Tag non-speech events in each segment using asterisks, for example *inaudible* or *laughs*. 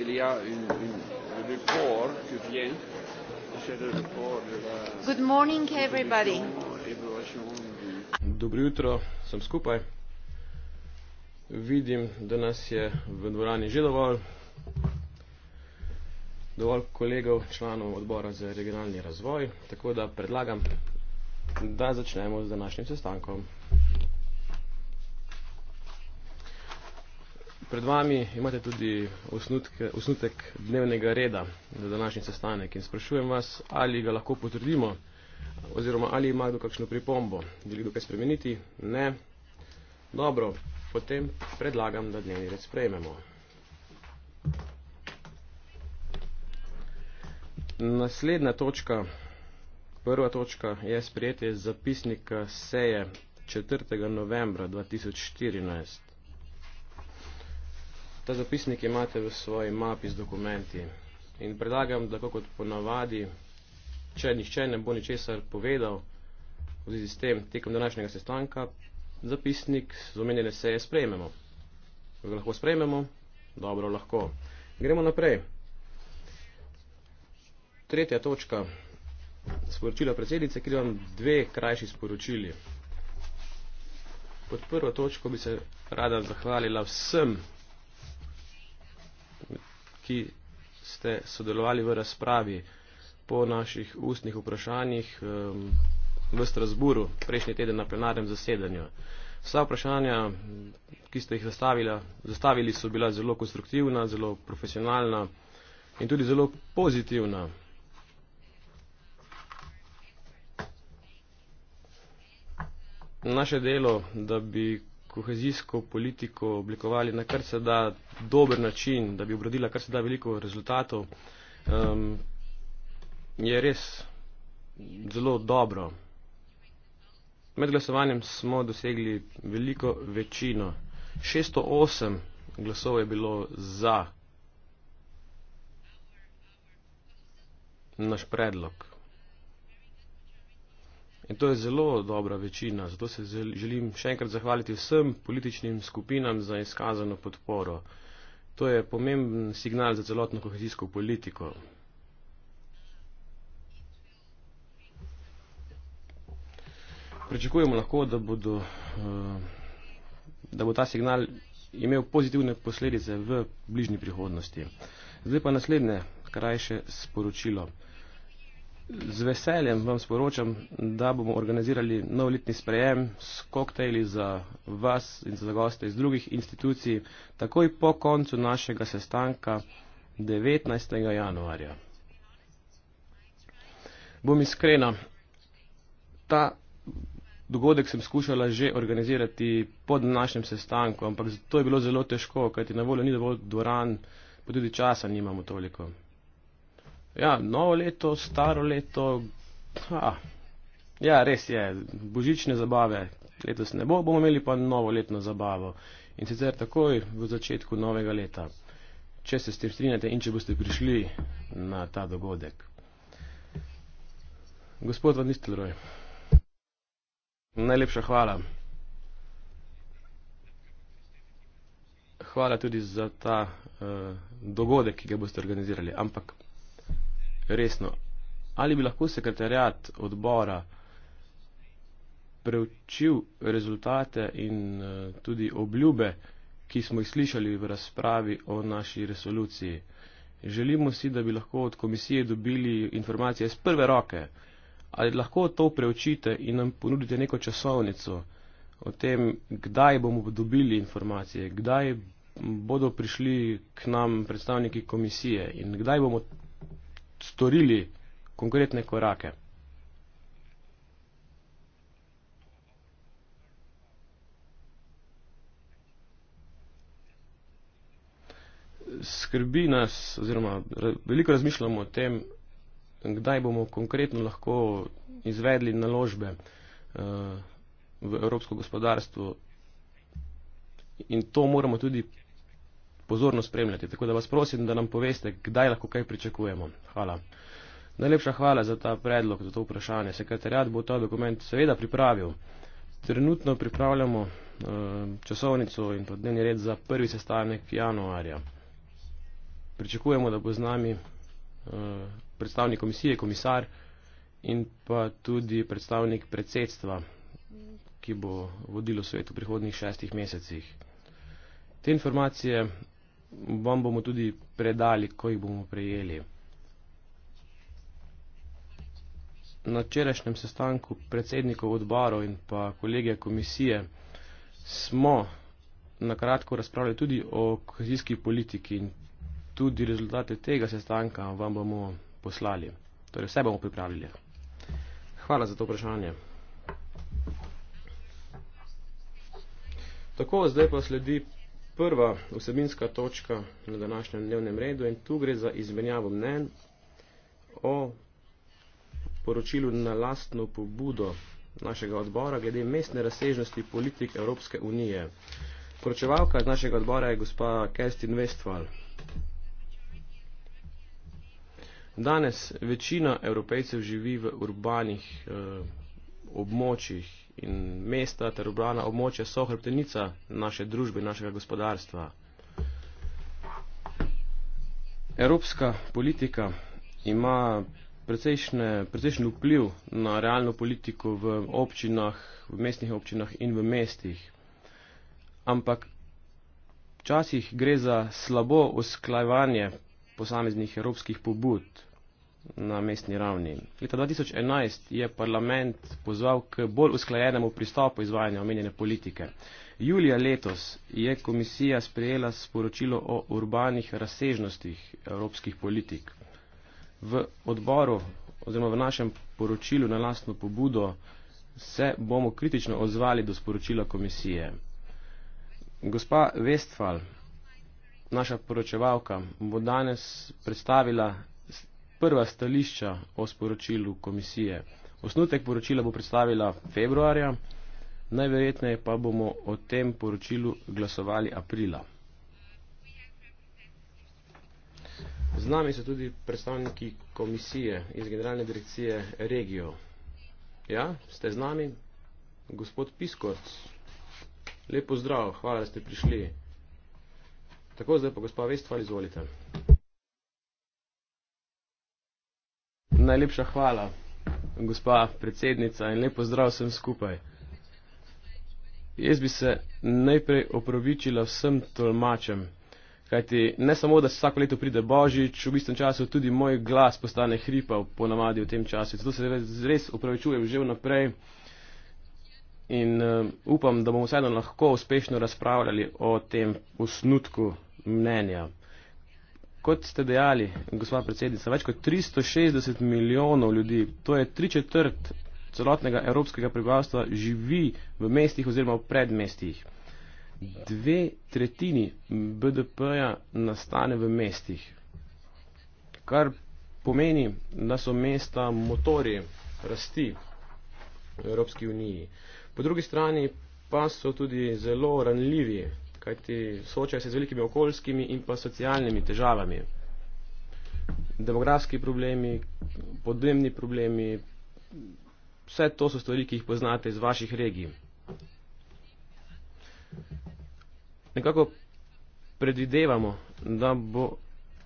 il y a une, une report qui vient. C'est le report de la. Good morning, everybody. Dobro jutro, sem skupaj. Vidim, da nas je v dvorani že dovolj. Dovolj kolegov, članov odbora za regionalni razvoj. Tako da predlagam, da začnemo z današnjim sestankom. Pred vami imate tudi osnutke, osnutek dnevnega reda za današnji sestanek in sprašujem vas, ali ga lahko potrdimo, oziroma ali ima kdo kakšno pripombo, bi kdo kaj spremeniti? Ne. Dobro, potem predlagam, da dnevni red sprejmemo. Naslednja točka, prva točka je sprejetje zapisnika seje 4. novembra 2014. Ta zapisnik imate v svoji mapi z dokumenti in predlagam, da kot ponavadi, če nišče ne bo ničesar povedal v zvezi s tem tekom današnjega sestanka, zapisnik z omenjene seje sprejmemo. Ga lahko sprejmemo? Dobro, lahko. Gremo naprej. Tretja točka sporočila predsednice, kjer imam dve krajši sporočili. Pod prvo točko bi se rada zahvalila vsem ki ste sodelovali v razpravi po naših ustnih vprašanjih v Strasburu prejšnji teden na plenarnem zasedanju. Vsa vprašanja, ki ste jih zastavili, so bila zelo konstruktivna, zelo profesionalna in tudi zelo pozitivna. Naše delo, da bi kohezijsko politiko oblikovali na kar se da dober način, da bi obrodila kar se da veliko rezultatov, um, je res zelo dobro. Med glasovanjem smo dosegli veliko večino. 608 glasov je bilo za naš predlog. In to je zelo dobra večina, zato se želim še enkrat zahvaliti vsem političnim skupinam za izkazano podporo. To je pomemben signal za celotno kohezijsko politiko. Pričakujemo lahko, da, bodo, eh, da bo ta signal imel pozitivne posledice v bližnji prihodnosti. Zdaj pa naslednje krajše sporočilo z veseljem vam sporočam, da bomo organizirali novoletni sprejem s koktejli za vas in za goste iz drugih institucij takoj po koncu našega sestanka 19. januarja. Bom iskrena, ta dogodek sem skušala že organizirati pod našem sestanku, ampak to je bilo zelo težko, kajti na voljo ni dovolj dvoran, pa tudi časa nimamo toliko. Ja, novo leto, staro leto. Ha. Ja, res je, božične zabave letos ne bo, bomo imeli pa novo letno zabavo in sicer takoj v začetku novega leta, če se s tem strinjate in če boste prišli na ta dogodek. Gospod Van Nistelrooy, najlepša hvala. Hvala tudi za ta uh, dogodek, ki ga boste organizirali, ampak resno, ali bi lahko sekretarjat odbora preučil rezultate in eh, tudi obljube, ki smo jih slišali v razpravi o naši resoluciji. Želimo si, da bi lahko od komisije dobili informacije iz prve roke. Ali lahko to preučite in nam ponudite neko časovnico o tem, kdaj bomo dobili informacije, kdaj bodo prišli k nam predstavniki komisije in kdaj bomo storili konkretne korake. Skrbi nas, oziroma veliko razmišljamo o tem, kdaj bomo konkretno lahko izvedli naložbe eh, v evropsko gospodarstvo. In to moramo tudi pozorno spremljati. Tako da vas prosim, da nam poveste, kdaj lahko kaj pričakujemo. Hvala. Najlepša hvala za ta predlog, za to vprašanje. Sekretarjat bo ta dokument seveda pripravil. Trenutno pripravljamo uh, časovnico in pa dnevni red za prvi sestanek januarja. Pričakujemo, da bo z nami uh, predstavnik komisije, komisar in pa tudi predstavnik predsedstva, ki bo vodilo svet v prihodnjih šestih mesecih. Te informacije vam bomo tudi predali, ko jih bomo prejeli. Na včerajšnjem sestanku predsednikov odborov in pa kolegije komisije smo na kratko razpravljali tudi o kohezijski politiki in tudi rezultate tega sestanka vam bomo poslali. Torej vse bomo pripravili. Hvala za to vprašanje. Tako, zdaj pa sledi prva vsebinska točka na današnjem dnevnem redu in tu gre za izmenjavo mnen o poročilu na lastno pobudo našega odbora glede mestne razsežnosti politik Evropske unije. Poročevalka z našega odbora je gospa Kerstin Westphal. Danes večina evropejcev živi v urbanih eh, območjih in mesta ter obrana območja so hrbtenica naše družbe in našega gospodarstva. Evropska politika ima precejšen vpliv na realno politiko v občinah, v mestnih občinah in v mestih. Ampak včasih gre za slabo usklajevanje posameznih evropskih pobud na mestni ravni. Leta 2011 je parlament pozval k bolj usklajenemu pristopu izvajanja omenjene politike. Julija letos je komisija sprejela sporočilo o urbanih razsežnostih evropskih politik. V odboru oziroma v našem poročilu na lastno pobudo se bomo kritično odzvali do sporočila komisije. Gospa Westfal, naša poročevalka, bo danes predstavila prva stališča o sporočilu komisije. Osnutek poročila bo predstavila februarja, najverjetneje pa bomo o tem poročilu glasovali aprila. Z nami so tudi predstavniki komisije iz generalne direkcije Regio. Ja, ste z nami? Gospod Piskoc, lepo zdrav, hvala, da ste prišli. Tako zdaj pa gospa Vestval, izvolite. Najlepša hvala, gospa predsednica in lepo zdrav vsem skupaj. Jaz bi se najprej opravičila vsem tolmačem, kajti ne samo, da se vsako leto pride Božič, v istem času tudi moj glas postane hripav po navadi v tem času. Zato se res opravičujem že vnaprej in uh, upam, da bomo vseeno lahko uspešno razpravljali o tem osnutku mnenja kot ste dejali, gospod predsednica, več kot 360 milijonov ljudi, to je tri četrt celotnega evropskega prebivalstva, živi v mestih oziroma v predmestih. Dve tretjini BDP-ja nastane v mestih, kar pomeni, da so mesta motori rasti v Evropski uniji. Po drugi strani pa so tudi zelo ranljivi kajti soočajo se z velikimi okoljskimi in pa socialnimi težavami. Demografski problemi, podnebni problemi, vse to so stvari, ki jih poznate iz vaših regij. Nekako predvidevamo, da bo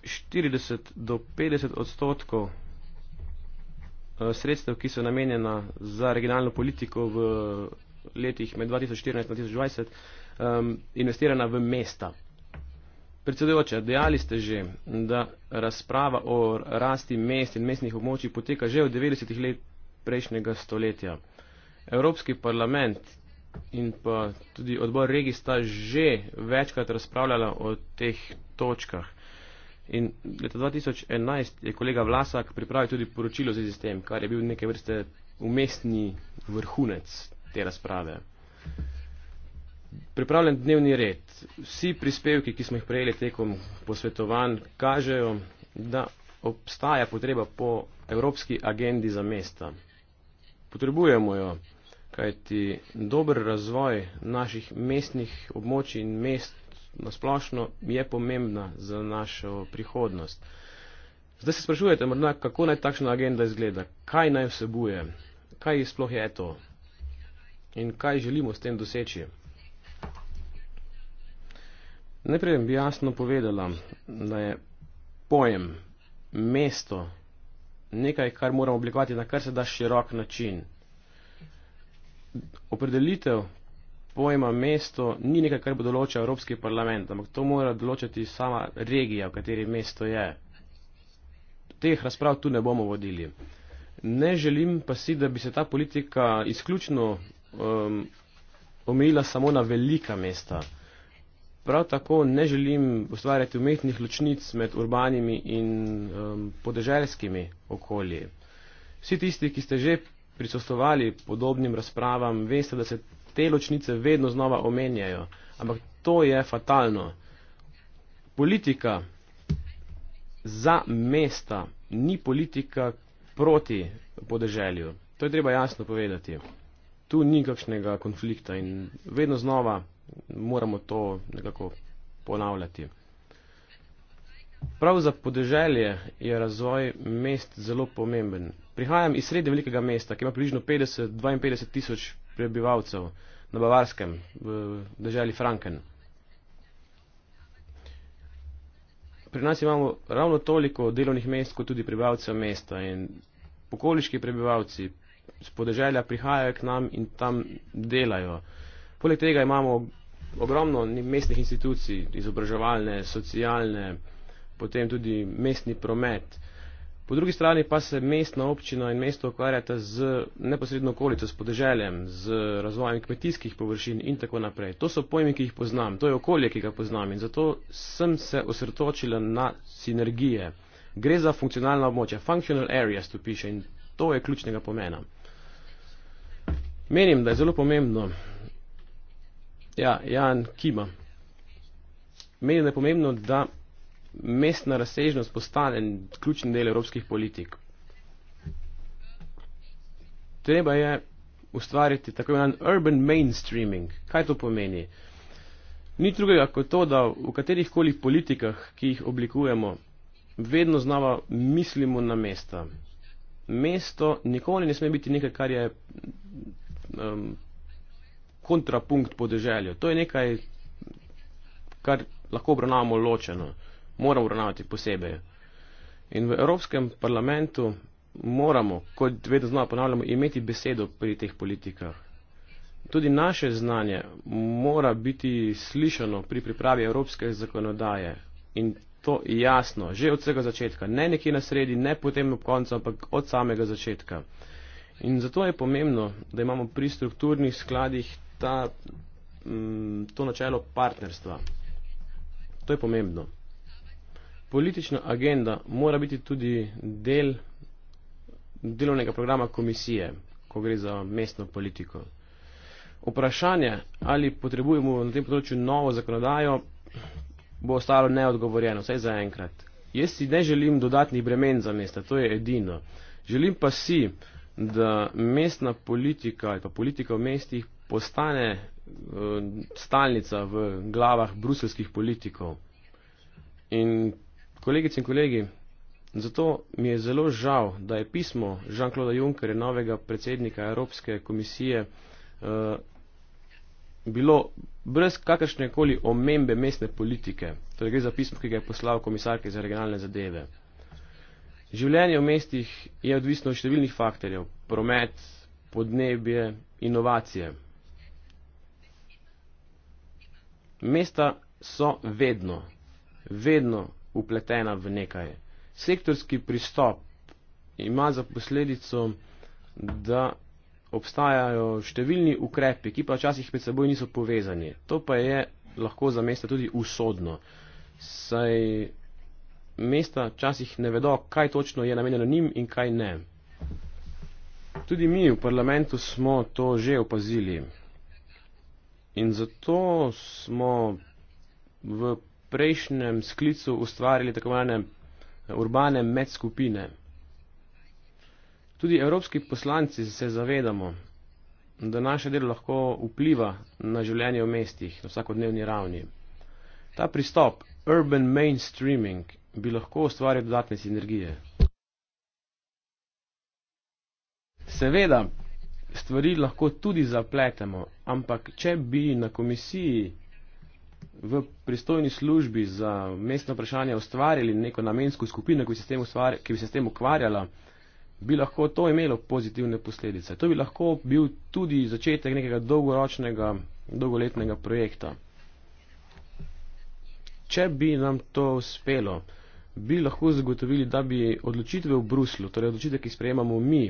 40 do 50 odstotkov eh, sredstev, ki so namenjena za regionalno politiko v letih med 2014 in 2020, um, investirana v mesta. Predsedujoče, dejali ste že, da razprava o rasti mest in mestnih območij poteka že od 90-ih let prejšnjega stoletja. Evropski parlament in pa tudi odbor regij sta že večkrat razpravljala o teh točkah. In leta 2011 je kolega Vlasak pripravil tudi poročilo za sistem, kar je bil neke vrste umestni vrhunec te razprave. Pripravljen dnevni red. Vsi prispevki, ki smo jih prejeli tekom posvetovanj, kažejo, da obstaja potreba po evropski agendi za mesta. Potrebujemo jo, kajti dober razvoj naših mestnih območij in mest nasplošno je pomembna za našo prihodnost. Zdaj se sprašujete, morda, kako naj takšna agenda izgleda, kaj naj vsebuje, kaj sploh je to in kaj želimo s tem doseči. Najprej bi jasno povedala, da je pojem, mesto, nekaj, kar moramo oblikovati na kar se da širok način. Opredelitev pojma mesto ni nekaj, kar bo določal Evropski parlament, ampak to mora določati sama regija, v kateri mesto je. Teh razprav tu ne bomo vodili. Ne želim pa si, da bi se ta politika izključno um, omejila samo na velika mesta. Prav tako ne želim ustvarjati umetnih ločnic med urbanimi in um, podeželskimi okolji. Vsi tisti, ki ste že prisostovali podobnim razpravam, veste, da se te ločnice vedno znova omenjajo. Ampak to je fatalno. Politika za mesta ni politika proti podeželju. To je treba jasno povedati. Tu ni kakšnega konflikta in vedno znova moramo to nekako ponavljati. Prav za podeželje je razvoj mest zelo pomemben. Prihajam iz srede velikega mesta, ki ima približno 50-52 tisoč prebivalcev na Bavarskem, v deželi Franken. Pri nas imamo ravno toliko delovnih mest, kot tudi prebivalcev mesta in pokoliški prebivalci z podeželja prihajajo k nam in tam delajo. Poleg tega imamo ogromno mestnih institucij, izobraževalne, socialne, potem tudi mestni promet. Po drugi strani pa se mestna občina in mesto ukvarjata z neposredno okolico, s podeželjem, z razvojem kmetijskih površin in tako naprej. To so pojmi, ki jih poznam, to je okolje, ki ga poznam in zato sem se osredotočila na sinergije. Gre za funkcionalna območja, functional areas tu piše in to je ključnega pomena. Menim, da je zelo pomembno Ja, Jan Kima. Meni je pomembno, da mestna razsežnost postane ključni del evropskih politik. Treba je ustvariti tako imenovan urban mainstreaming. Kaj to pomeni? Ni drugega kot to, da v katerih koli politikah, ki jih oblikujemo, vedno znova mislimo na mesta. Mesto nikoli ne sme biti nekaj, kar je um, kontrapunkt podeželju. To je nekaj, kar lahko obravnavamo ločeno, moramo obravnavati posebej. In v Evropskem parlamentu moramo, kot vedno znova ponavljamo, imeti besedo pri teh politikah. Tudi naše znanje mora biti slišano pri pripravi evropske zakonodaje in to jasno, že od vsega začetka, ne nekje na sredi, ne potem ob koncu, ampak od samega začetka. In zato je pomembno, da imamo pri strukturnih skladih ta, m, mm, to načelo partnerstva. To je pomembno. Politična agenda mora biti tudi del delovnega programa komisije, ko gre za mestno politiko. Vprašanje, ali potrebujemo na tem področju novo zakonodajo, bo ostalo neodgovorjeno, vsaj za enkrat. Jaz si ne želim dodatnih bremen za mesta, to je edino. Želim pa si, da mestna politika ali pa politika v mestih postane eh, stalnica v glavah bruselskih politikov. In kolegice in kolegi, zato mi je zelo žal, da je pismo Jean-Claude Junckerja, novega predsednika Evropske komisije, eh, bilo brez kakršnekoli omembe mestne politike. Torej gre za pismo, ki ga je poslal komisarke za regionalne zadeve. Življenje v mestih je odvisno od številnih faktorjev. Promet, podnebje, inovacije. Mesta so vedno, vedno upletena v nekaj. Sektorski pristop ima za posledico, da obstajajo številni ukrepi, ki pa včasih med seboj niso povezani. To pa je lahko za mesta tudi usodno, saj mesta včasih ne vedo, kaj točno je namenjeno njim in kaj ne. Tudi mi v parlamentu smo to že opazili. In zato smo v prejšnjem sklicu ustvarili tako imenovane eh, urbane medskupine. Tudi evropski poslanci se zavedamo, da naše delo lahko vpliva na življenje v mestih na vsakodnevni ravni. Ta pristop, urban mainstreaming, bi lahko ustvaril dodatne sinergije. Seveda, stvari lahko tudi zapletemo, ampak če bi na komisiji v pristojni službi za mestno vprašanje ustvarili neko namensko skupino, ki bi se s tem, ustvar, se s tem ukvarjala, bi lahko to imelo pozitivne posledice. To bi lahko bil tudi začetek nekega dolgoročnega, dolgoletnega projekta. Če bi nam to uspelo, bi lahko zagotovili, da bi odločitve v Bruslu, torej odločitve, ki sprejemamo mi,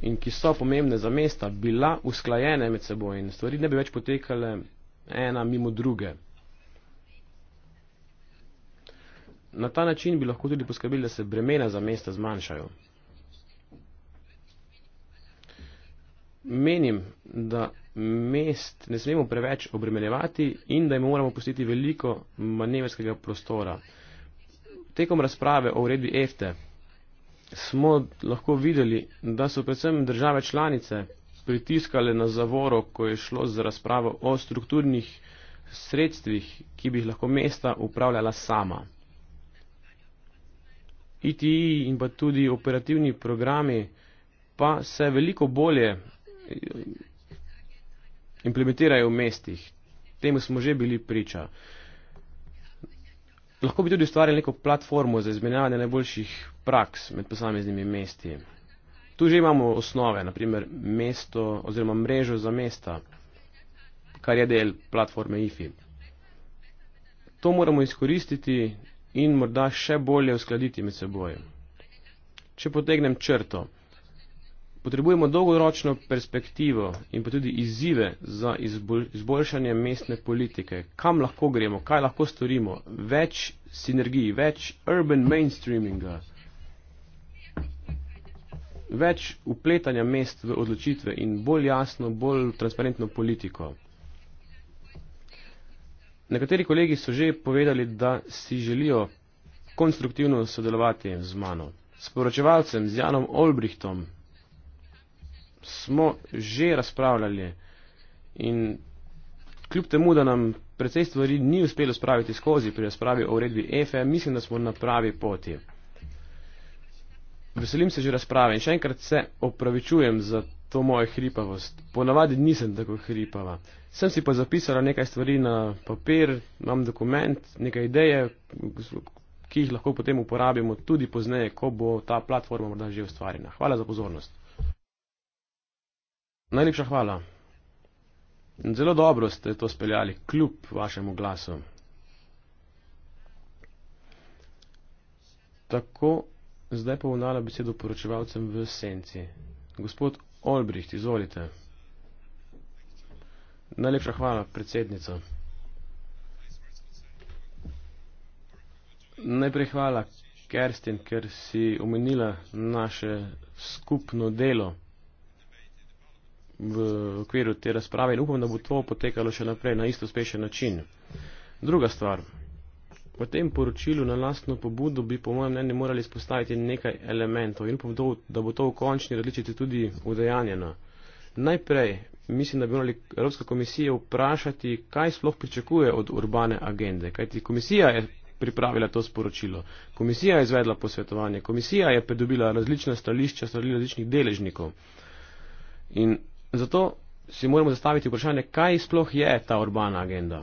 in ki so pomembne za mesta, bila usklajene med seboj in stvari ne bi več potekale ena mimo druge. Na ta način bi lahko tudi poskrbili, da se bremena za mesta zmanjšajo. Menim, da mest ne smemo preveč obremenjevati in da jim moramo pustiti veliko manevrskega prostora. Tekom razprave o uredbi EFTE smo lahko videli, da so predvsem države članice pritiskale na zavoro, ko je šlo za razpravo o strukturnih sredstvih, ki bi jih lahko mesta upravljala sama. ITI in pa tudi operativni programi pa se veliko bolje eh, implementirajo v mestih. Temu smo že bili priča lahko bi tudi ustvarili neko platformo za izmenjavanje najboljših praks med posameznimi mesti. Tu že imamo osnove, naprimer mesto oziroma mrežo za mesta, kar je del platforme IFI. To moramo izkoristiti in morda še bolje uskladiti med seboj. Če potegnem črto, Potrebujemo dolgoročno perspektivo in pa tudi izzive za izboljšanje mestne politike. Kam lahko gremo, kaj lahko storimo, več sinergij, več urban mainstreaminga, več upletanja mest v odločitve in bolj jasno, bolj transparentno politiko. Nekateri kolegi so že povedali, da si želijo konstruktivno sodelovati z mano. Sporočevalcem z Janom Olbrichtom smo že razpravljali in kljub temu, da nam precej stvari ni uspelo spraviti skozi pri razpravi o uredbi EFE, mislim, da smo na pravi poti. Veselim se že razprave in še enkrat se opravičujem za to mojo hripavost. Ponavadi nisem tako hripava. Sem si pa zapisala nekaj stvari na papir, imam dokument, nekaj ideje, ki jih lahko potem uporabimo tudi pozneje, ko bo ta platforma morda že ustvarjena. Hvala za pozornost. Najlepša hvala. Zelo dobro ste to speljali, kljub vašemu glasu. Tako, zdaj pa vnala besedo poročevalcem v senci. Gospod Olbricht, izvolite. Najlepša hvala, predsednica. Najprej hvala, Kerstin, ker si omenila naše skupno delo v okviru te razprave in upam, da bo to potekalo še naprej na isto uspešen način. Druga stvar. V tem poročilu na lastno pobudo bi po mojem mnenju morali spostaviti nekaj elementov in upam, da bo to v končni različici tudi udejanjeno. Najprej mislim, da bi morali Evropska komisija vprašati, kaj sploh pričakuje od urbane agende, kajti komisija je pripravila to sporočilo, komisija je izvedla posvetovanje, komisija je pridobila različna stališča strani različnih deležnikov. In Zato si moramo zastaviti vprašanje, kaj sploh je ta urbana agenda.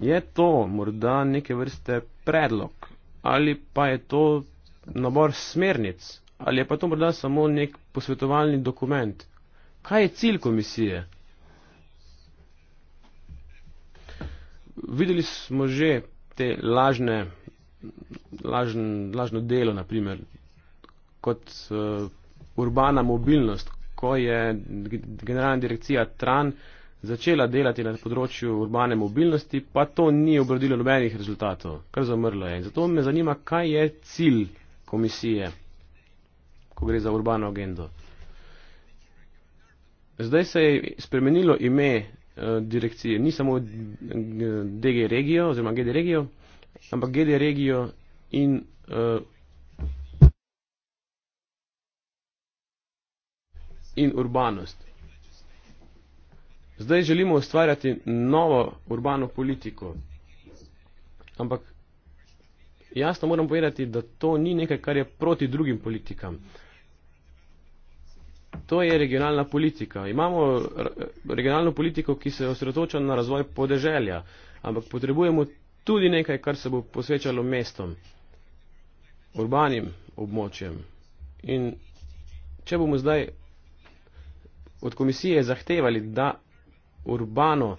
Je to morda neke vrste predlog ali pa je to nabor smernic ali je pa to morda samo nek posvetovalni dokument? Kaj je cilj komisije? Videli smo že te lažne, lažn, lažno delo, naprimer, kot uh, urbana mobilnost, ko je generalna direkcija Tran začela delati na področju urbane mobilnosti, pa to ni obrodilo nobenih rezultatov, kar zamrlo je. Zato me zanima, kaj je cilj komisije, ko gre za urbano agendo. Zdaj se je spremenilo ime eh, direkcije, ni samo DG eh, regijo, oziroma GD regijo, ampak GD regijo in uh, in urbanosti. Zdaj želimo ustvarjati novo urbano politiko, ampak jasno moram povedati, da to ni nekaj, kar je proti drugim politikam. To je regionalna politika. Imamo eh, regionalno politiko, ki se osredotoča na razvoj podeželja, ampak potrebujemo tudi nekaj, kar se bo posvečalo mestom, urbanim območjem. In če bomo zdaj od komisije zahtevali, da urbano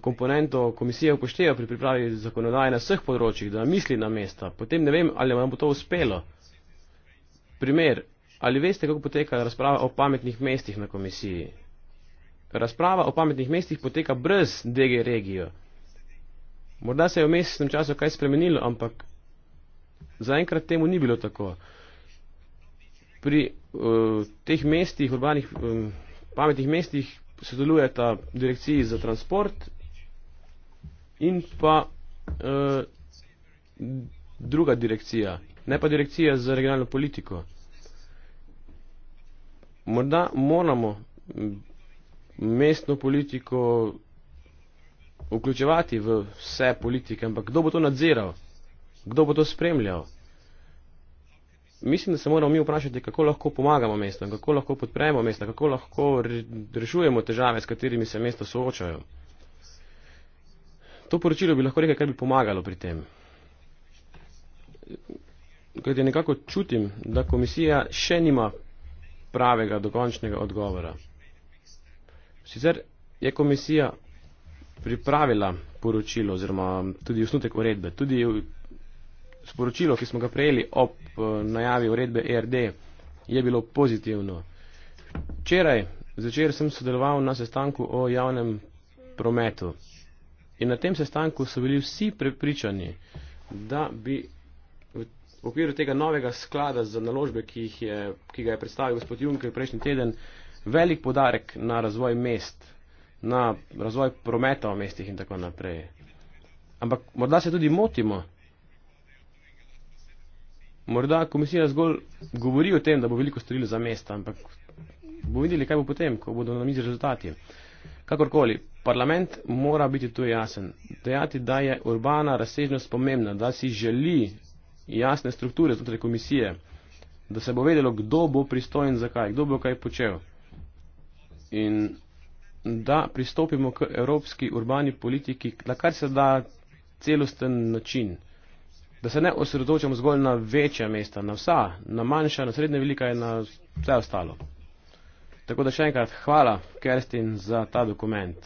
komponento komisije upošteva pri pripravi zakonodaje na vseh področjih, da misli na mesta, potem ne vem, ali vam bo to uspelo. Primer, ali veste, kako poteka razprava o pametnih mestih na komisiji? Razprava o pametnih mestih poteka brez DG regijo. Morda se je v mesečnem času kaj spremenilo, ampak zaenkrat temu ni bilo tako. Pri uh, teh mestih, urbanih. Um, pametnih mestih sodelujeta direkciji za transport in pa uh, druga direkcija, ne pa direkcija za regionalno politiko. Morda moramo mm, mestno politiko vključevati v vse politike, ampak kdo bo to nadziral, kdo bo to spremljal? mislim, da se moramo mi vprašati, kako lahko pomagamo mestom, kako lahko podpremo mesta, kako lahko rešujemo težave, s katerimi se mesta soočajo. To poročilo bi lahko rekel, kar bi pomagalo pri tem. Ker je nekako čutim, da komisija še nima pravega, dokončnega odgovora. Sicer je komisija pripravila poročilo oziroma tudi osnutek uredbe, tudi sporočilo, ki smo ga prejeli ob eh, najavi uredbe ERD, je bilo pozitivno. Včeraj začer sem sodeloval na sestanku o javnem prometu in na tem sestanku so bili vsi prepričani, da bi v okviru tega novega sklada za naložbe, ki, je, ki ga je predstavil gospod Junker prejšnji teden, velik podarek na razvoj mest, na razvoj prometa v mestih in tako naprej. Ampak morda se tudi motimo, morda komisija zgolj govori o tem, da bo veliko storila za mesta, ampak bomo videli, kaj bo potem, ko bodo na mizi rezultati. Kakorkoli, parlament mora biti tu jasen, dejati, da je urbana razsežnost pomembna, da si želi jasne strukture znotraj komisije, da se bo vedelo, kdo bo pristojen za kaj, kdo bo kaj počel. In da pristopimo k evropski urbani politiki na kar se da celosten način da se ne osredotočamo zgolj na večja mesta, na vsa, na manjša, na srednje velika in na vse ostalo. Tako da še enkrat hvala, Kerstin, za ta dokument,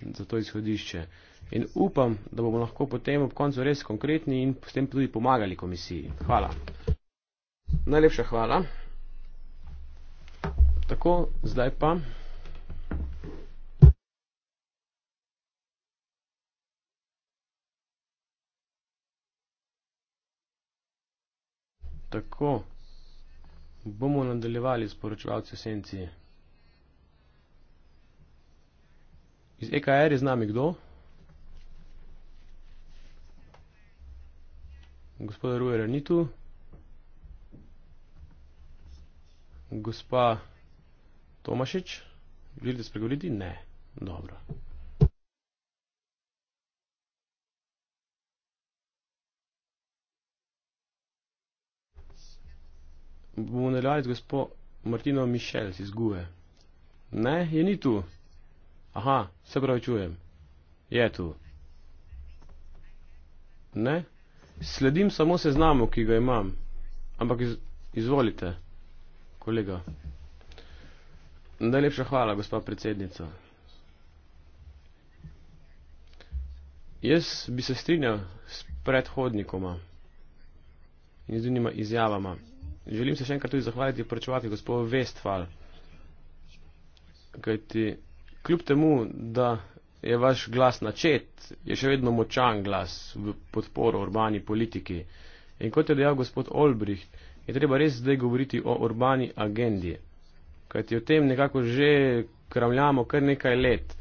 za to izhodišče. In upam, da bomo lahko potem ob koncu res konkretni in s tem tudi pomagali komisiji. Hvala. Najlepša hvala. Tako, zdaj pa. Tako bomo nadaljevali s poročevalcem senci. Iz EKR je z nami kdo? Gospod Rujer ni tu. Gospa Tomašič, želite spregovoriti? Ne. Dobro. bomo nadaljevali z gospo Martino Mišel iz Gue. Ne, je ni tu. Aha, se pravi čujem. Je tu. Ne, sledim samo seznamu, ki ga imam. Ampak iz, izvolite, kolega. Najlepša hvala, gospa predsednica. Jaz bi se strinjal s predhodnikoma in z njima izjavama. Želim se še enkrat tudi zahvaliti pričovati gospodu Vestfal. Kajti, kljub temu, da je vaš glas načet, je še vedno močan glas v podporo urbani politiki. In kot je dejal gospod Olbricht, je treba res zdaj govoriti o urbani agendi. Kajti o tem nekako že kravljamo kar nekaj let.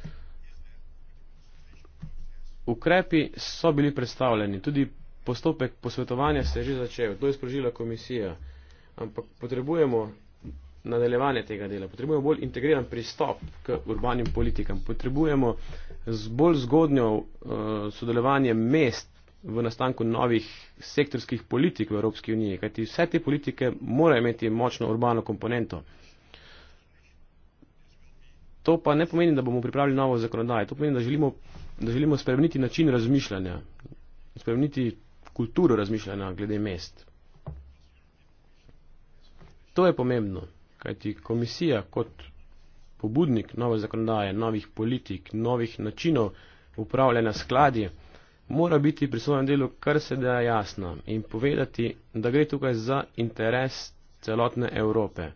Ukrepi so bili predstavljeni, tudi postopek posvetovanja se je že začel, to je sprožila komisija ampak potrebujemo nadaljevanje tega dela, potrebujemo bolj integriran pristop k urbanim politikam, potrebujemo z bolj zgodnjo uh, sodelovanje mest v nastanku novih sektorskih politik v Evropski uniji, kajti vse te politike morajo imeti močno urbano komponento. To pa ne pomeni, da bomo pripravili novo zakonodajo, to pomeni, da želimo, da želimo spremeniti način razmišljanja, spremeniti kulturo razmišljanja glede mest to je pomembno, kajti komisija kot pobudnik nove zakonodaje, novih politik, novih načinov upravljanja skladi, mora biti pri svojem delu kar se da jasna in povedati, da gre tukaj za interes celotne Evrope.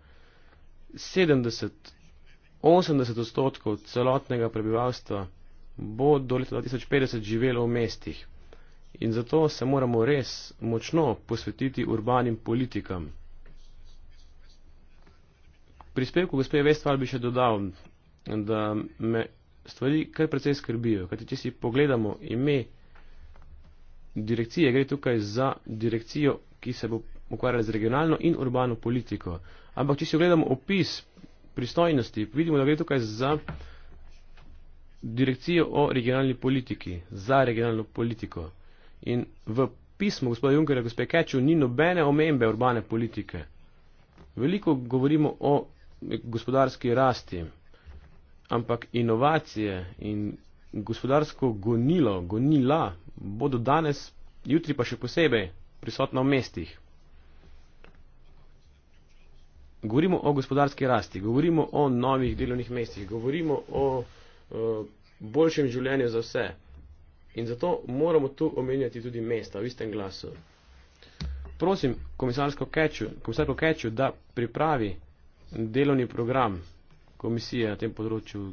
70-80 odstotkov celotnega prebivalstva bo do leta 2050 živelo v mestih in zato se moramo res močno posvetiti urbanim politikam prispevku gospe Vestval bi še dodal, da me stvari kar precej skrbijo. Kajte, če si pogledamo ime direkcije, gre tukaj za direkcijo, ki se bo ukvarjala z regionalno in urbano politiko. Ampak če si ogledamo opis pristojnosti, vidimo, da gre tukaj za direkcijo o regionalni politiki, za regionalno politiko. In v pismu gospoda Junkerja, gospe Keču, ni nobene omembe urbane politike. Veliko govorimo o gospodarski rasti, ampak inovacije in gospodarsko gonilo, gonila bodo danes, jutri pa še posebej prisotna v mestih. Govorimo o gospodarski rasti, govorimo o novih delovnih mestih, govorimo o, o boljšem življenju za vse. In zato moramo tu omenjati tudi mesta v istem glasu. Prosim komisarko Keču, komisarko Keču, da pripravi delovni program komisije na tem področju,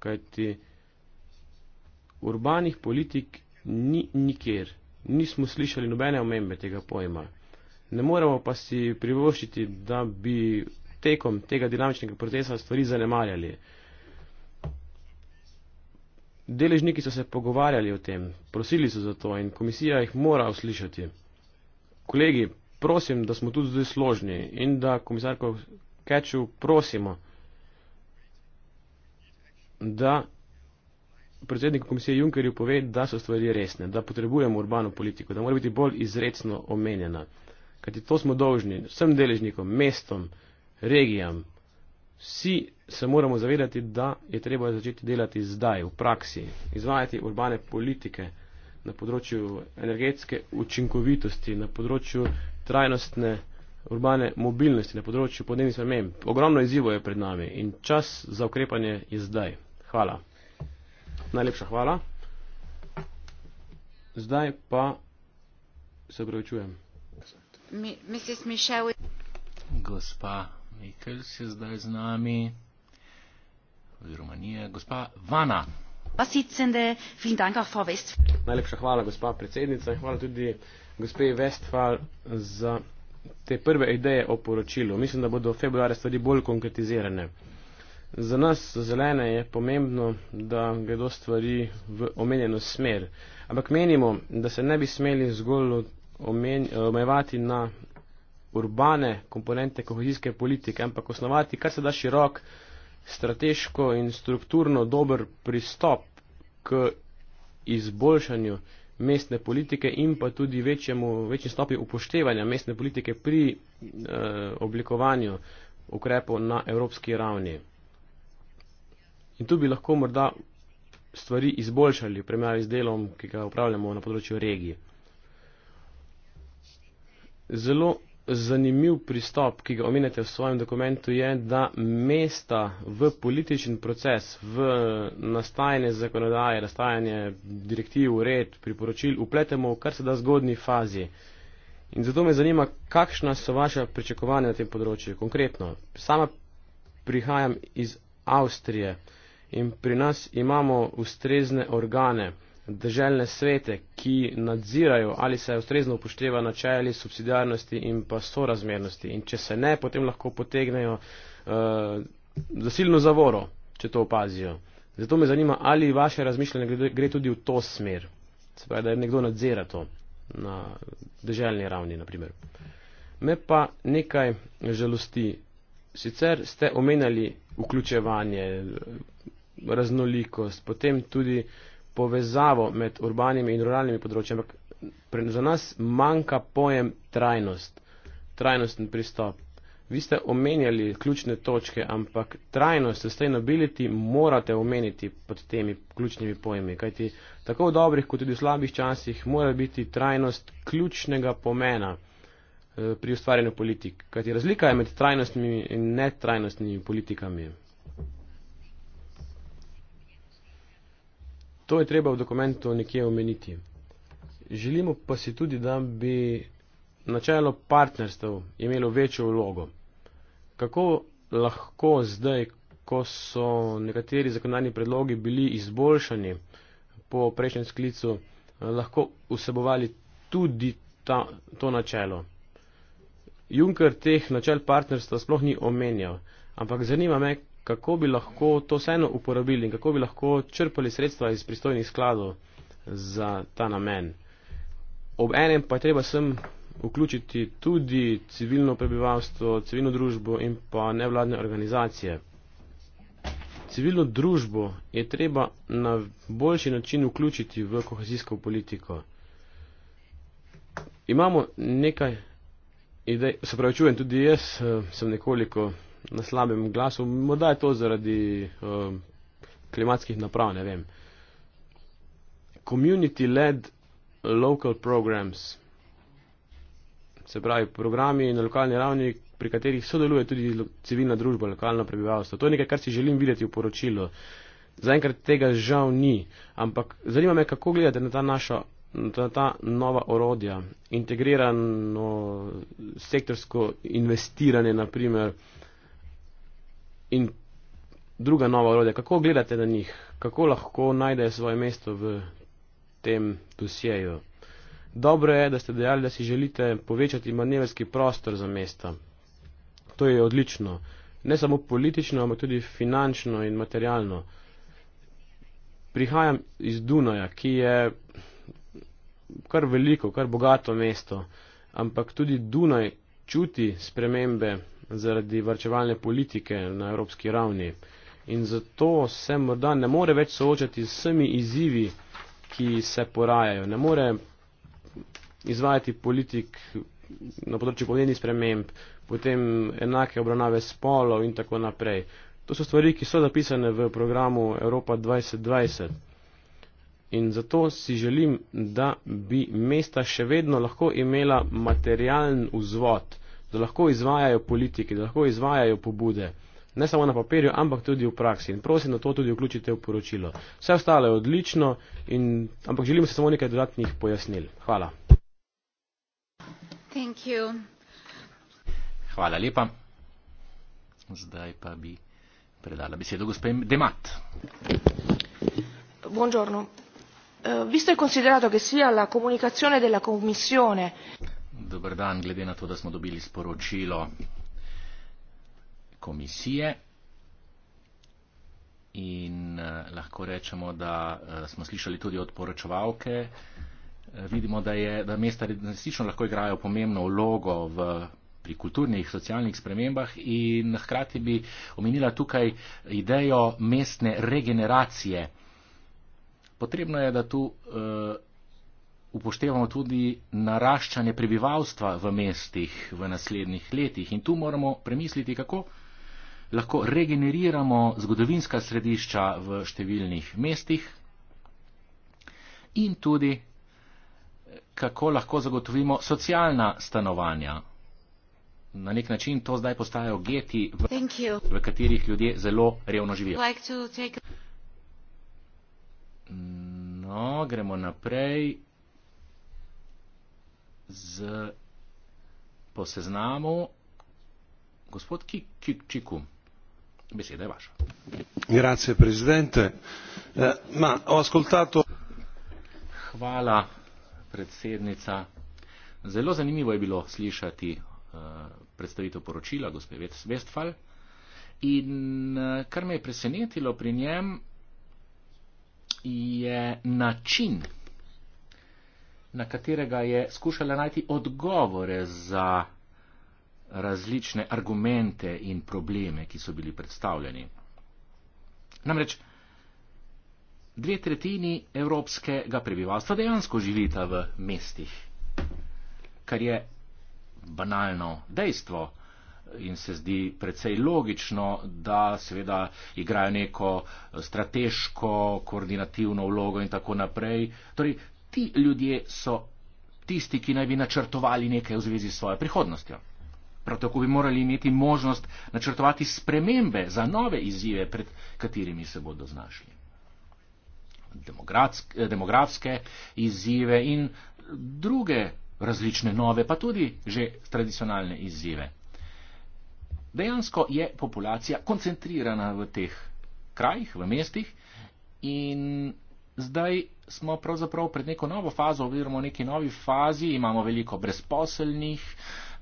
kajti urbanih politik ni nikjer. Nismo slišali nobene omembe tega pojma. Ne moremo pa si privoščiti, da bi tekom tega dinamičnega procesa stvari zanemarjali. Deležniki so se pogovarjali o tem, prosili so za to in komisija jih mora uslišati. Kolegi, prosim, da smo tudi zdaj složni in da komisarko Keču prosimo, da predsednik komisije Junkerju pove, da so stvari resne, da potrebujemo urbano politiko, da mora biti bolj izredno omenjena. Kajti to smo dolžni vsem deležnikom, mestom, regijam. Vsi se moramo zavedati, da je treba začeti delati zdaj, v praksi, izvajati urbane politike na področju energetske učinkovitosti, na področju trajnostne urbane mobilnosti na področju podnebnih sprememb. Ogromno izzivo je pred nami in čas za ukrepanje je zdaj. Hvala. Najlepša hvala. Zdaj pa se opravičujem. Gospa Mikels je zdaj z nami. Romanije, gospa Vana. Najlepša hvala, gospa predsednica. Hvala tudi gospe Westphal za te prve ideje o poročilu. Mislim, da bodo februarja stvari bolj konkretizirane. Za nas zelene je pomembno, da gredo stvari v omenjeno smer. Ampak menimo, da se ne bi smeli zgolj omejevati na urbane komponente kohezijske politike, ampak osnovati kar se da širok, strateško in strukturno dober pristop k izboljšanju mestne politike in pa tudi večjemu, večji stopi upoštevanja mestne politike pri eh, oblikovanju ukrepov na evropski ravni. In tu bi lahko morda stvari izboljšali v primerjavi z delom, ki ga upravljamo na področju regije. Zelo zanimiv pristop, ki ga omenjate v svojem dokumentu, je, da mesta v političen proces, v nastajanje zakonodaje, nastajanje direktiv, red, priporočil upletemo v kar se da zgodni fazi. In zato me zanima, kakšna so vaše pričakovanja na tem področju. Konkretno, sama prihajam iz Avstrije in pri nas imamo ustrezne organe državne svete, ki nadzirajo, ali se ustrezno upošteva načeli subsidijarnosti in pa sorazmernosti. In če se ne, potem lahko potegnejo uh, zasilno zavoro, če to opazijo. Zato me zanima, ali vaše razmišljanje gre tudi v to smer. Se pravi, da je nekdo nadzira to na državni ravni, naprimer. Me pa nekaj žalosti. Sicer ste omenjali vključevanje, raznolikost, potem tudi uh, povezavo med urbanimi in ruralnimi področji, ampak za nas manjka pojem trajnost, trajnosten pristop. Vi ste omenjali ključne točke, ampak trajnost, sustainability morate omeniti pod temi ključnimi pojmi, kajti tako v dobrih kot tudi v slabih časih mora biti trajnost ključnega pomena eh, pri ustvarjanju politik, kajti razlika je med trajnostnimi in netrajnostnimi politikami. To je treba v dokumentu nekje omeniti. Želimo pa si tudi, da bi načelo partnerstv imelo večjo vlogo. Kako lahko zdaj, ko so nekateri zakonodajni predlogi bili izboljšani po prejšnjem sklicu, lahko vsebovali tudi ta, to načelo? Juncker teh načel partnerstva sploh ni omenjal, ampak zanima me, kako bi lahko to vseeno uporabili in kako bi lahko črpali sredstva iz pristojnih skladov za ta namen. Ob enem pa je treba sem vključiti tudi civilno prebivalstvo, civilno družbo in pa nevladne organizacije. Civilno družbo je treba na boljši način vključiti v kohezijsko politiko. Imamo nekaj idej, se pravi, čujem tudi jaz, eh, sem nekoliko na slabem glasu, morda je to zaradi um, klimatskih naprav, ne vem. Community-led local programs, se pravi programi na lokalni ravni, pri katerih sodeluje tudi civilna družba, lokalno prebivalstvo. To je nekaj, kar si želim videti v poročilu. Zaenkrat tega žal ni, ampak zanima me, kako gledate na ta naša. Ta, ta nova orodja, integrirano sektorsko investiranje, naprimer, in druga nova orodja, kako gledate na njih, kako lahko najdejo svoje mesto v tem dosjeju. Dobro je, da ste dejali, da si želite povečati manevrski prostor za mesta. To je odlično. Ne samo politično, ampak tudi finančno in materialno. Prihajam iz Dunaja, ki je kar veliko, kar bogato mesto, ampak tudi Dunaj čuti spremembe zaradi varčevalne politike na evropski ravni in zato se morda ne more več soočati s vsemi izzivi, ki se porajajo. Ne more izvajati politik na področju podnebnih sprememb, potem enake obravnave spolov in tako naprej. To so stvari, ki so zapisane v programu Evropa 2020. In zato si želim, da bi mesta še vedno lahko imela materialen vzvod da lahko izvajajo politike, da lahko izvajajo pobude, ne samo na papirju, ampak tudi v praksi. In prosim, da to tudi vključite v poročilo. Vse ostalo je odlično, in, ampak želim se samo nekaj dodatnih pojasnil. Hvala. Hvala lepa. Zdaj pa bi predala besedo gospem Demat. Buongiorno. Uh, visto e considerato che sia la comunicazione della Commissione. Dobr dan, glede na to, da smo dobili sporočilo komisije in eh, lahko rečemo, da eh, smo slišali tudi od poročevalke, eh, vidimo, da, je, da mesta resnično lahko igrajo pomembno vlogo v, pri kulturnih, socialnih spremembah in hkrati bi omenila tukaj idejo mestne regeneracije. Potrebno je, da tu. Eh, upoštevamo tudi naraščanje prebivalstva v mestih v naslednjih letih. In tu moramo premisliti, kako lahko regeneriramo zgodovinska središča v številnih mestih in tudi kako lahko zagotovimo socialna stanovanja. Na nek način to zdaj postajajo geti, v, v katerih ljudje zelo revno živijo. Like take... No, gremo naprej z, po seznamu gospod Kikčiku. Beseda je vaša. Grazie, predsedente. Eh, ma, ho ascoltato... Hvala, predsednica. Zelo zanimivo je bilo slišati eh, predstavitev poročila gospe Westfall in eh, kar me je presenetilo pri njem je način, na katerega je skušala najti odgovore za različne argumente in probleme, ki so bili predstavljeni. Namreč dve tretjini evropskega prebivalstva dejansko živita v mestih, kar je banalno dejstvo in se zdi precej logično, da seveda igrajo neko strateško, koordinativno vlogo in tako naprej. Torej, ti ljudje so tisti, ki naj bi načrtovali nekaj v zvezi s svojo prihodnostjo. Prav tako bi morali imeti možnost načrtovati spremembe za nove izzive, pred katerimi se bodo znašli. Demografske izzive in druge različne nove, pa tudi že tradicionalne izzive. Dejansko je populacija koncentrirana v teh krajih, v mestih in Zdaj smo pravzaprav pred neko novo fazo oziroma v neki novi fazi, imamo veliko brezposelnih,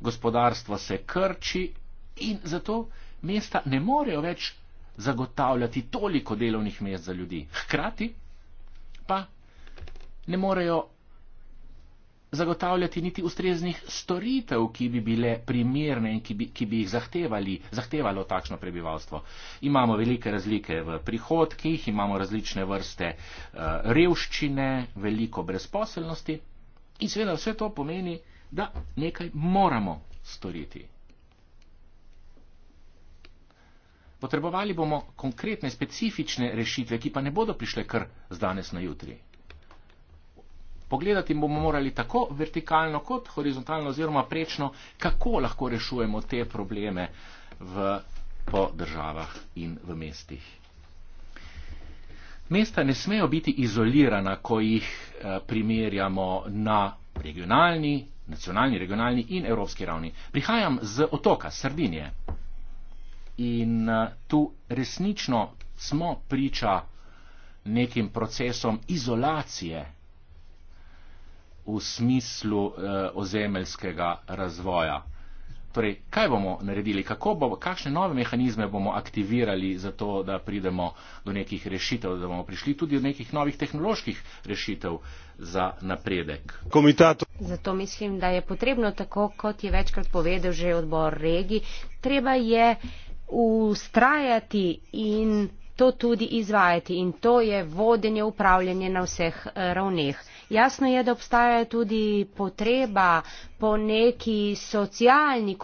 gospodarstvo se krči in zato mesta ne morejo več zagotavljati toliko delovnih mest za ljudi. Hkrati pa ne morejo zagotavljati niti ustreznih storitev, ki bi bile primerne in ki bi, ki bi jih zahtevalo takšno prebivalstvo. Imamo velike razlike v prihodkih, imamo različne vrste uh, revščine, veliko brezposelnosti in seveda vse to pomeni, da nekaj moramo storiti. Potrebovali bomo konkretne, specifične rešitve, ki pa ne bodo prišle kar z danes na jutri pogledati bomo morali tako vertikalno kot horizontalno oziroma prečno, kako lahko rešujemo te probleme v, po državah in v mestih. Mesta ne smejo biti izolirana, ko jih eh, primerjamo na regionalni, nacionalni, regionalni in evropski ravni. Prihajam z otoka Sardinije in eh, tu resnično smo priča nekim procesom izolacije v smislu eh, ozemeljskega razvoja. Torej, kaj bomo naredili, bomo, kakšne nove mehanizme bomo aktivirali za to, da pridemo do nekih rešitev, da bomo prišli tudi do nekih novih tehnoloških rešitev za napredek. Komitato. Zato mislim, da je potrebno, tako kot je večkrat povedal že odbor regi, treba je ustrajati in to tudi izvajati in to je vodenje, upravljanje na vseh eh, ravneh. Jasno je, da obstaja tudi potreba po neki socialni,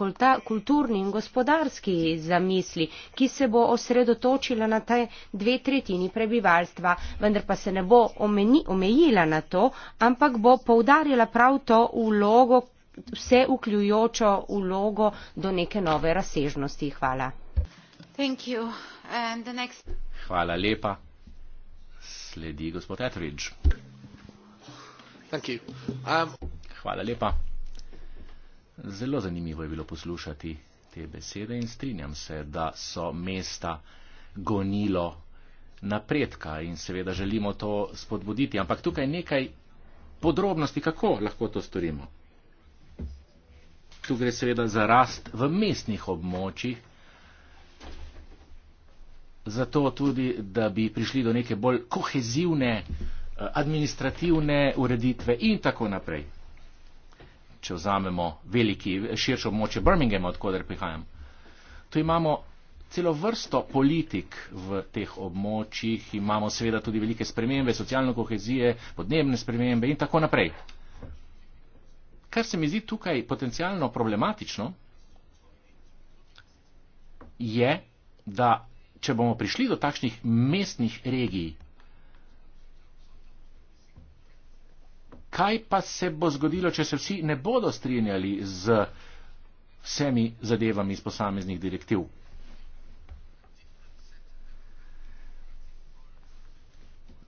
kulturni in gospodarski zamisli, ki se bo osredotočila na te dve tretjini prebivalstva, vendar pa se ne bo omeni, omejila na to, ampak bo poudarjala prav to vlogo, vse vključujočo vlogo do neke nove razsežnosti. Hvala. Hvala lepa. Sledi gospod Etheridge. Um, Hvala lepa. Zelo zanimivo je bilo poslušati te besede in strinjam se, da so mesta gonilo napredka in seveda želimo to spodbuditi, ampak tukaj nekaj podrobnosti, kako lahko to storimo. Tu gre seveda za rast v mestnih območjih zato tudi, da bi prišli do neke bolj kohezivne eh, administrativne ureditve in tako naprej. Če vzamemo veliki, širšo območje Birminghama, odkuder prihajam, tu imamo celo vrsto politik v teh območjih, imamo seveda tudi velike spremembe, socialno kohezije, podnebne spremembe in tako naprej. Kar se mi zdi tukaj potencijalno problematično, je, da če bomo prišli do takšnih mestnih regij, kaj pa se bo zgodilo, če se vsi ne bodo strinjali z vsemi zadevami iz posameznih direktiv?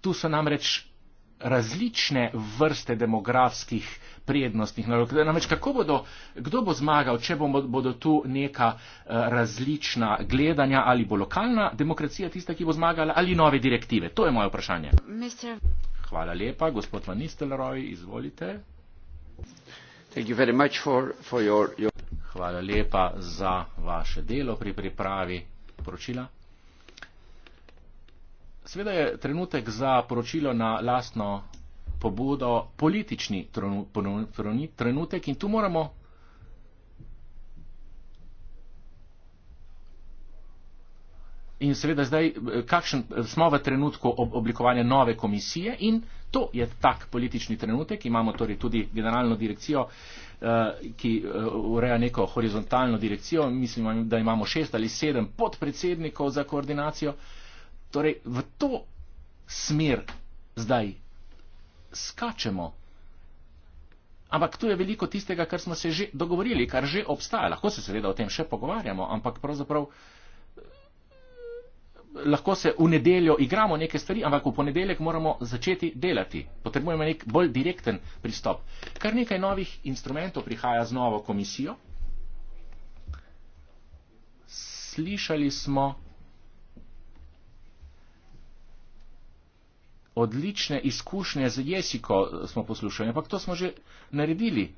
Tu so namreč različne vrste demografskih prednostnih nalog. Namreč, kako bodo, kdo bo zmagal, če bomo, bodo tu neka eh, različna gledanja ali bo lokalna demokracija tista, ki bo zmagala ali nove direktive? To je moje vprašanje. Mister. Hvala lepa, gospod Van Nistelrooy, izvolite. For, for your, your... Hvala lepa za vaše delo pri pripravi poročila. Sveda je trenutek za poročilo na lastno pobudo politični trenutek in tu moramo. In seveda zdaj, kakšen smo v trenutku oblikovanja nove komisije in to je tak politični trenutek. Imamo torej tudi generalno direkcijo, eh, ki eh, ureja neko horizontalno direkcijo. Mislim, da imamo šest ali sedem podpredsednikov za koordinacijo. Torej, v to smer zdaj skačemo. Ampak tu je veliko tistega, kar smo se že dogovorili, kar že obstaja. Lahko se seveda o tem še pogovarjamo, ampak pravzaprav eh, lahko se v nedeljo igramo neke stvari, ampak v ponedeljek moramo začeti delati. Potrebujemo nek bolj direkten pristop. Kar nekaj novih instrumentov prihaja z novo komisijo. Slišali smo odlične izkušnje z jesiko smo poslušali, ampak to smo že naredili.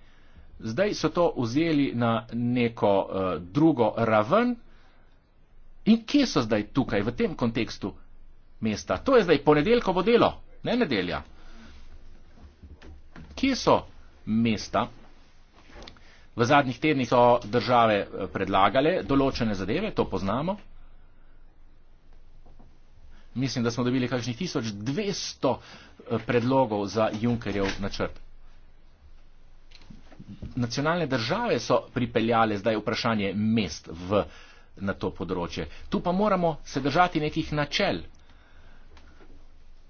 Zdaj so to vzeli na neko uh, drugo raven in kje so zdaj tukaj v tem kontekstu mesta? To je zdaj ponedeljko bo delo, ne nedelja. Kje so mesta? V zadnjih tednih so države eh, predlagale določene zadeve, to poznamo mislim, da smo dobili kakšnih 1200 eh, predlogov za Junkerjev načrt. Nacionalne države so pripeljale zdaj vprašanje mest v, na to področje. Tu pa moramo se držati nekih načel.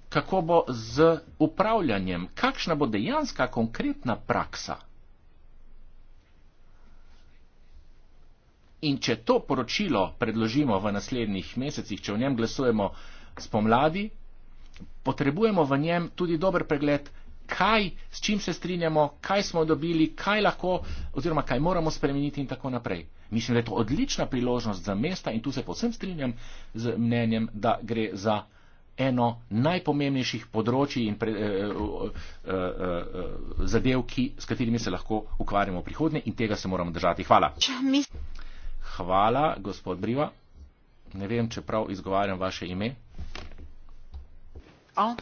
Kako bo z upravljanjem, kakšna bo dejanska konkretna praksa? In če to poročilo predložimo v naslednjih mesecih, če v njem glasujemo spomladi, potrebujemo v njem tudi dober pregled, kaj, s čim se strinjamo, kaj smo dobili, kaj lahko oziroma kaj moramo spremeniti in tako naprej. Mislim, da je to odlična priložnost za mesta in tu se posem strinjam z mnenjem, da gre za eno najpomembnejših področji in pre, eh, eh, eh, eh, zadev, ki, s katerimi se lahko ukvarjamo v prihodnje in tega se moramo držati. Hvala. Hvala, gospod Briva. Ne vem, če prav izgovarjam vaše ime. Oh,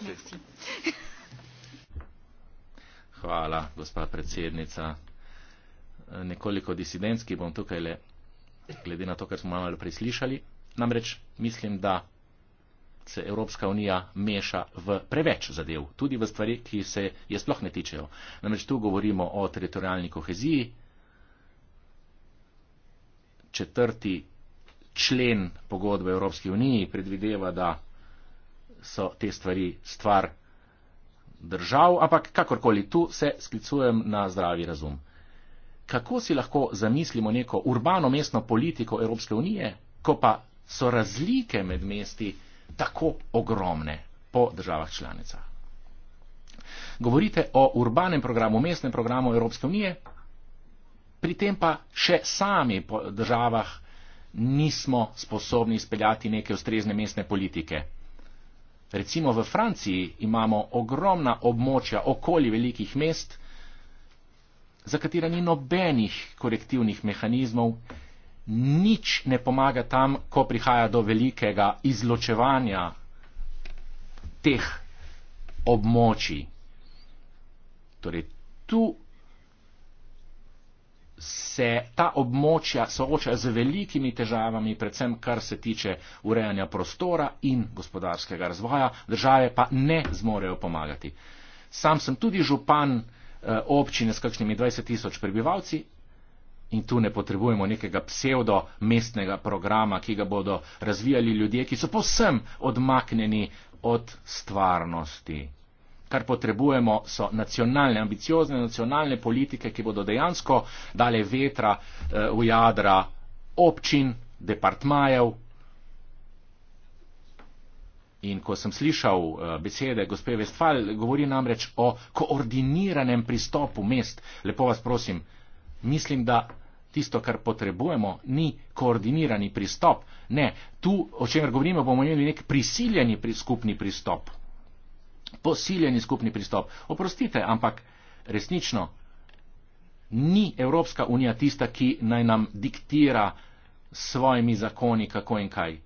*laughs* Hvala, gospa predsednica. Nekoliko disidentski bom tukaj le, glede na to, kar smo malo preslišali. Namreč mislim, da se Evropska unija meša v preveč zadev, tudi v stvari, ki se je sploh ne tičejo. Namreč tu govorimo o teritorijalni koheziji, četrti člen pogodbe Evropske unije predvideva, da so te stvari stvar držav, ampak kakorkoli tu se sklicujem na zdravi razum. Kako si lahko zamislimo neko urbano mestno politiko Evropske unije, ko pa so razlike med mesti tako ogromne po državah članicah? Govorite o urbanem programu, mestnem programu Evropske unije, pri tem pa še sami po državah članicah nismo sposobni izpeljati neke ustrezne mestne politike. Recimo v Franciji imamo ogromna območja okoli velikih mest, za katera ni nobenih korektivnih mehanizmov, nič ne pomaga tam, ko prihaja do velikega izločevanja teh območij. Torej, tu se ta območja soočajo z velikimi težavami, predvsem kar se tiče urejanja prostora in gospodarskega razvoja, države pa ne zmorejo pomagati. Sam sem tudi župan eh, občine s kakšnimi 20 tisoč prebivalci in tu ne potrebujemo nekega psevdo mestnega programa, ki ga bodo razvijali ljudje, ki so povsem odmaknjeni od stvarnosti kar potrebujemo, so nacionalne, ambiciozne nacionalne politike, ki bodo dejansko dale vetra eh, v jadra občin, departmajev. In ko sem slišal eh, besede gospe Vestfal, govori namreč o koordiniranem pristopu mest. Lepo vas prosim, mislim, da tisto, kar potrebujemo, ni koordinirani pristop. Ne, tu, o čemer govorimo, bomo imeli nek prisiljeni pri, skupni pristop posiljeni skupni pristop. Oprostite, ampak resnično ni Evropska unija tista, ki naj nam diktira svojimi zakoni, kako in kaj.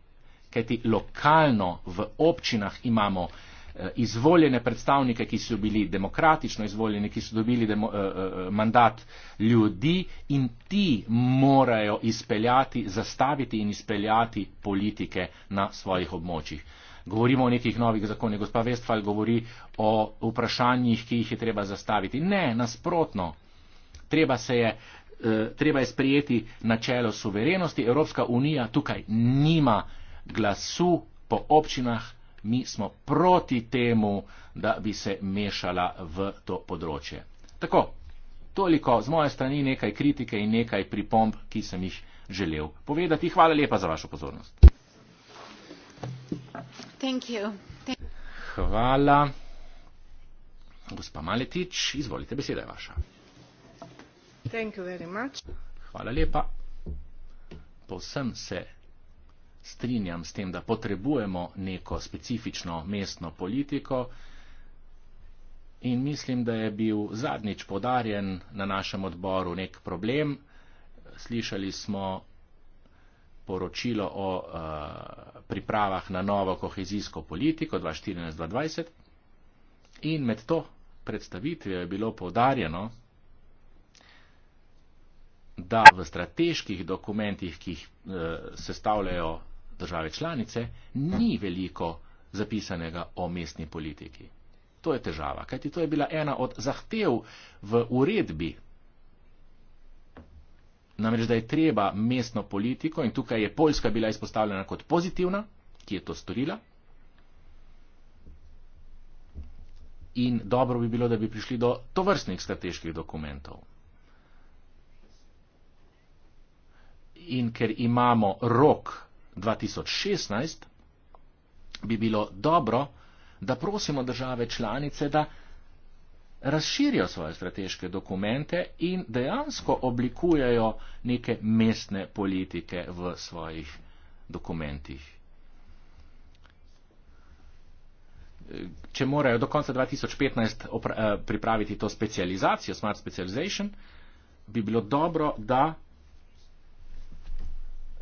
Kajti lokalno v občinah imamo eh, izvoljene predstavnike, ki so bili demokratično izvoljeni, ki so dobili demo, eh, eh, mandat ljudi in ti morajo izpeljati, zastaviti in izpeljati politike na svojih območjih govorimo o nekih novih zakonih. Gospa Vestfal govori o vprašanjih, ki jih je treba zastaviti. Ne, nasprotno. Treba, je, uh, treba je sprejeti načelo suverenosti. Evropska unija tukaj nima glasu po občinah. Mi smo proti temu, da bi se mešala v to področje. Tako, toliko z moje strani nekaj kritike in nekaj pripomb, ki sem jih želel povedati. Hvala lepa za vašo pozornost. Hvala. Gospa Maletič, izvolite, beseda je vaša. Hvala lepa. Povsem se strinjam s tem, da potrebujemo neko specifično mestno politiko in mislim, da je bil zadnjič podarjen na našem odboru nek problem. Slišali smo poročilo o a, eh, pripravah na novo kohezijsko politiko 2014-2020 in med to predstavitvijo je bilo povdarjeno, da v strateških dokumentih, ki jih e, sestavljajo države članice, ni veliko zapisanega o mestni politiki. To je težava, kajti to je bila ena od zahtev v uredbi Namreč, da je treba mestno politiko in tukaj je Poljska bila izpostavljena kot pozitivna, ki je to storila. In dobro bi bilo, da bi prišli do tovrstnih strateških dokumentov. In ker imamo rok 2016, bi bilo dobro, da prosimo države članice, da razširijo svoje strateške dokumente in dejansko oblikujejo neke mestne politike v svojih dokumentih. Če morajo do konca 2015 eh, pripraviti to specializacijo, smart specialization, bi bilo dobro, da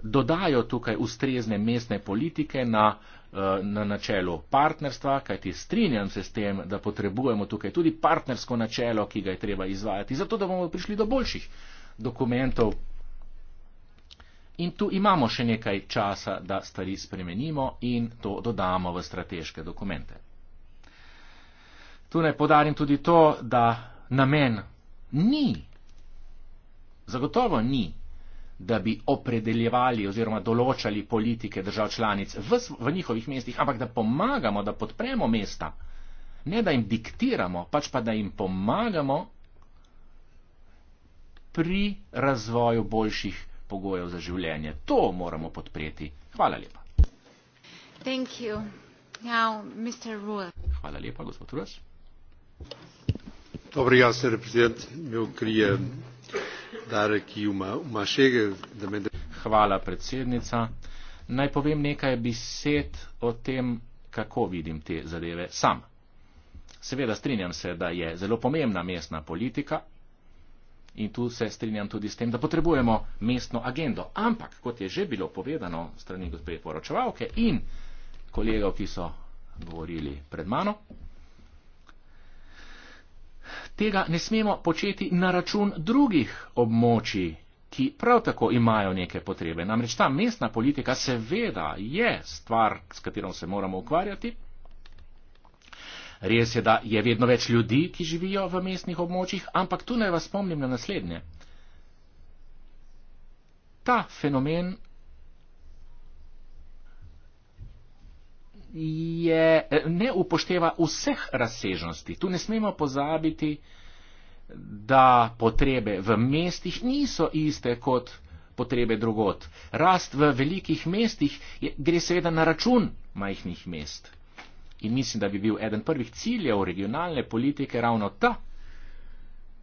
dodajo tukaj ustrezne mestne politike na, eh, na načelu partnerstva, kajti strinjam se s tem, da potrebujemo tukaj tudi partnersko načelo, ki ga je treba izvajati, zato da bomo prišli do boljših dokumentov. In tu imamo še nekaj časa, da stvari spremenimo in to dodamo v strateške dokumente. Tu naj podarim tudi to, da namen ni, zagotovo ni da bi opredeljevali oziroma določali politike držav članic v, v njihovih mestih, ampak da pomagamo, da podpremo mesta. Ne da jim diktiramo, pač pa da jim pomagamo pri razvoju boljših pogojev za življenje. To moramo podpreti. Hvala lepa. Now, Hvala lepa, gospod Rus. Dobro, jaz sem reprezent, mi okrije. Mm -hmm. Hvala, predsednica. Naj povem nekaj besed o tem, kako vidim te zadeve sam. Seveda strinjam se, da je zelo pomembna mestna politika in tu se strinjam tudi s tem, da potrebujemo mestno agendo. Ampak, kot je že bilo povedano strani gospe poročevalke in kolegov, ki so govorili pred mano, Tega ne smemo početi na račun drugih območij, ki prav tako imajo neke potrebe. Namreč ta mestna politika seveda je stvar, s katero se moramo ukvarjati. Res je, da je vedno več ljudi, ki živijo v mestnih območjih, ampak tu naj vas spomnim na naslednje. Ta fenomen je, ne upošteva vseh razsežnosti. Tu ne smemo pozabiti, da potrebe v mestih niso iste kot potrebe drugot. Rast v velikih mestih je, gre seveda na račun majhnih mest. In mislim, da bi bil eden prvih ciljev regionalne politike ravno ta,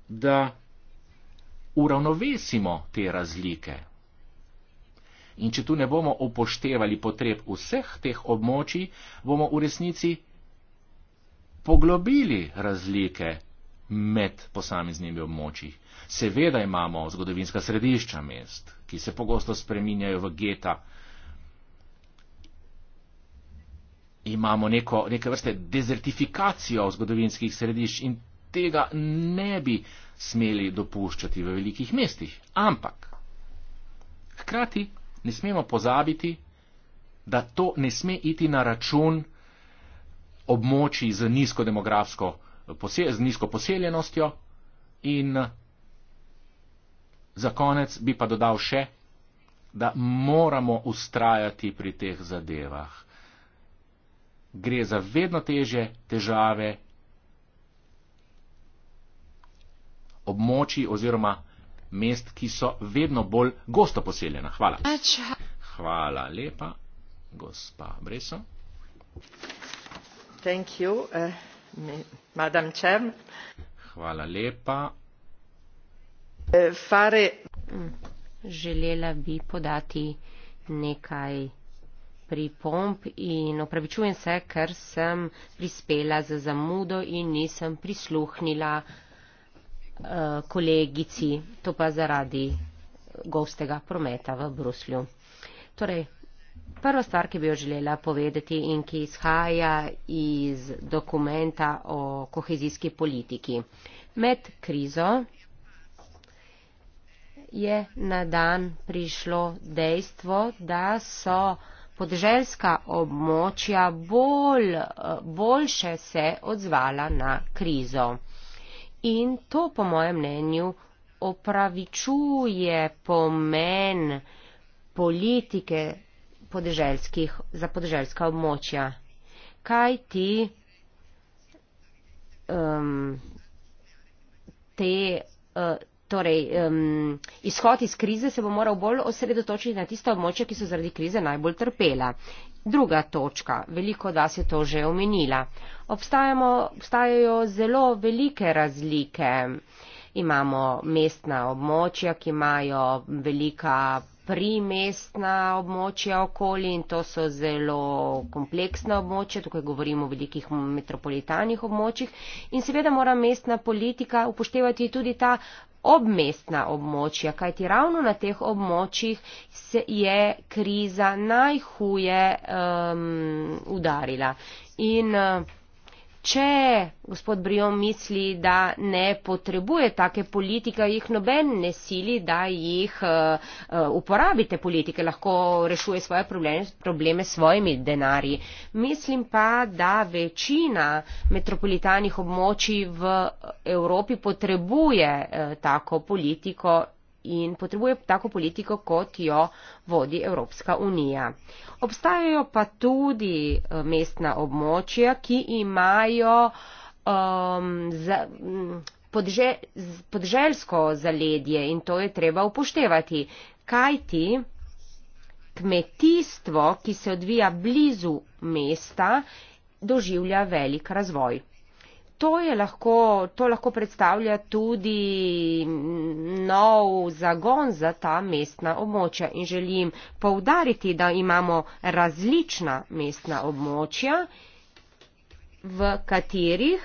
da uravnovesimo te razlike In če tu ne bomo upoštevali potreb vseh teh območij, bomo v resnici poglobili razlike med posameznimi območji. Seveda imamo zgodovinska središča mest, ki se pogosto spreminjajo v geta. Imamo neko, neke vrste dezertifikacijo zgodovinskih središč in tega ne bi smeli dopuščati v velikih mestih. Ampak, hkrati ne smemo pozabiti, da to ne sme iti na račun območij z nizko demografsko z nizko poseljenostjo in za konec bi pa dodal še, da moramo ustrajati pri teh zadevah. Gre za vedno teže težave območij oziroma mest, ki so vedno bolj gosto poseljena. Hvala. Hvala lepa, gospa Breso. Thank you, uh, madam Chair. Hvala lepa. Uh, fare. Mm, želela bi podati nekaj pripomp in opravičujem se, ker sem prispela za zamudo in nisem prisluhnila. Eh, kolegici, to pa zaradi gostega prometa v Bruslju. Torej, prva stvar, ki bi jo želela povedati in ki izhaja iz dokumenta o kohezijski politiki. Med krizo je na dan prišlo dejstvo, da so podželjska območja bolj, eh, boljše se odzvala na krizo. In to, po mojem mnenju, opravičuje pomen politike za podeželska območja. Kaj ti um, te uh, torej um, izhod iz krize se bo moral bolj osredotočiti na tista območja, ki so zaradi krize najbolj trpela. Druga točka, veliko od vas je to že omenila. Obstajamo, obstajajo zelo velike razlike. Imamo mestna območja, ki imajo velika primestna območja okoli in to so zelo kompleksna območja, tukaj govorimo o velikih metropolitanih območjih in seveda mora mestna politika upoštevati tudi ta obmestna območja, kajti ravno na teh območjih se je kriza najhuje um, udarila. In, uh, če gospod Brion misli, da ne potrebuje take politike, jih noben ne sili, da jih uh, eh, uh, eh, uporabite politike, lahko rešuje svoje probleme, probleme s svojimi denarji. Mislim pa, da večina metropolitanih območij v Evropi potrebuje uh, tako politiko in potrebuje tako politiko, kot jo vodi Evropska unija. Obstajajo pa tudi eh, mestna območja, ki imajo um, za, podže, podželjsko zaledje in to je treba upoštevati. Kaj ti kmetijstvo, ki se odvija blizu mesta, doživlja velik razvoj to, lahko, to lahko predstavlja tudi nov zagon za ta mestna območja. In želim povdariti, da imamo različna mestna območja v katerih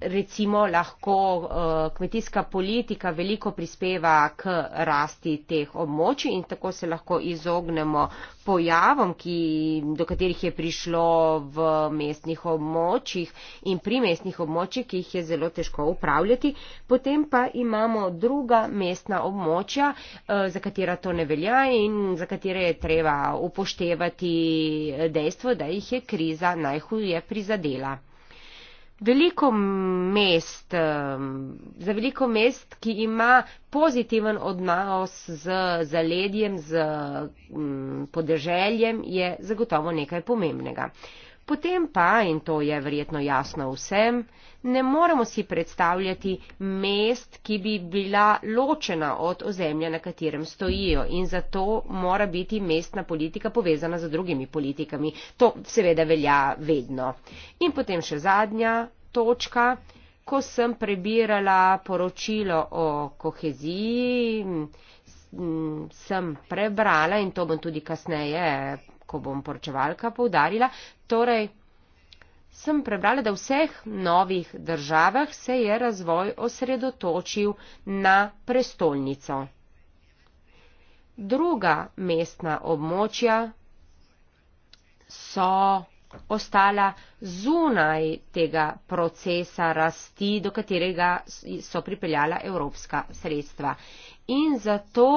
recimo lahko e, kmetijska politika veliko prispeva k rasti teh območij in tako se lahko izognemo pojavom, ki, do katerih je prišlo v mestnih območjih in pri mestnih območjih, ki jih je zelo težko upravljati. Potem pa imamo druga mestna območja, e, za katera to ne velja in za katere je treba upoštevati dejstvo, da jih je kriza najhuje prizadela prizadela. Veliko mest, za veliko mest, ki ima pozitiven odnos z zaledjem, z podeželjem, je zagotovo nekaj pomembnega. Potem pa, in to je verjetno jasno vsem, ne moremo si predstavljati mest, ki bi bila ločena od ozemlja, na katerem stojijo in zato mora biti mestna politika povezana z drugimi politikami. To seveda velja vedno. In potem še zadnja točka. Ko sem prebirala poročilo o koheziji, sem prebrala in to bom tudi kasneje ko bom poročevalka povdarila. Torej, sem prebrala, da v vseh novih državah se je razvoj osredotočil na prestolnico. Druga mestna območja so ostala zunaj tega procesa rasti, do katerega so pripeljala evropska sredstva. In zato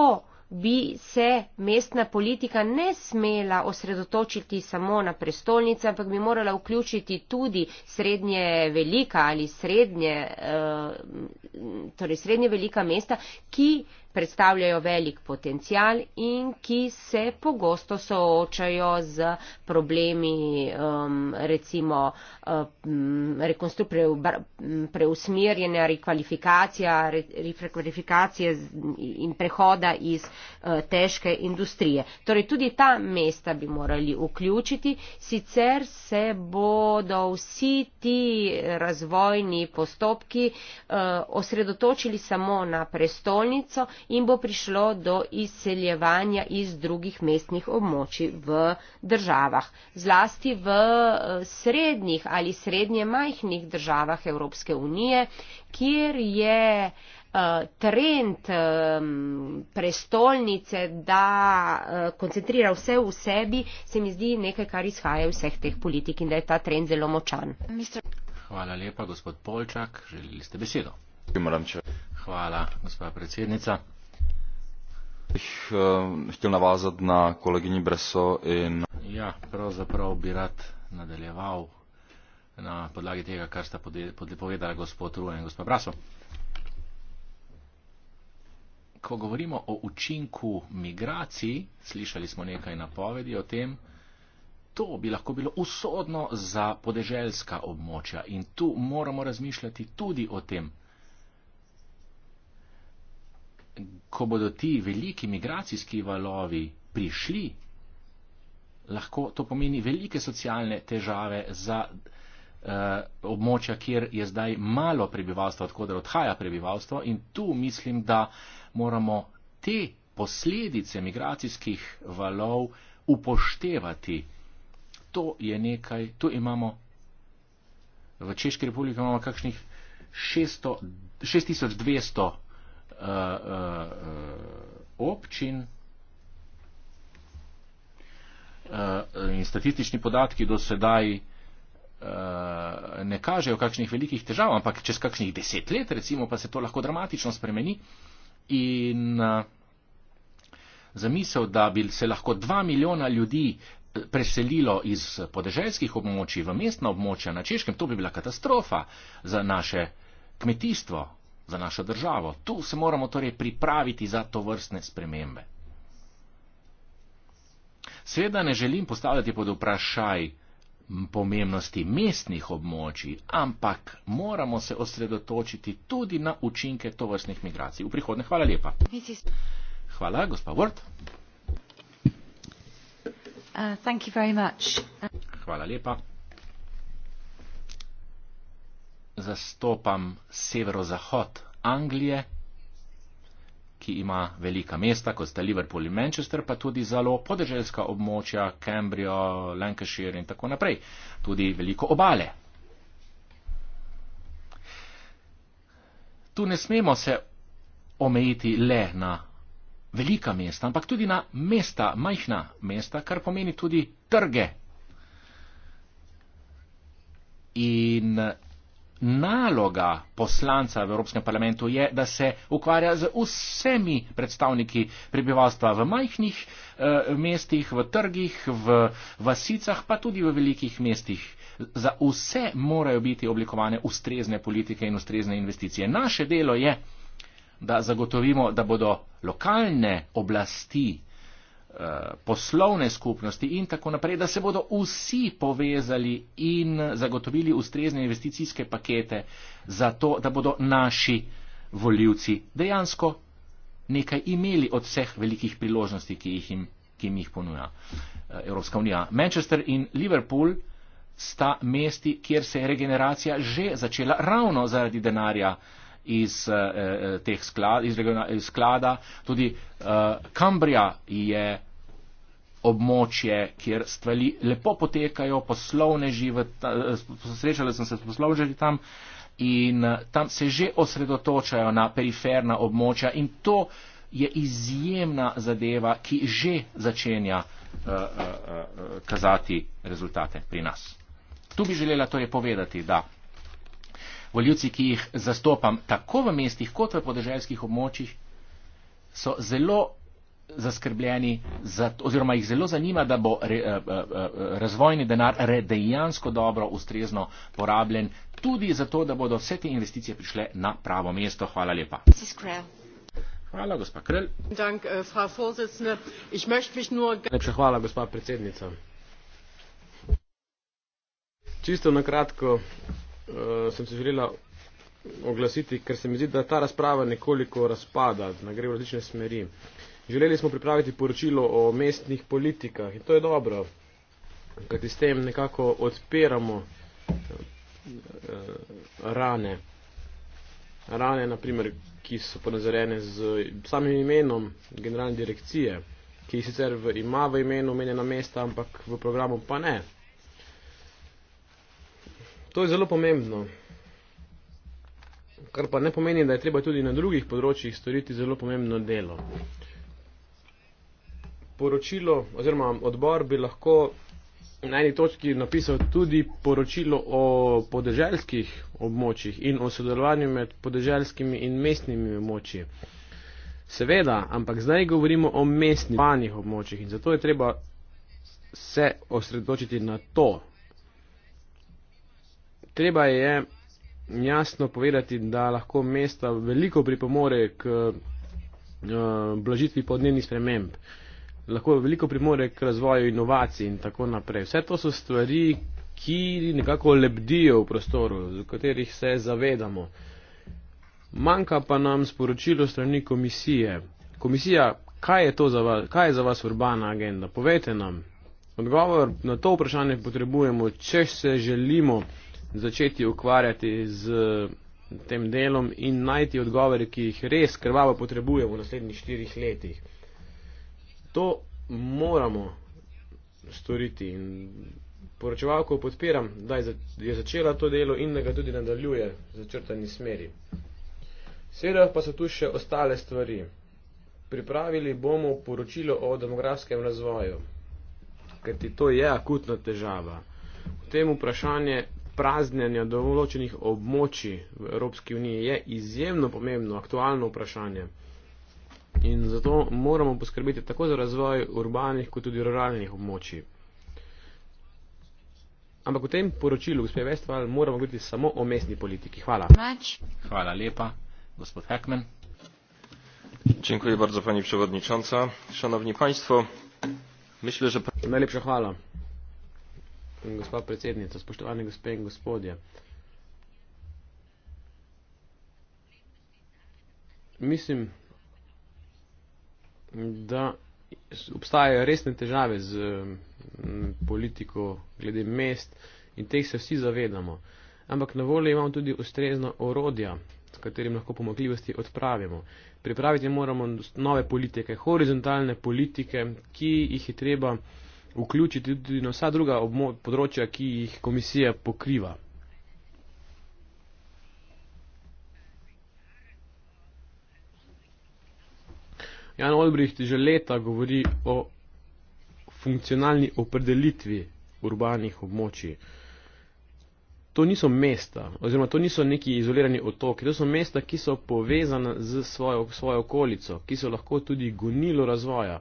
bi se mestna politika ne smela osredotočiti samo na prestolnice, ampak bi morala vključiti tudi srednje velika ali srednje, eh, torej srednje velika mesta, ki predstavljajo velik potencial in ki se pogosto soočajo z problemi um, recimo um, pre, preusmirjene rekvalifikacije in prehoda iz uh, težke industrije. Torej tudi ta mesta bi morali vključiti, sicer se bodo vsi ti razvojni postopki uh, osredotočili samo na prestolnico in bo prišlo do izseljevanja iz drugih mestnih območij v državah, zlasti v eh, srednjih ali srednje majhnih državah Evropske unije, kjer je eh, trend prestolnice, da eh, koncentrira vse v sebi, se mi zdi nekaj, kar izhaja vseh teh politik in da je ta trend zelo močan. Hvala lepa, gospod Polčak. Želili ste besedo. Hvala, gospod predsednica bih eh, htjel navazati na kolegini Breso in... Ja, pravzaprav bi rad nadaljeval na podlagi tega, kar sta podlepovedala gospod Ruen in gospod Braso. Ko govorimo o učinku migracij, slišali smo nekaj napovedi o tem, to bi lahko bilo usodno za podeželska območja in tu moramo razmišljati tudi o tem ko bodo ti veliki migracijski valovi prišli, lahko to pomeni velike socialne težave za eh, območja, kjer je zdaj malo prebivalstva, odkudar odhaja prebivalstvo. In tu mislim, da moramo te posledice migracijskih valov upoštevati. To je nekaj, tu imamo v Češki republiki, imamo kakšnih 600, 6200 uh, uh, občin uh, in statistični podatki do sedaj ne kažejo kakšnih velikih težav, ampak čez kakšnih deset let, recimo, pa se to lahko dramatično spremeni. In zamisel, da bi se lahko dva milijona ljudi preselilo iz podeželskih območij v mestna območja na Češkem, to bi bila katastrofa za naše kmetijstvo, za našo državo. Tu se moramo torej pripraviti za to vrstne spremembe. Sveda ne želim postavljati pod vprašaj pomembnosti mestnih območij, ampak moramo se osredotočiti tudi na učinke to vrstnih migracij. V prihodne hvala lepa. Hvala, gospa Word. Uh, thank you very much. Uh, Hvala lepa zastopam severozahod Anglije, ki ima velika mesta, kot sta Liverpool in Manchester, pa tudi zelo podeželska območja, Cambrio, Lancashire in tako naprej, tudi veliko obale. Tu ne smemo se omejiti le na velika mesta, ampak tudi na mesta, majhna mesta, kar pomeni tudi trge. In naloga poslanca v Evropskem parlamentu je, da se ukvarja z vsemi predstavniki prebivalstva v majhnih eh, mestih, v trgih, v vasicah, pa tudi v velikih mestih. Za vse morajo biti oblikovane ustrezne politike in ustrezne investicije. Naše delo je, da zagotovimo, da bodo lokalne oblasti Eh, poslovne skupnosti in tako naprej, da se bodo vsi povezali in zagotovili ustrezne investicijske pakete za to, da bodo naši voljivci dejansko nekaj imeli od vseh velikih priložnosti, ki jih, im, ki jim jih ponuja eh, Evropska unija. Manchester in Liverpool sta mesti, kjer se je regeneracija že začela ravno zaradi denarja uh, iz eh, eh teh sklad, iz regional, iz sklada. Tudi eh, Kambrija je območje, kjer stvari lepo potekajo, poslovneži, eh, srečala sem se s poslovneži tam in eh, tam se že osredotočajo na periferna območja in to je izjemna zadeva, ki že začenja uh, uh, uh, kazati rezultate pri nas. Tu bi želela torej povedati, da voljivci, ki jih zastopam tako v mestih kot v podeželskih območjih, so zelo zaskrbljeni za, oziroma jih zelo zanima, da bo re, eh, eh, eh, razvojni denar re, dejansko dobro, ustrezno porabljen, tudi zato, da bodo vse te investicije prišle na pravo mesto. Hvala lepa. Hvala, gospa Krl. Eh, Najlepša hvala, gospa predsednica. Čisto na kratko, uh, sem se želela oglasiti, ker se mi zdi, da ta razprava nekoliko razpada, da gre v različne smeri. Želeli smo pripraviti poročilo o mestnih politikah in to je dobro, kajti s tem nekako odpiramo uh, rane. Rane, naprimer, ki so ponazorene z samim imenom generalne direkcije, ki sicer v, ima v imenu omenjena mesta, ampak v programu pa ne. To je zelo pomembno. Kar pa ne pomeni, da je treba tudi na drugih področjih storiti zelo pomembno delo. Poročilo oziroma odbor bi lahko na eni točki napisal tudi poročilo o podeželskih območjih in o sodelovanju med podeželskimi in mestnimi območji. Seveda, ampak zdaj govorimo o mestnih območjih in zato je treba se osredotočiti na to, treba je jasno povedati, da lahko mesta veliko pripomore k eh, blažitvi podnebnih sprememb, lahko veliko pripomore k razvoju inovacij in tako naprej. Vse to so stvari, ki nekako lebdijo v prostoru, z katerih se zavedamo. Manjka pa nam sporočilo strani komisije. Komisija, kaj je, za vas, kaj je za vas urbana agenda? Povejte nam. Odgovor na to vprašanje potrebujemo, če se želimo začeti ukvarjati z tem delom in najti odgovore, ki jih res krvavo potrebujemo v naslednjih štirih letih. To moramo storiti in poročevalko podpiram, da je začela to delo in da ga tudi nadaljuje v začrtani smeri. Seveda pa so tu še ostale stvari. Pripravili bomo poročilo o demografskem razvoju, ker ti to je akutna težava. V tem vprašanje praznjenja določenih območij v Evropski uniji je izjemno pomembno aktualno vprašanje. In zato moramo poskrbeti tako za razvoj urbanih kot tudi ruralnih območij. Ampak v tem poročilu, gospe Vestval, moramo govoriti samo o mestni politiki. Hvala. Hvala lepa, gospod Hekmen. Dziękuję bardzo Pani Przewodnicząca. Szanowni Państwo, myślę, że... Najlepsza chwała gospa predsednica, spoštovane gospe in gospodje. Mislim, da obstajajo resne težave z politiko glede mest in teh se vsi zavedamo. Ampak na voljo imamo tudi ustrezno orodja, s katerim lahko pomakljivosti odpravimo. Pripraviti moramo nove politike, horizontalne politike, ki jih je treba vključiti tudi na vsa druga področja, ki jih komisija pokriva. Jan Olbricht že leta govori o funkcionalni opredelitvi urbanih območij. To niso mesta, oziroma to niso neki izolirani otoki, to so mesta, ki so povezane z svojo, svojo okolico, ki so lahko tudi gonilo razvoja.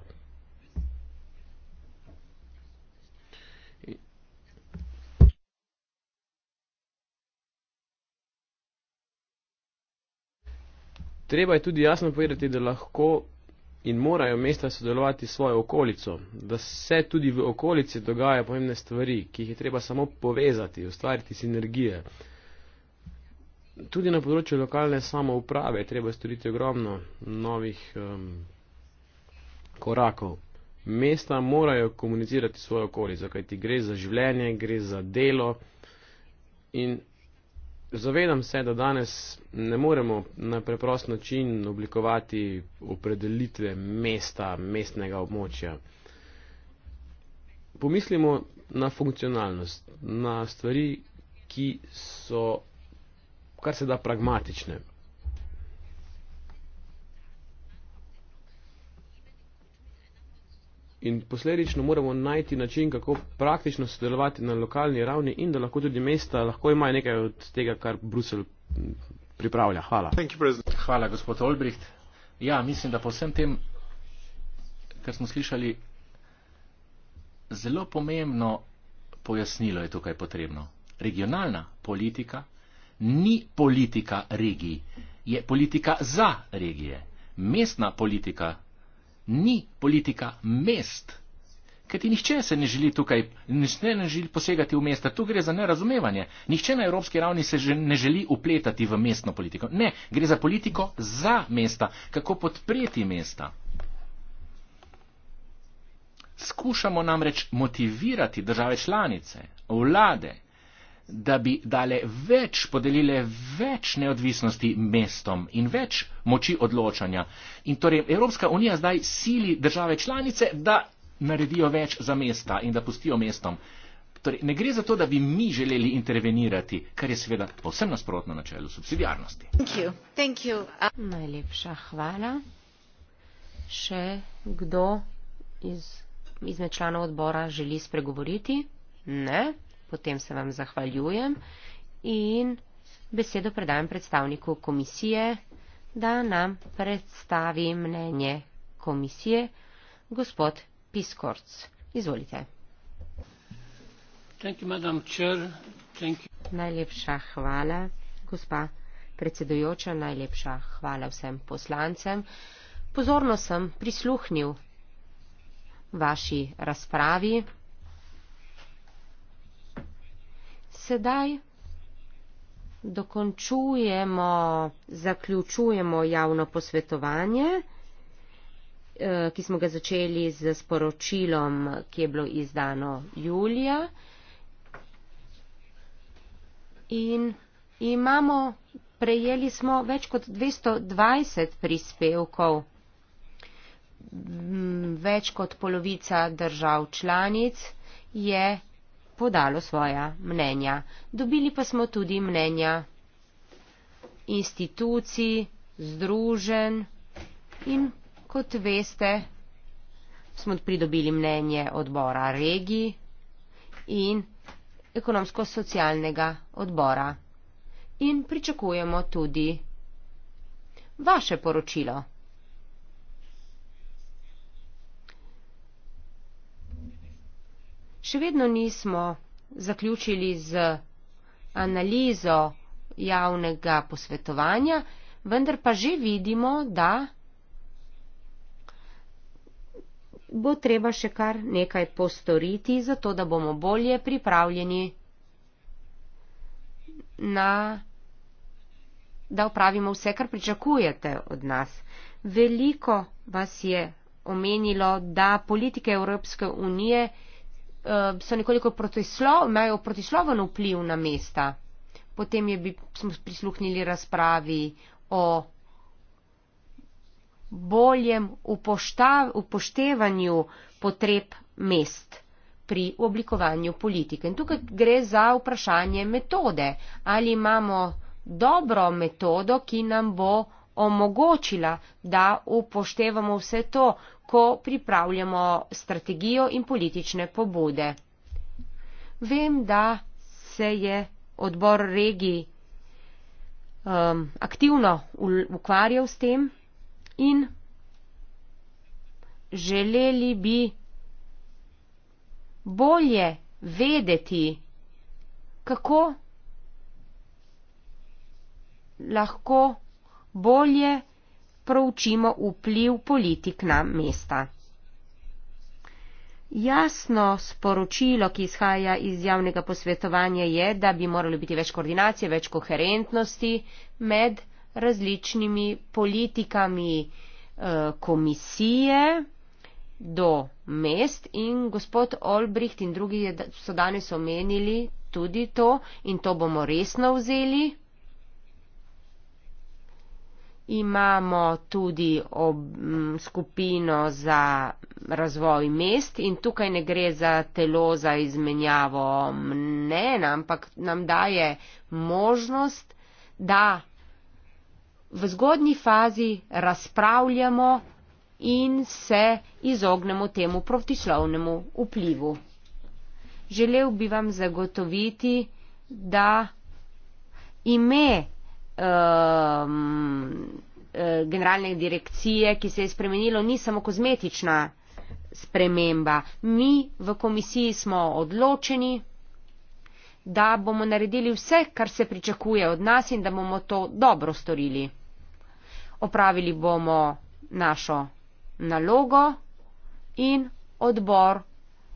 Treba je tudi jasno povedati, da lahko in morajo mesta sodelovati s svojo okolico, da se tudi v okolici dogajajo pomembne stvari, ki jih je treba samo povezati, ustvariti sinergije. Tudi na področju lokalne samouprave je treba storiti ogromno novih um, korakov. Mesta morajo komunicirati svojo okolico, kajti gre za življenje, gre za delo in Zavedam se, da danes ne moremo na preprost način oblikovati opredelitve mesta, mestnega območja. Pomislimo na funkcionalnost, na stvari, ki so kar se da pragmatične. in posledično moramo najti način, kako praktično sodelovati na lokalni ravni in da lahko tudi mesta lahko imajo nekaj od tega, kar Bruselj pripravlja. Hvala. Hvala, gospod Olbricht. Ja, mislim, da po vsem tem, kar smo slišali, zelo pomembno pojasnilo je tukaj potrebno. Regionalna politika ni politika regij, je politika za regije. Mestna politika ni politika mest. Ker ti nihče se ne želi tukaj, nihče ne želi posegati v mesta, tu gre za nerazumevanje. Nihče na evropski ravni se že ne želi upletati v mestno politiko. Ne, gre za politiko za mesta, kako podpreti mesta. Skušamo namreč motivirati države članice, vlade, da bi dale več, podelile več neodvisnosti mestom in več moči odločanja. In torej Evropska unija zdaj sili države članice, da naredijo več za mesta in da pustijo mestom. Torej, ne gre za to, da bi mi želeli intervenirati, kar je seveda povsem nasprotno načelu subsidijarnosti. Thank you. Thank you. Uh... Najlepša hvala. Še kdo iz, izmed članov odbora želi spregovoriti? Ne potem se vam zahvaljujem in besedo predajem predstavniku komisije, da nam predstavi mnenje komisije, gospod Piskorc. Izvolite. You, najlepša hvala, gospa predsedujoča, najlepša hvala vsem poslancem. Pozorno sem prisluhnil vaši razpravi. sedaj dokončujemo, zaključujemo javno posvetovanje, eh, ki smo ga začeli z sporočilom, ki je bilo izdano julija. In imamo, prejeli smo več kot 220 prispevkov, več kot polovica držav članic je podalo svoja mnenja. Dobili pa smo tudi mnenja institucij, združen in kot veste, smo pridobili mnenje odbora regij in ekonomsko-socialnega odbora. In pričakujemo tudi vaše poročilo. še vedno nismo zaključili z analizo javnega posvetovanja, vendar pa že vidimo, da bo treba še kar nekaj postoriti, zato da bomo bolje pripravljeni na, da opravimo vse, kar pričakujete od nas. Veliko vas je omenilo, da politike Evropske unije Eh, so nekoliko protislov, imajo protisloven vpliv na mesta. Potem je bi, smo prisluhnili razpravi o boljem upoštav, upoštevanju potreb mest pri oblikovanju politike. In tukaj gre za vprašanje metode. Ali imamo dobro metodo, ki nam bo omogočila, da upoštevamo vse to, ko pripravljamo strategijo in politične pobude. Vem, da se je odbor regi um, aktivno ukvarjal s tem in želeli bi bolje vedeti, kako lahko bolje proučimo vpliv politik na mesta. Jasno sporočilo, ki izhaja iz javnega posvetovanja, je, da bi moralo biti več koordinacije, več koherentnosti med različnimi politikami eh, komisije do mest in gospod Olbricht in drugi so danes omenili tudi to in to bomo resno vzeli imamo tudi ob, m, skupino za razvoj mest in tukaj ne gre za telo za izmenjavo mnen, ampak nam daje možnost, da v zgodnji fazi razpravljamo in se izognemo temu protislovnemu vplivu. Želel bi vam zagotoviti, da ime um, eh, generalne direkcije, ki se je spremenilo, ni samo kozmetična sprememba. Mi v komisiji smo odločeni, da bomo naredili vse, kar se pričakuje od nas in da bomo to dobro storili. Opravili bomo našo nalogo in odbor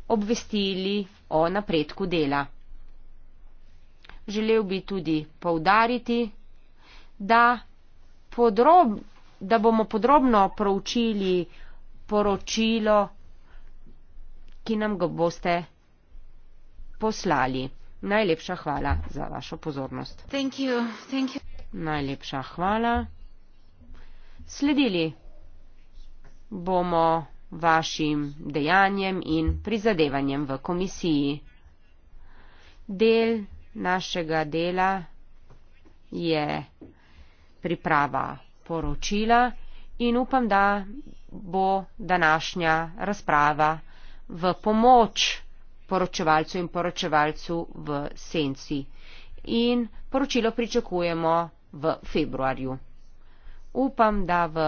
obvestili o napredku dela. Želel bi tudi poudariti, da, podrob, da bomo podrobno proučili poročilo, ki nam ga boste poslali. Najlepša hvala za vašo pozornost. Thank you. Thank you. Najlepša hvala. Sledili bomo vašim dejanjem in prizadevanjem v komisiji. Del našega dela je priprava poročila in upam, da bo današnja razprava v pomoč poročevalcu in poročevalcu v senci. In poročilo pričakujemo v februarju. Upam, da v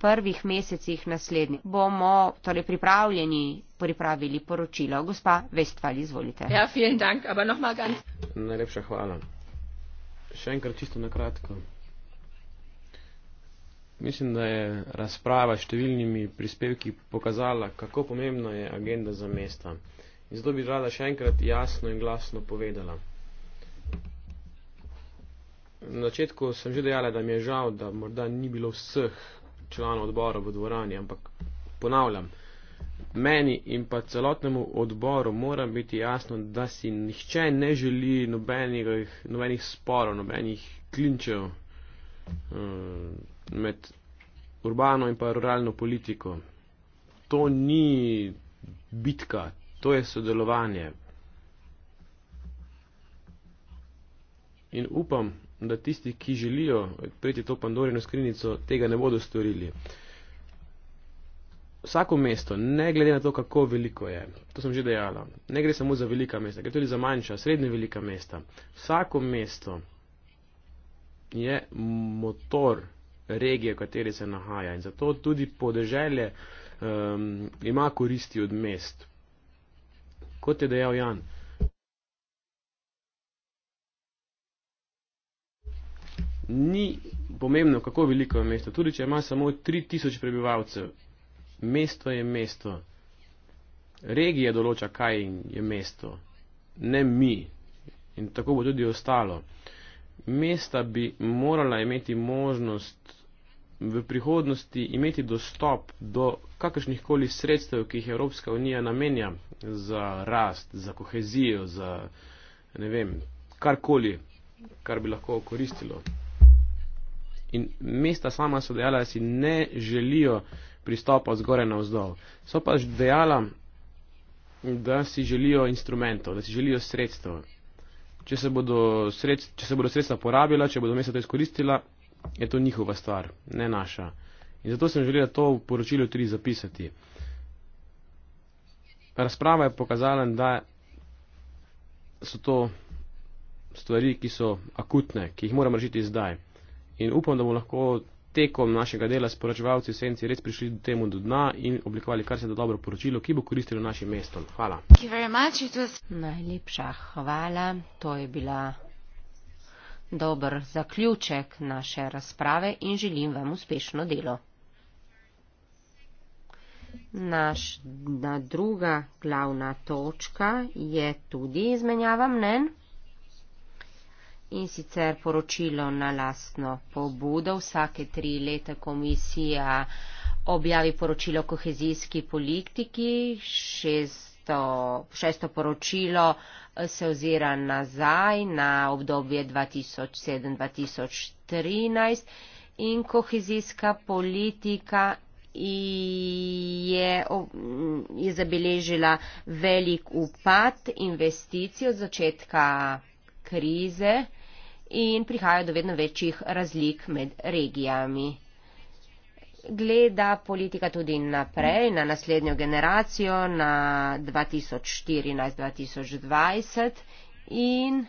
prvih mesecih naslednji bomo torej pripravljeni pripravili poročilo. Gospa Vestval, izvolite. Ja, dank, ganz... Najlepša hvala. Še enkrat čisto na kratko. Mislim, da je razprava številnimi prispevki pokazala, kako pomembna je agenda za mesta. In zato bi rada še enkrat jasno in glasno povedala. Na začetku sem že dejala, da mi je žal, da morda ni bilo vseh članov odbora v dvorani, ampak ponavljam, meni in pa celotnemu odboru mora biti jasno, da si nihče ne želi nobenih, nobenih sporov, nobenih klinčev. Um, med urbano in pa ruralno politiko. To ni bitka, to je sodelovanje. In upam, da tisti, ki želijo priti to pandorino skrinico, tega ne bodo storili. Vsako mesto, ne glede na to, kako veliko je, to sem že dejala, ne gre samo za velika mesta, gre tudi za manjša, srednje velika mesta. Vsako mesto je motor regije, v kateri se nahaja. In zato tudi podeželje um, ima koristi od mest. Kot je dejal Jan. Ni pomembno, kako veliko je mesto. Tudi, če ima samo 3000 prebivalcev, mesto je mesto. Regija določa, kaj je mesto, ne mi. In tako bo tudi ostalo. Mesta bi morala imeti možnost v prihodnosti imeti dostop do kakršnih koli sredstev, ki jih Evropska unija namenja za rast, za kohezijo, za ne vem, karkoli, kar bi lahko koristilo. In mesta sama so dejala, da si ne želijo pristopa zgore na vzdolj. So pa dejala, da si želijo instrumentov, da si želijo sredstev. Če se bodo, sredst, če se bodo sredstva porabila, če bodo mesta to izkoristila, je to njihova stvar, ne naša. In zato sem želel to v poročilu tudi zapisati. Razprava je pokazala, da so to stvari, ki so akutne, ki jih moramo rešiti zdaj. In upam, da bomo lahko tekom našega dela s poročevalci Senci res prišli do temu do dna in oblikovali kar se da dobro poročilo, ki bo koristilo našim mestom. Hvala. Najlepša hvala. To je bila dober zaključek naše razprave in želim vam uspešno delo. Naš na druga glavna točka je tudi izmenjava mnen in sicer poročilo na lastno pobudo. Vsake tri leta komisija objavi poročilo kohezijski politiki, šest šesto, šesto poročilo eh, se ozira nazaj na obdobje 2007-2013 in kohezijska politika je, je zabeležila velik upad investicij od začetka krize in prihaja do vedno večjih razlik med regijami gleda politika tudi naprej, na naslednjo generacijo, na 2014-2020 in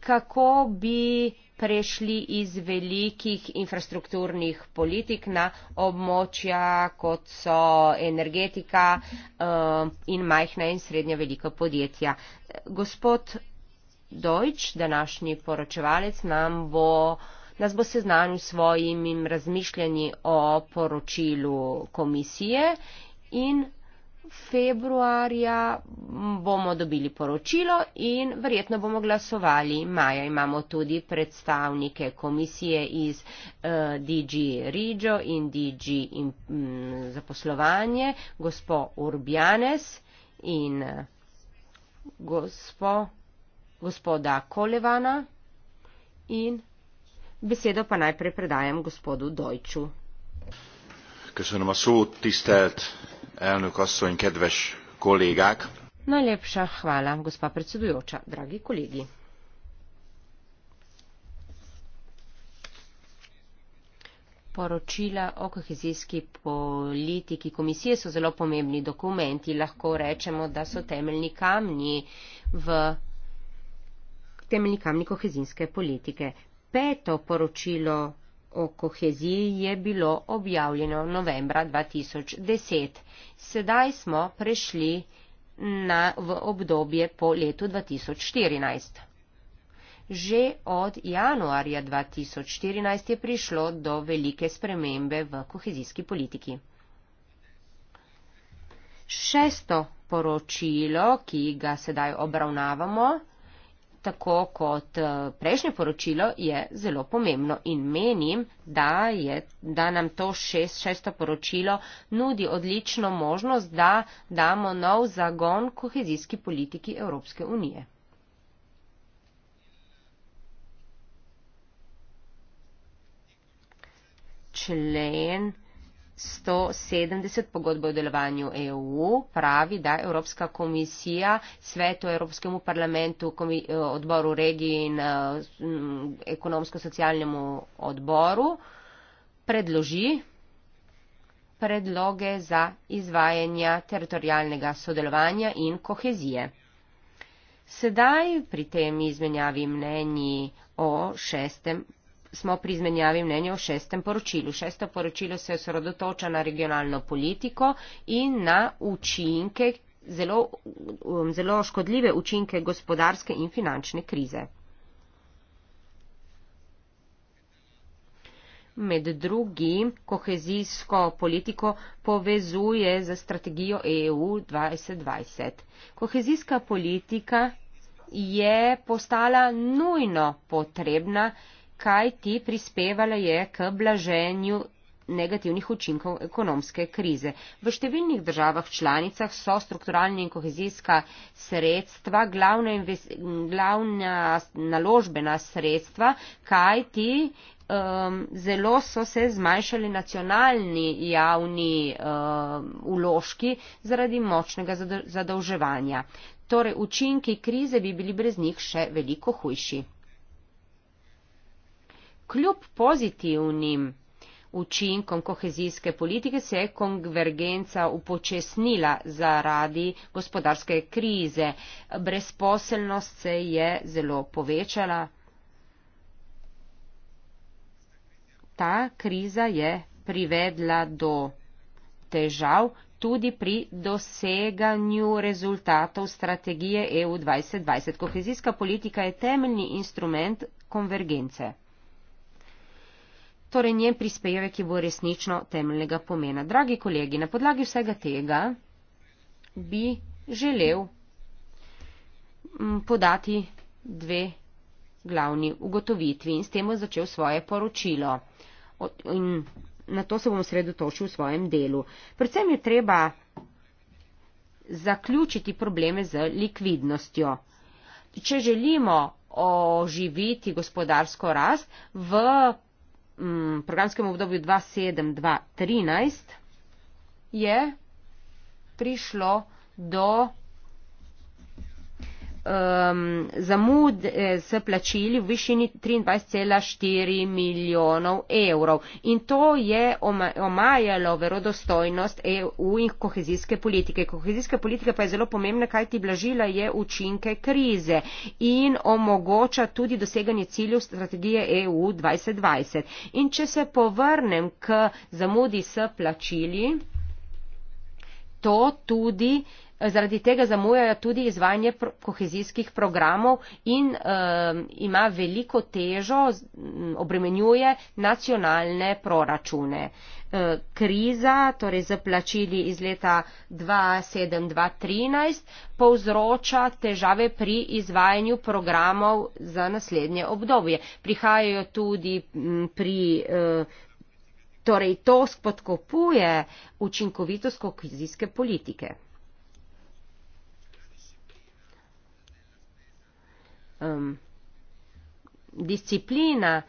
kako bi prešli iz velikih infrastrukturnih politik na območja, kot so energetika eh, in majhna in srednja velika podjetja. Gospod Dojč, današnji poročevalec, nam bo nas bo seznanil s svojimi razmišljanji o poročilu komisije in februarja bomo dobili poročilo in verjetno bomo glasovali. Maja imamo tudi predstavnike komisije iz uh, eh, DG Rigio in DG in, um, zaposlovanje, gospo Urbjanes in eh, gospo, gospoda Kolevana in Besedo pa najprej predajam gospodu Dojču. Köszönöm a szót, tisztelt elnök asszony, kedves kollégák! Najlepša hvala, gospa predsedujoča, dragi kolegi. Poročila o kohezijski politiki komisije so zelo pomembni dokumenti. Lahko rečemo, da so temeljni kamni v temeljni kamni kohezijske politike peto poročilo o koheziji je bilo objavljeno novembra 2010. Sedaj smo prešli na, v obdobje po letu 2014. Že od januarja 2014 je prišlo do velike spremembe v kohezijski politiki. Šesto poročilo, ki ga sedaj obravnavamo, tako kot eh, prejšnje poročilo, je zelo pomembno in menim, da, je, da nam to šest, šesto poročilo nudi odlično možnost, da damo nov zagon kohezijski politiki Evropske unije. Člen 170 pogodbe o delovanju EU pravi, da Evropska komisija svetu Evropskemu parlamentu, eh, odboru regiji in eh, mm, ekonomsko-socialnemu odboru predloži predloge za izvajanja teritorijalnega sodelovanja in kohezije. Sedaj pri tem izmenjavi mnenji o šestem smo pri izmenjavi mnenja o šestem poročilu. Šesto poročilo se osredotoča na regionalno politiko in na učinke, zelo, um, zelo škodljive učinke gospodarske in finančne krize. Med drugim kohezijsko politiko povezuje z strategijo EU 2020. Kohezijska politika je postala nujno potrebna, kaj ti prispevala je k blaženju negativnih učinkov ekonomske krize. V številnih državah članicah so strukturalna in kohezijska sredstva glavna, glavna naložbena sredstva, kaj ti um, zelo so se zmanjšali nacionalni javni uložki um, zaradi močnega zadolževanja. Torej, učinki krize bi bili brez njih še veliko hujši kljub pozitivnim učinkom kohezijske politike se je konvergenca upočasnila zaradi gospodarske krize. Brezposelnost se je zelo povečala. Ta kriza je privedla do težav tudi pri doseganju rezultatov strategije EU 2020. Kohezijska politika je temeljni instrument konvergence torej njen prispevek je bo resnično temeljnega pomena. Dragi kolegi, na podlagi vsega tega bi želel mm, podati dve glavni ugotovitvi in s tem bo začel svoje poročilo. In na to se bom sredotočil v svojem delu. Predvsem je treba zaključiti probleme z likvidnostjo. Če želimo oživiti gospodarsko rast v Mm, programskem obdobju 2007-2013 je prišlo do um, zamud eh, s plačili v višini 23,4 milijonov evrov. In to je omajalo verodostojnost EU in kohezijske politike. Kohezijska politika pa je zelo pomembna, kaj ti blažila je učinke krize in omogoča tudi doseganje ciljev strategije EU 2020. In če se povrnem k zamudi s plačili, to tudi zaradi tega zamujajo tudi izvajanje kohezijskih programov in uh, ima veliko težo, obremenjuje nacionalne proračune. E, kriza, torej zaplačili iz leta 2007-2013, povzroča težave pri izvajanju programov za naslednje obdobje. Prihajajo tudi pri, e, torej to spodkopuje učinkovitost kohezijske politike. um, disciplina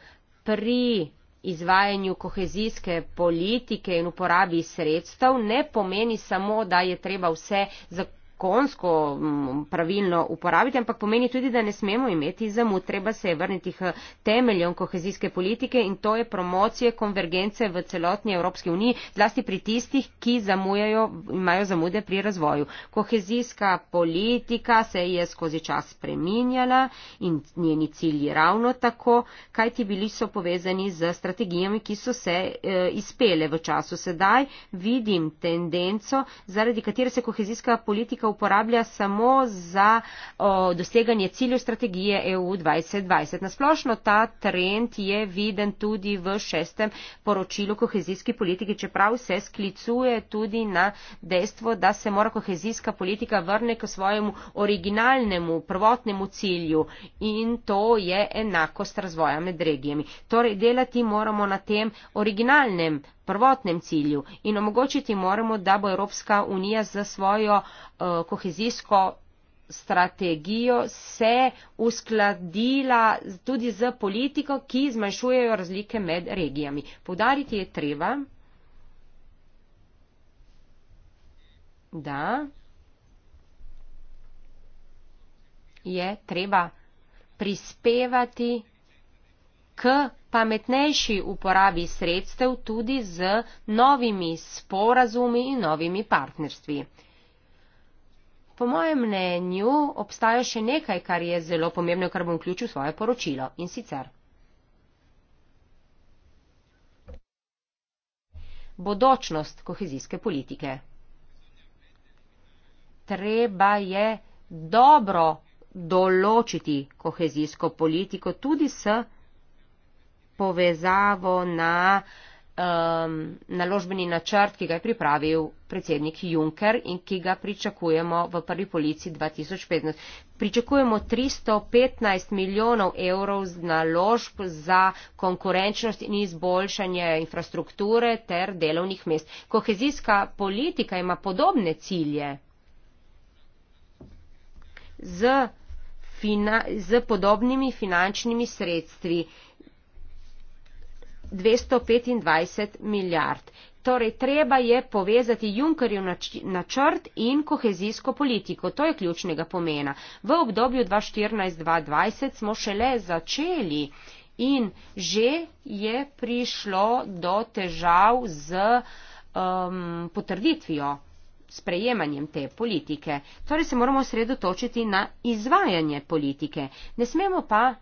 pri izvajanju kohezijske politike in uporabi sredstev ne pomeni samo, da je treba vse zakonodajno zakonsko mm, pravilno uporabiti, ampak pomeni tudi, da ne smemo imeti zamud. Treba se je vrniti k temeljom kohezijske politike in to je promocije konvergence v celotni Evropski uniji, zlasti pri tistih, ki zamujajo, imajo zamude pri razvoju. Kohezijska politika se je skozi čas spreminjala in njeni cilji ravno tako, kajti bili so povezani z strategijami, ki so se e, izpele v času sedaj. Vidim tendenco, zaradi katere se kohezijska politika uporablja samo za o, doseganje ciljev strategije EU 2020. Nasplošno ta trend je viden tudi v šestem poročilu kohezijski politiki, čeprav se sklicuje tudi na dejstvo, da se mora kohezijska politika vrne k svojemu originalnemu, prvotnemu cilju in to je enakost razvoja med regijami. Torej, delati moramo na tem originalnem prvotnem cilju in omogočiti moramo, da bo Evropska unija za svojo eh, kohezijsko strategijo se uskladila tudi z politiko, ki zmanjšujejo razlike med regijami. Povdariti je treba, da je treba prispevati k pametnejši uporabi sredstev tudi z novimi sporazumi in novimi partnerstvi. Po mojem mnenju obstaja še nekaj, kar je zelo pomembno, kar bom vključil v svoje poročilo in sicer. Bodočnost kohezijske politike. Treba je dobro določiti kohezijsko politiko tudi s povezavo na um, naložbeni načrt, ki ga je pripravil predsednik Juncker in ki ga pričakujemo v prvi polici 2015. Pričakujemo 315 milijonov evrov naložb za konkurenčnost in izboljšanje infrastrukture ter delovnih mest. Kohezijska politika ima podobne cilje z, fina, z podobnimi finančnimi sredstvi. 225 milijard. Torej, treba je povezati Junkerjev načrt in kohezijsko politiko. To je ključnega pomena. V obdobju 2014-2020 smo šele začeli in že je prišlo do težav z um, potrditvijo sprejemanjem te politike. Torej se moramo sredotočiti na izvajanje politike. Ne smemo pa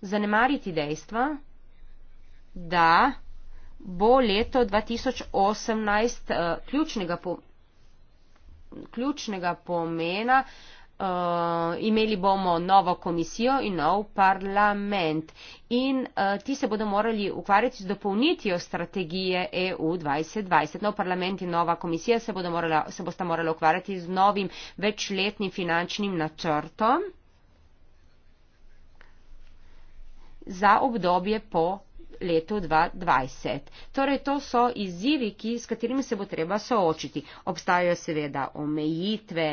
zanemariti dejstva, da bo leto 2018 uh, eh, ključnega, po, ključnega pomena. Uh, imeli bomo novo komisijo in nov parlament in uh, ti se bodo morali ukvarjati z dopolnitijo strategije EU 2020. Nov parlament in nova komisija se, morala, se bosta morala ukvarjati z novim večletnim finančnim načrtom za obdobje po letu 2020. Torej, to so izzivi, ki, s katerimi se bo treba soočiti. Obstajajo seveda omejitve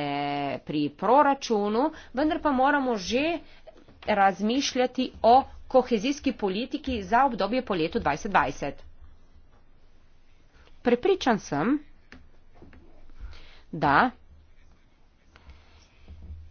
pri proračunu, vendar pa moramo že razmišljati o kohezijski politiki za obdobje po letu 2020. Prepričan sem, da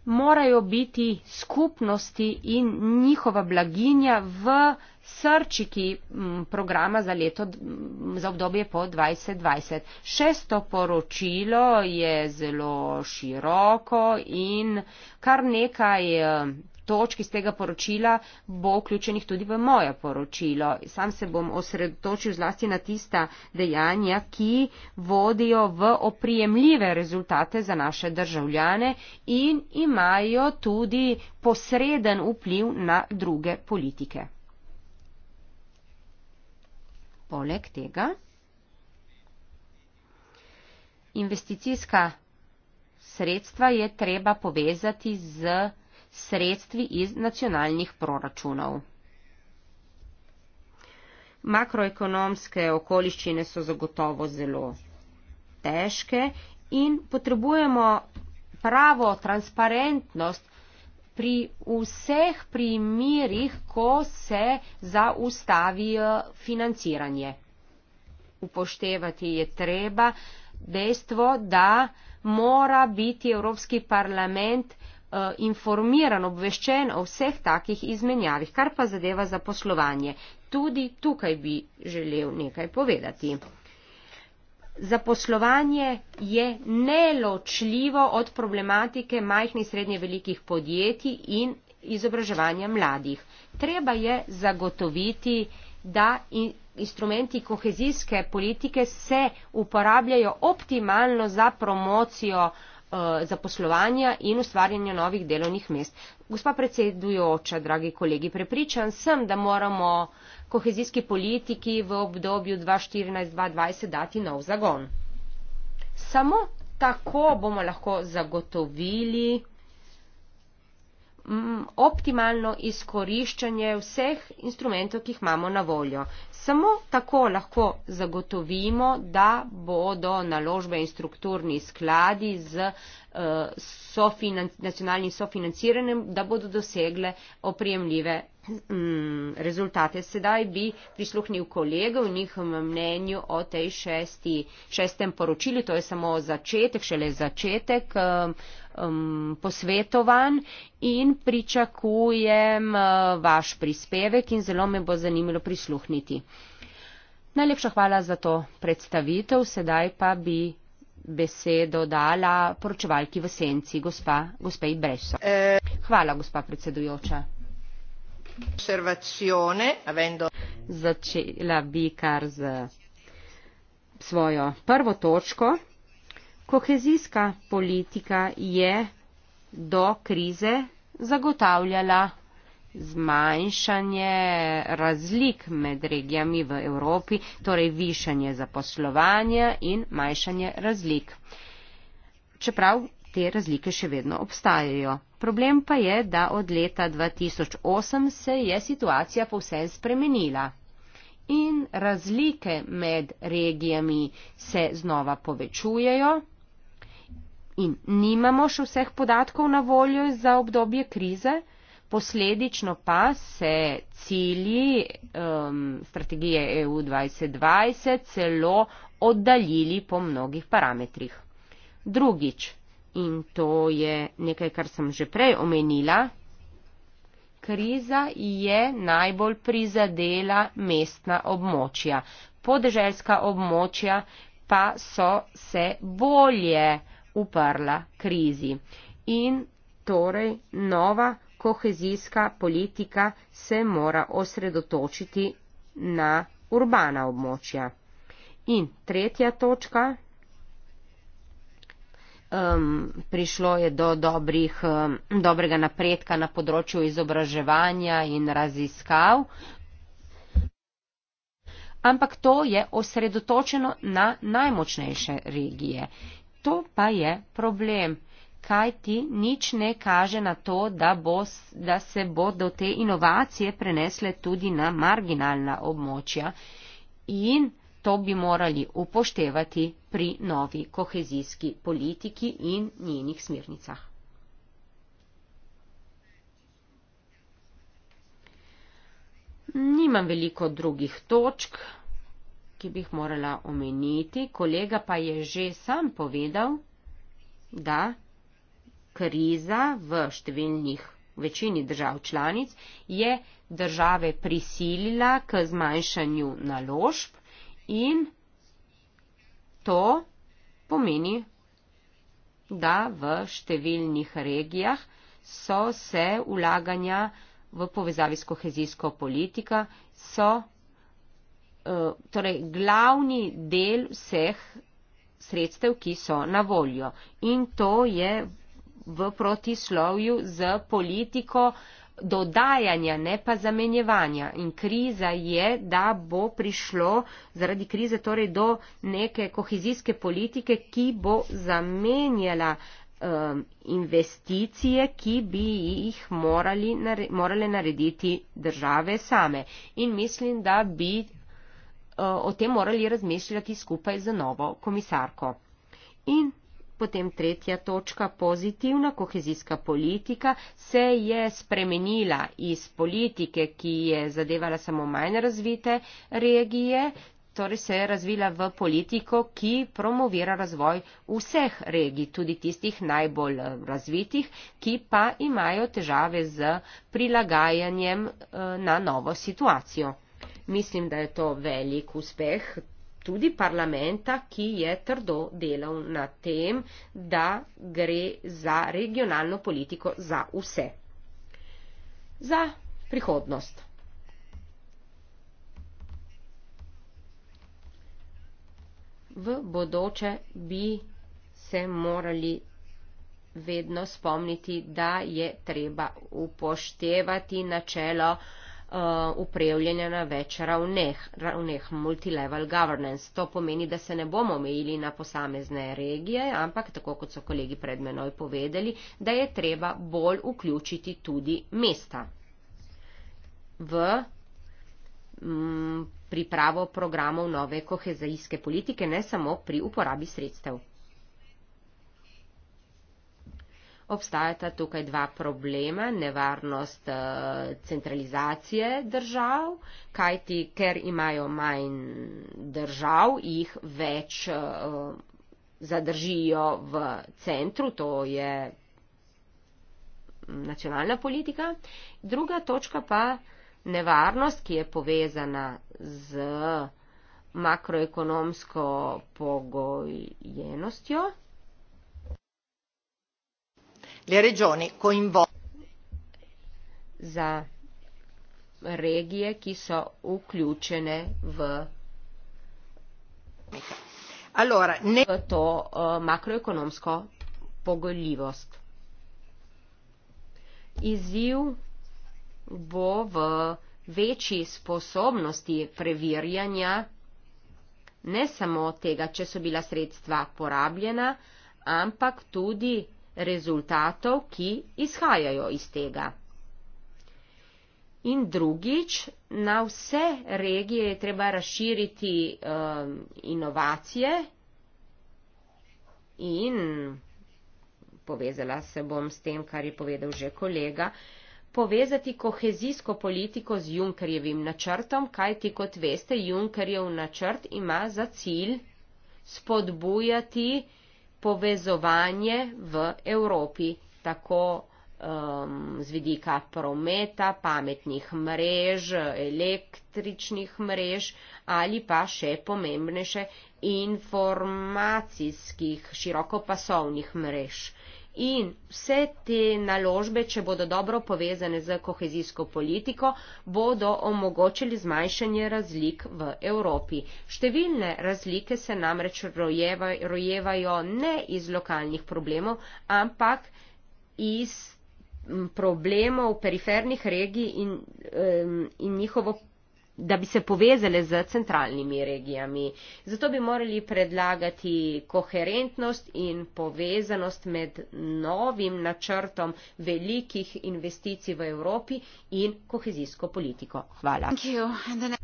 morajo biti skupnosti in njihova blaginja v srčiki mm, programa za leto, mm, za obdobje po 2020. Šesto poročilo je zelo široko in kar nekaj eh, točk iz tega poročila bo vključenih tudi v moje poročilo. Sam se bom osredotočil zlasti na tista dejanja, ki vodijo v oprijemljive rezultate za naše državljane in imajo tudi posreden vpliv na druge politike poleg tega investicijska sredstva je treba povezati z sredstvi iz nacionalnih proračunov. Makroekonomske okoliščine so zagotovo zelo težke in potrebujemo pravo transparentnost pri vseh primerih, ko se zaustavi eh, financiranje. Upoštevati je treba dejstvo, da mora biti Evropski parlament eh, informiran, obveščen o vseh takih izmenjavih, kar pa zadeva zaposlovanje. Tudi tukaj bi želel nekaj povedati. Zaposlovanje je neločljivo od problematike majhnih, srednje, velikih podjetij in izobraževanja mladih. Treba je zagotoviti, da in instrumenti kohezijske politike se uporabljajo optimalno za promocijo uh, Eh, zaposlovanja in ustvarjanja novih delovnih mest. Gospa predsedujoča, dragi kolegi, prepričan sem, da moramo kohezijski politiki v obdobju 2014-2020 dati nov zagon. Samo tako bomo lahko zagotovili Mm, optimalno izkoriščanje vseh instrumentov, ki jih imamo na voljo. Samo tako lahko zagotovimo, da bodo naložbe in strukturni skladi z uh, eh, sofinanc nacionalnim sofinanciranjem, da bodo dosegle oprijemljive mm, rezultate. Sedaj bi prisluhnil kolego v njihovem mnenju o tej šesti, šestem poročilu. To je samo začetek, šele začetek um, um posvetovan in pričakujem uh, vaš prispevek in zelo me bo zanimalo prisluhniti. Najlepša hvala za to predstavitev. Sedaj pa bi besedo dala poročevalki v senci, gospa Ibrešo. E... Eh. Hvala, gospa predsedujoča. Začela bi kar z svojo prvo točko. Kohezijska politika je do krize zagotavljala zmanjšanje razlik med regijami v Evropi, torej višanje zaposlovanja in manjšanje razlik. Čeprav te razlike še vedno obstajajo. Problem pa je, da od leta 2008 se je situacija povsem spremenila in razlike med regijami se znova povečujejo in nimamo še vseh podatkov na voljo za obdobje krize. Posledično pa se cilji um, strategije EU 2020 celo oddaljili po mnogih parametrih. Drugič, in to je nekaj, kar sem že prej omenila. Kriza je najbolj prizadela mestna območja. Podeželska območja pa so se bolje uprla krizi. In torej nova kohezijska politika se mora osredotočiti na urbana območja. In tretja točka um, prišlo je do dobrih, um, dobrega napredka na področju izobraževanja in raziskav. Ampak to je osredotočeno na najmočnejše regije. To pa je problem, kaj ti nič ne kaže na to, da, bo, da se bodo te inovacije prenesle tudi na marginalna območja. In to bi morali upoštevati pri novi kohezijski politiki in njenih smernicah. Nimam veliko drugih točk, ki bi jih morala omeniti, kolega pa je že sam povedal, da kriza v številnih večini držav članic je države prisilila k zmanjšanju naložb In to pomeni, da v številnih regijah so se ulaganja v povezavi s kohezijsko politiko, so eh, torej glavni del vseh sredstev, ki so na voljo. In to je v protislovju z politiko uh, dodajanja, ne pa zamenjevanja. In kriza je, da bo prišlo zaradi krize torej do neke kohezijske politike, ki bo zamenjala um, investicije, ki bi jih morali, nare, morale narediti države same. In mislim, da bi uh, o tem morali razmišljati skupaj z novo komisarko. In Potem tretja točka, pozitivna kohezijska politika se je spremenila iz politike, ki je zadevala samo manj razvite regije, torej se je razvila v politiko, ki promovira razvoj vseh regij, tudi tistih najbolj eh, razvitih, ki pa imajo težave z prilagajanjem eh, na novo situacijo. Mislim, da je to velik uspeh tudi parlamenta, ki je trdo delal na tem, da gre za regionalno politiko za vse. Za prihodnost. V bodoče bi se morali vedno spomniti, da je treba upoštevati načelo, Uh, upravljanja na več ravneh, ravneh multilevel governance. To pomeni, da se ne bomo omejili na posamezne regije, ampak tako kot so kolegi pred menoj povedali, da je treba bolj vključiti tudi mesta v m, mm, pripravo programov nove kohezijske politike, ne samo pri uporabi sredstev. obstajata tukaj dva problema, nevarnost eh, centralizacije držav, kajti ker imajo manj držav, jih več eh, zadržijo v centru, to je nacionalna politika. Druga točka pa nevarnost, ki je povezana z makroekonomsko pogojenostjo le regioni coinvolte. Allora, ne... to uh, makroekonomsko pogoljivost. Izziv bo v večji sposobnosti preverjanja ne samo tega, če so bila sredstva porabljena, ampak tudi rezultatov, ki izhajajo iz tega. In drugič, na vse regije je treba razširiti um, inovacije in povezala se bom s tem, kar je povedal že kolega, povezati kohezijsko politiko z Junkerjevim načrtom, kaj ti kot veste, Junkerjev načrt ima za cilj spodbujati uh, povezovanje v Evropi, tako um, z vidika prometa, pametnih mrež, električnih mrež ali pa še pomembnejše informacijskih širokopasovnih mrež. In vse te naložbe, če bodo dobro povezane z kohezijsko politiko, bodo omogočili zmanjšanje razlik v Evropi. Številne razlike se namreč rojevajo ne iz lokalnih problemov, ampak iz problemov perifernih regij in, in njihovo da bi se povezale z centralnimi regijami. Zato bi morali predlagati koherentnost in povezanost med novim načrtom velikih investicij v Evropi in kohezijsko politiko. Hvala.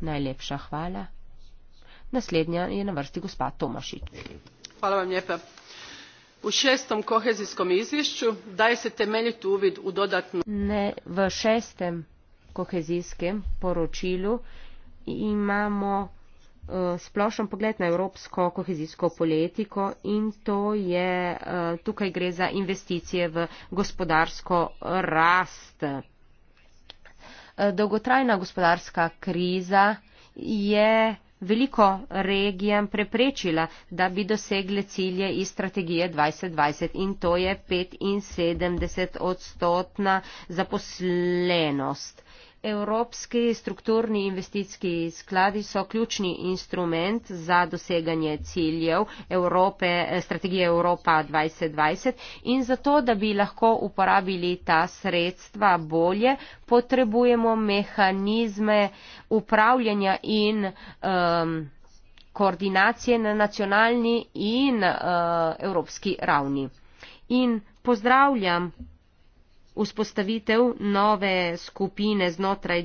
Najlepša hvala. Naslednja je na vrsti gospa Tomašič. Hvala vam lijepa. U šestom kohezijskom izvješću daje se temeljit uvid u dodatno... Ne, v šestem kohezijskem poročilu imamo eh, splošen pogled na evropsko kohezijsko politiko in to je, eh, tukaj gre za investicije v gospodarsko rast. Eh, dolgotrajna gospodarska kriza je veliko regijam preprečila, da bi dosegle cilje iz strategije 2020 in to je 75 odstotna zaposlenost. Evropski strukturni investicijski skladi so ključni instrument za doseganje ciljev Evrope, strategije Evropa 2020 in zato, da bi lahko uporabili ta sredstva bolje, potrebujemo mehanizme upravljanja in um, koordinacije na nacionalni in uh, evropski ravni. In pozdravljam vzpostavitev nove skupine znotraj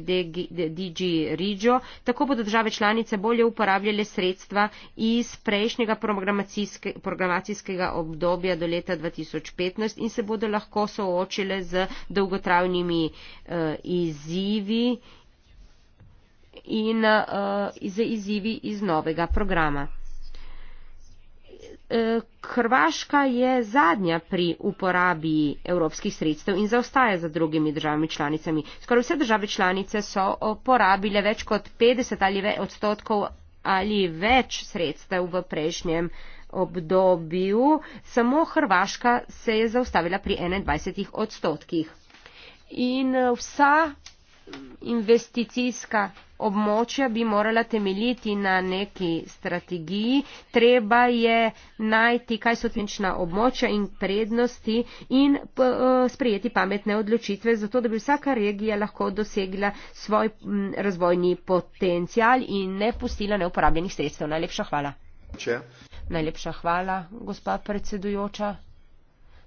DG Rigio, tako bodo države članice bolje uporabljale sredstva iz prejšnjega programacijske, programacijskega obdobja do leta 2015 in se bodo lahko soočile z dolgotravnimi uh, izzivi in uh, z izzivi iz novega programa. Eh, Hrvaška je zadnja pri uporabi evropskih sredstev in zaostaja za drugimi državami članicami. Skoraj vse države članice so porabile več kot 50 ali več odstotkov ali več sredstev v prejšnjem obdobju, samo Hrvaška se je zaustavila pri 21 odstotkih. In eh, vsa investicijska območja bi morala temeljiti na neki strategiji. Treba je najti, kaj so tenčna območja in prednosti in eh, sprejeti pametne odločitve, zato da bi vsaka regija lahko dosegla svoj razvojni potencial in ne pustila neuporabljenih sredstev. Najlepša hvala. Če. Najlepša hvala, gospa predsedujoča.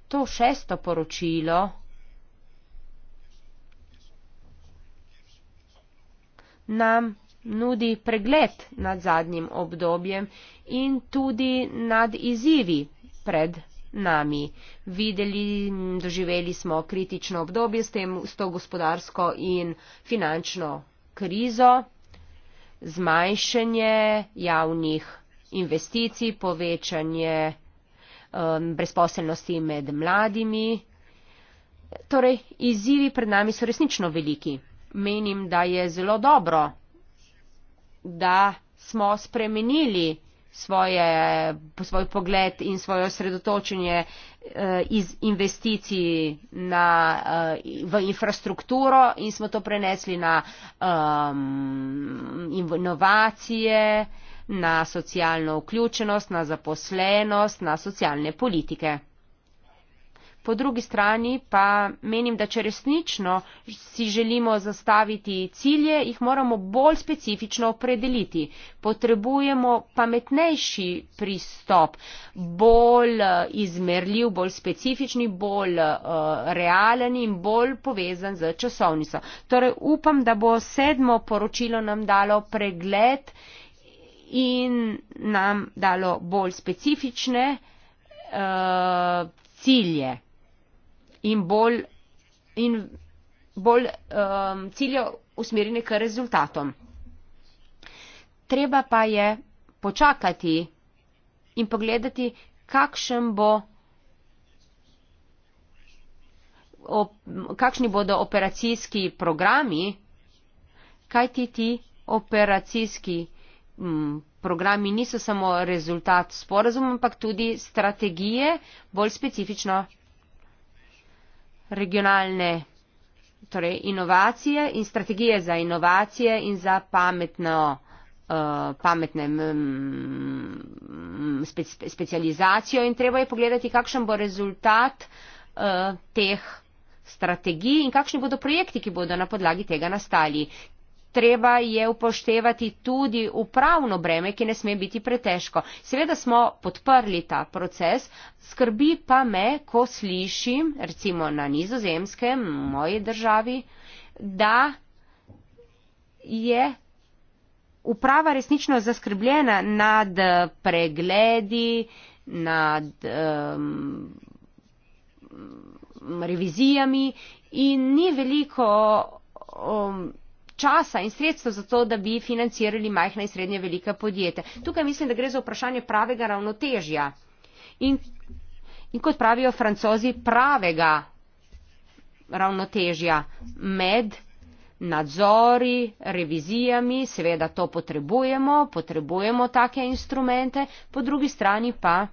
To šesto poročilo nam nudi pregled nad zadnjim obdobjem in tudi nad izzivi pred nami. Videli, doživeli smo kritično obdobje s, tem, s to gospodarsko in finančno krizo, zmanjšanje javnih investicij, povečanje um, brezposelnosti med mladimi. Torej, izzivi pred nami so resnično veliki menim, da je zelo dobro, da smo spremenili svoje, svoj pogled in svojo sredotočenje eh, iz investicij na, eh, v infrastrukturo in smo to prenesli na um, inovacije, na socialno vključenost, na zaposlenost, na socialne politike po drugi strani pa menim, da če resnično si želimo zastaviti cilje, jih moramo bolj specifično opredeliti. Potrebujemo pametnejši pristop, bolj eh, izmerljiv, bolj specifični, bolj uh, realen in bolj povezan z časovnico. Torej upam, da bo sedmo poročilo nam dalo pregled in nam dalo bolj specifične uh, cilje in bolj, in bolj um, ciljev usmerjene k rezultatom. Treba pa je počakati in pogledati, kakšen bo. Op, kakšni bodo operacijski programi, kaj ti ti operacijski m, mm, programi niso samo rezultat sporazuma, ampak tudi strategije, bolj specifično regionalne torej inovacije in strategije za inovacije in za pametno, uh, pametne mm, spe, mm, spe, specializacijo in treba je pogledati, kakšen bo rezultat uh, teh strategij in kakšni bodo projekti, ki bodo na podlagi tega nastali treba je upoštevati tudi upravno breme, ki ne sme biti pretežko. Seveda smo podprli ta proces, skrbi pa me, ko slišim, recimo na nizozemskem, moji državi, da je uprava resnično zaskrbljena nad pregledi, nad um, revizijami in ni veliko um, časa in sredstev za to, da bi financirali majhna in srednje velika podjetja. Tukaj mislim, da gre za vprašanje pravega ravnotežja in, in kot pravijo francozi, pravega ravnotežja med nadzori, revizijami, seveda to potrebujemo, potrebujemo take instrumente, po drugi strani pa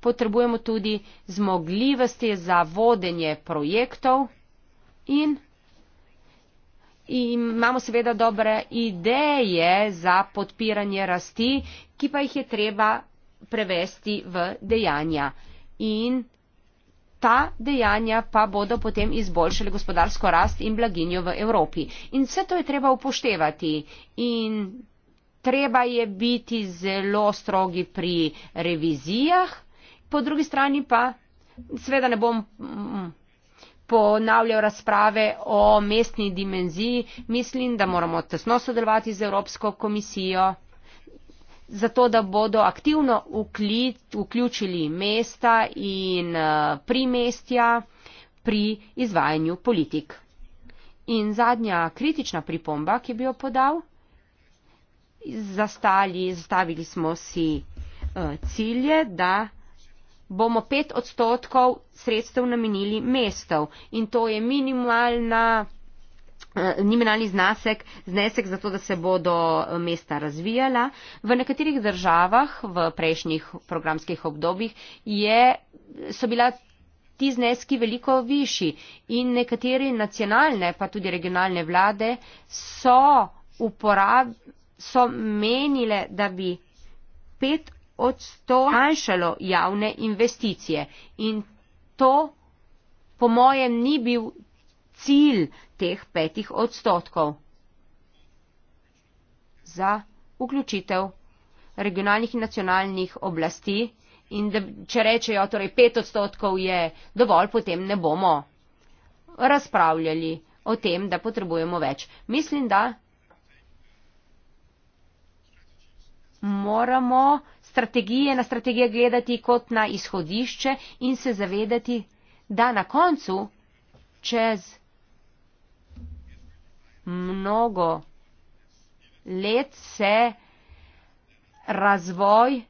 potrebujemo tudi zmogljivosti za vodenje projektov in imamo seveda dobre ideje za podpiranje rasti, ki pa jih je treba prevesti v dejanja. In ta dejanja pa bodo potem izboljšali gospodarsko rast in blaginjo v Evropi. In vse to je treba upoštevati. In treba je biti zelo strogi pri revizijah, po drugi strani pa, seveda ne bom mm, ponavljal razprave o mestni dimenziji. Mislim, da moramo tesno sodelovati z Evropsko komisijo, zato da bodo aktivno vključili mesta in eh, primestja pri izvajanju politik. In zadnja kritična pripomba, ki bi jo podal, zastali, zastavili smo si eh, cilje, da bomo pet odstotkov sredstev namenili mestov in to je minimalna eh, minimalni znesek, znesek za to, da se bodo eh, mesta razvijala. V nekaterih državah v prejšnjih programskih obdobjih je, so bila ti zneski veliko višji in nekateri nacionalne pa tudi regionalne vlade so, uporab, so menile, da bi pet odstotkanjšalo javne investicije in to po mojem ni bil cilj teh petih odstotkov za vključitev regionalnih in nacionalnih oblasti in da, če rečejo, torej pet odstotkov je dovolj, potem ne bomo razpravljali o tem, da potrebujemo več. Mislim, da moramo strategije na strategije gledati kot na izhodišče in se zavedati, da na koncu čez mnogo let se razvoj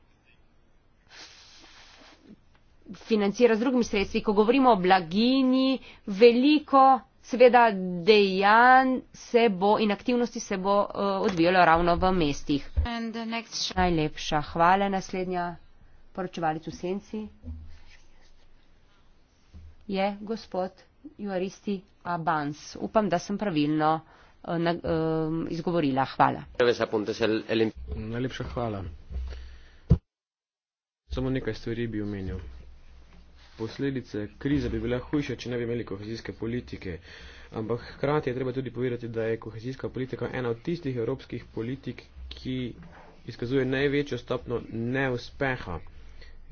financira z drugimi sredstvi. Ko govorimo o blagini, veliko seveda dejanj se bo in aktivnosti se bo eh, odvijalo ravno v mestih. Najlepša hvala. Naslednja poročevalec v senci je gospod Juaristi Abans. Upam, da sem pravilno eh, na, um, izgovorila. Hvala. Najlepša hvala. Samo nekaj stvari bi omenil posledice krize bi bile hujše, če ne bi imeli kohezijske politike. Ampak hkrati je treba tudi povedati, da je kohezijska politika ena od tistih evropskih politik, ki izkazuje največjo stopno neuspeha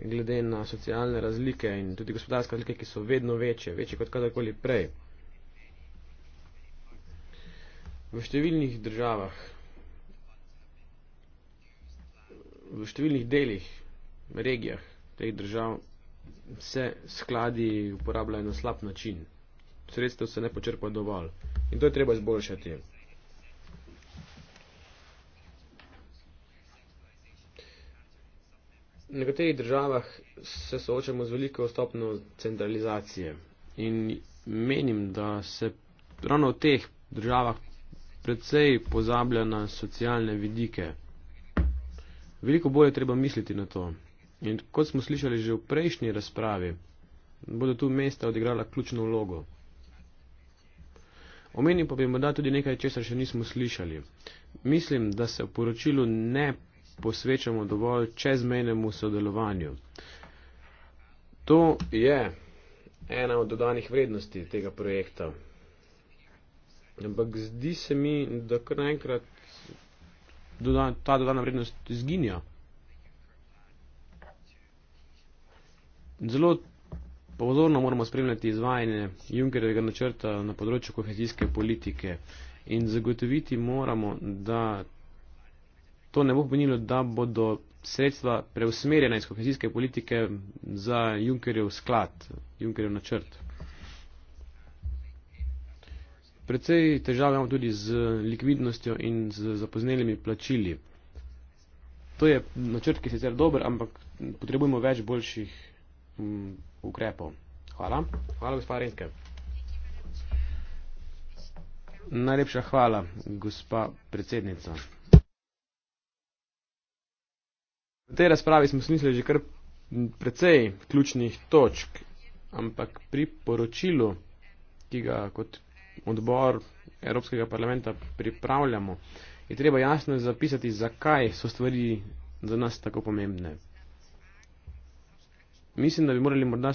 glede na socialne razlike in tudi gospodarske razlike, ki so vedno večje, večje kot kadarkoli prej. V številnih državah, v številnih delih, regijah teh držav se skladi uporabljajo na slab način. Sredstev se ne počrpa dovolj in to je treba izboljšati. V nekaterih državah se soočamo z veliko stopno centralizacije in menim, da se ravno v teh državah predvsej pozablja na socialne vidike. Veliko bolje treba misliti na to. In kot smo slišali že v prejšnji razpravi, bodo tu mesta odigrala ključno vlogo. Omenim pa bi morda tudi nekaj, česar še nismo slišali. Mislim, da se v poročilu ne posvečamo dovolj čezmejnemu sodelovanju. To je ena od dodanih vrednosti tega projekta. Ampak zdi se mi, da kar naenkrat doda, ta dodana vrednost izginja. Zelo pozorno moramo spremljati izvajanje Junkerjevega načrta na področju kohezijske politike in zagotoviti moramo, da to ne bo pomenilo, da bodo sredstva preusmerjena iz kohezijske politike za Junkerjev sklad, Junkerjev načrt. Predvsej težav imamo tudi z likvidnostjo in z zapoznelimi plačili. To je načrt, ki je sicer dober, ampak potrebujemo več boljših m, mm, ukrepov. Hvala. Hvala, gospa Renke. Najlepša hvala, gospa predsednica. V tej razpravi smo smisli že kar precej ključnih točk, ampak pri poročilu, ki ga kot odbor Evropskega parlamenta pripravljamo, je treba jasno zapisati, zakaj so stvari za nas tako pomembne. Mislim, da bi morali morda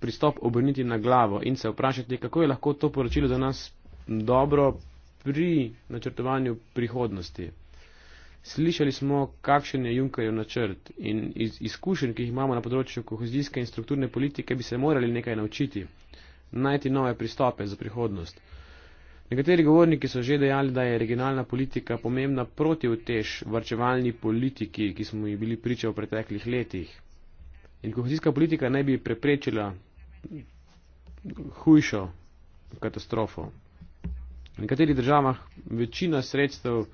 pristop obrniti na glavo in se vprašati, kako je lahko to poročilo za nas dobro pri načrtovanju prihodnosti. Slišali smo, kakšen je Junkerjev načrt in iz izkušenj, ki jih imamo na področju kohezijske in strukturne politike, bi se morali nekaj naučiti, najti nove pristope za prihodnost. Nekateri govorniki so že dejali, da je regionalna politika pomembna protivtež varčevalni politiki, ki smo ji bili priča v preteklih letih. In kohezijska politika naj bi preprečila hujšo katastrofo. V nekaterih državah večina sredstev eh,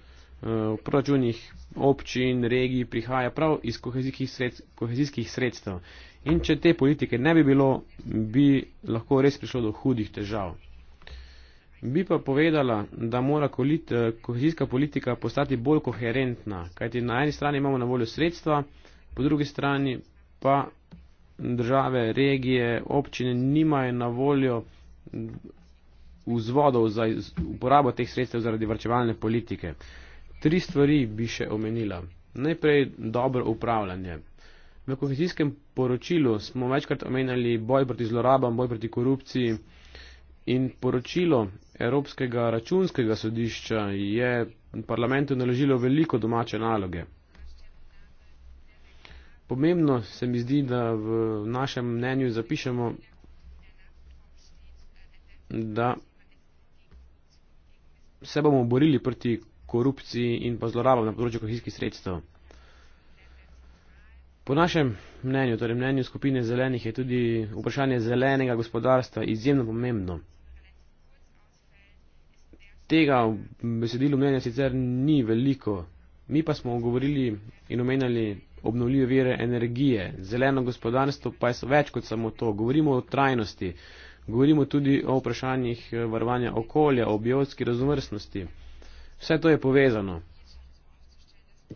v proračunih občin, regij prihaja prav iz kohezijskih sredstev, kohezijskih sredstev. In če te politike ne bi bilo, bi lahko res prišlo do hudih težav. Bi pa povedala, da mora eh, kohezijska politika postati bolj koherentna, kajti na eni strani imamo na voljo sredstva, po drugi strani pa države, regije, občine nimajo na voljo vzvodov za uporabo teh sredstev zaradi vrčevalne politike. Tri stvari bi še omenila. Najprej dobro upravljanje. V kohezijskem poročilu smo večkrat omenjali boj proti zlorabam, boj proti korupciji in poročilo Evropskega računskega sodišča je parlamentu naložilo veliko domače naloge. Pomembno se mi zdi, da v našem mnenju zapišemo, da se bomo borili proti korupciji in pa zlorabam na področju kohijskih sredstev. Po našem mnenju, torej mnenju skupine zelenih, je tudi vprašanje zelenega gospodarstva izjemno pomembno. Tega v besedilu mnenja sicer ni veliko. Mi pa smo govorili in omenjali obnovljive vire energije. Zeleno gospodarstvo pa je več kot samo to. Govorimo o trajnosti, govorimo tudi o vprašanjih eh, varovanja okolja, o biotski raznovrstnosti. Vse to je povezano.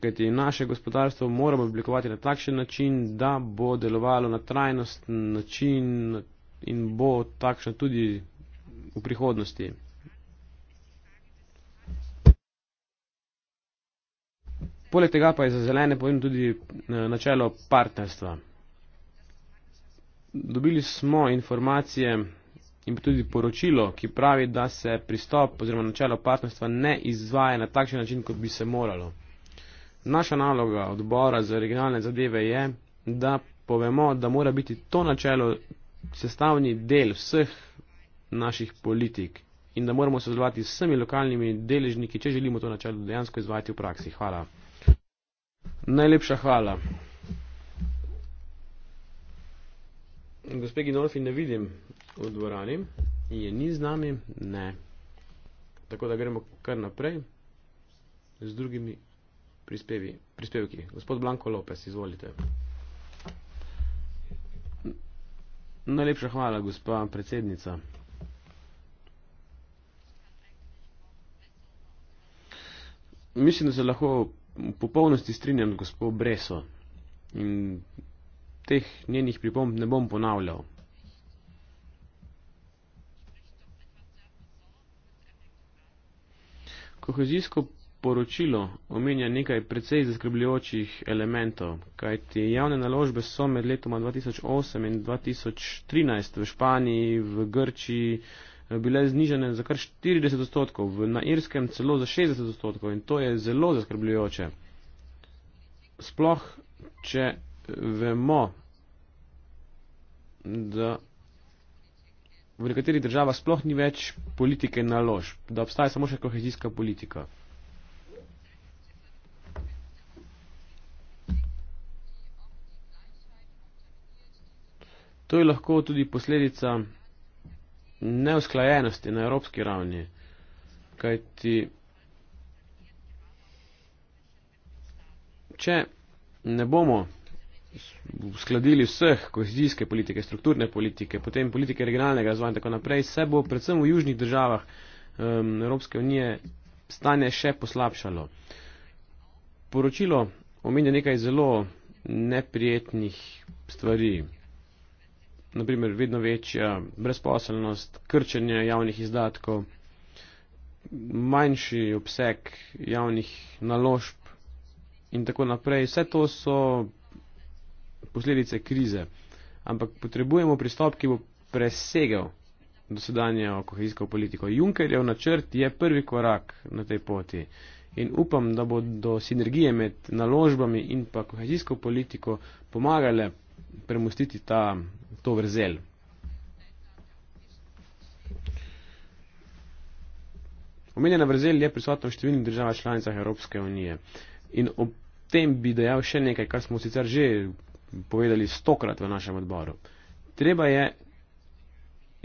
Kajti naše gospodarstvo moramo oblikovati na takšen način, da bo delovalo na trajnosten način in bo takšno tudi v prihodnosti. Poleg tega pa je za zelene pomembno tudi eh, načelo partnerstva. Dobili smo informacije in tudi poročilo, ki pravi, da se pristop oziroma načelo partnerstva ne izvaja na takšen način, kot bi se moralo. Naša naloga odbora za regionalne zadeve je, da povemo, da mora biti to načelo sestavni del vseh naših politik in da moramo sodelovati s vsemi lokalnimi deležniki, če želimo to načelo dejansko izvajati v praksi. Hvala. Najlepša hvala. Gospe Ginolfi ne vidim v dvorani. Je ni z nami? Ne. Tako da gremo kar naprej z drugimi prispevi, prispevki. Gospod Blanko Lopes, izvolite. Najlepša hvala, gospa predsednica. Mislim, da se lahko v popolnosti strinjam z gospod Breso in teh njenih pripomb ne bom ponavljal. Kohezijsko poročilo omenja nekaj precej zaskrbljujočih elementov, kajti javne naložbe so med letoma 2008 in 2013 v Španiji, v Grčiji, bile znižene za kar 40 odstotkov, na irskem celo za 60 odstotkov in to je zelo zaskrbljujoče. Sploh, če vemo, da v nekaterih državah sploh ni več politike naložb, da obstaja samo še kohezijska politika. To je lahko tudi posledica neusklajenosti na evropski ravni, kajti če ne bomo uskladili vseh kohezijske politike, strukturne politike, potem politike regionalnega razvoja in tako naprej, se bo predvsem v južnih državah um, Evropske unije stanje še poslabšalo. Poročilo omenja nekaj zelo neprijetnih stvari naprimer vedno večja brezposelnost, krčenje javnih izdatkov, manjši obseg javnih naložb in tako naprej. Vse to so posledice krize, ampak potrebujemo pristop, ki bo presegel dosedanje kohezijsko politiko. Junkerjev načrt je prvi korak na tej poti in upam, da bo do sinergije med naložbami in pa kohezijsko politiko pomagale premustiti ta to vrzel. Omenjena vrzel je prisotna v številnih državah članicah Evropske unije. In ob tem bi dejal še nekaj, kar smo sicer že povedali stokrat v našem odboru. Treba je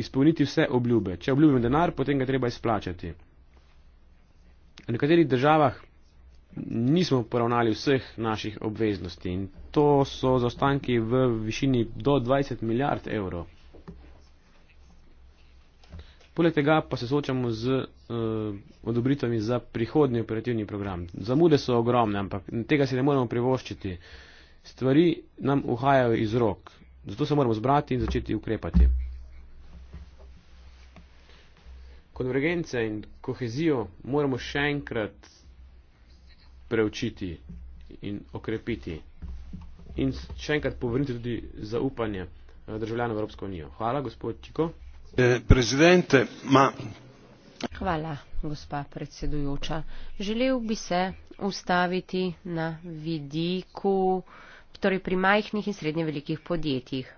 izpolniti vse obljube. Če obljubim denar, potem ga treba izplačati. V nekaterih državah nismo poravnali vseh naših obveznosti in to so zaostanki v višini do 20 milijard evrov. Poleg tega pa se soočamo z uh, odobritvami za prihodni operativni program. Zamude so ogromne, ampak tega si ne moremo privoščiti. Stvari nam uhajajo iz rok, zato se moramo zbrati in začeti ukrepati. Konvergence in kohezijo moramo še enkrat preučiti in okrepiti. In še enkrat povrniti tudi zaupanje eh, državljanov Evropske unije. Hvala, gospod Čiko. Eh, ma... Hvala, gospa predsedujoča. Želel bi se ustaviti na vidiku, torej pri majhnih in srednje velikih podjetjih.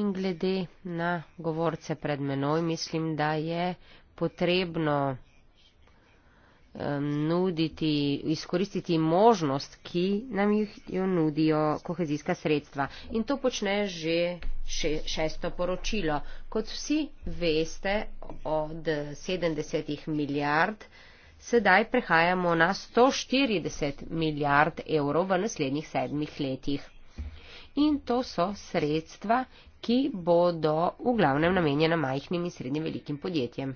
In glede na govorce pred menoj, mislim, da je potrebno nuditi, izkoristiti možnost, ki nam jih jo nudijo kohezijska sredstva. In to počne že šesto poročilo. Kot vsi veste, od 70 milijard sedaj prehajamo na 140 milijard evrov v naslednjih sedmih letih. In to so sredstva, ki bodo v glavnem namenjena majhnim in srednje velikim podjetjem.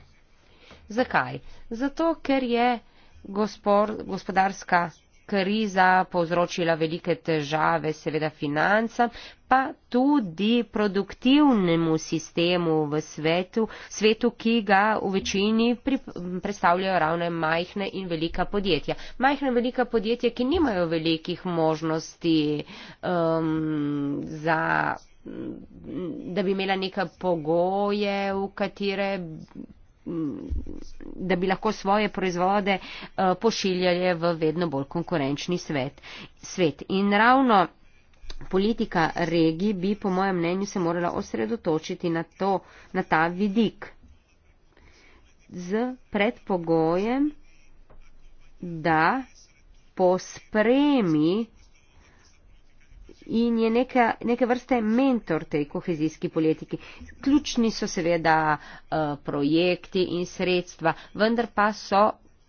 Zakaj? Zato, ker je gospor, gospodarska kriza povzročila velike težave, seveda financa, pa tudi produktivnemu sistemu v svetu, svetu, ki ga v večini predstavljajo ravno majhne in velika podjetja. Majhne in velika podjetja, ki nimajo velikih možnosti um, za da bi imela neke pogoje, v katere da bi lahko svoje proizvode eh, pošiljali v vedno bolj konkurenčni svet. svet. In ravno politika regij bi, po mojem mnenju, se morala osredotočiti na, to, na ta vidik z predpogojem, da pospremi in je neka, neke vrste mentor tej kohezijski politiki. Ključni so seveda uh, projekti in sredstva, vendar pa so,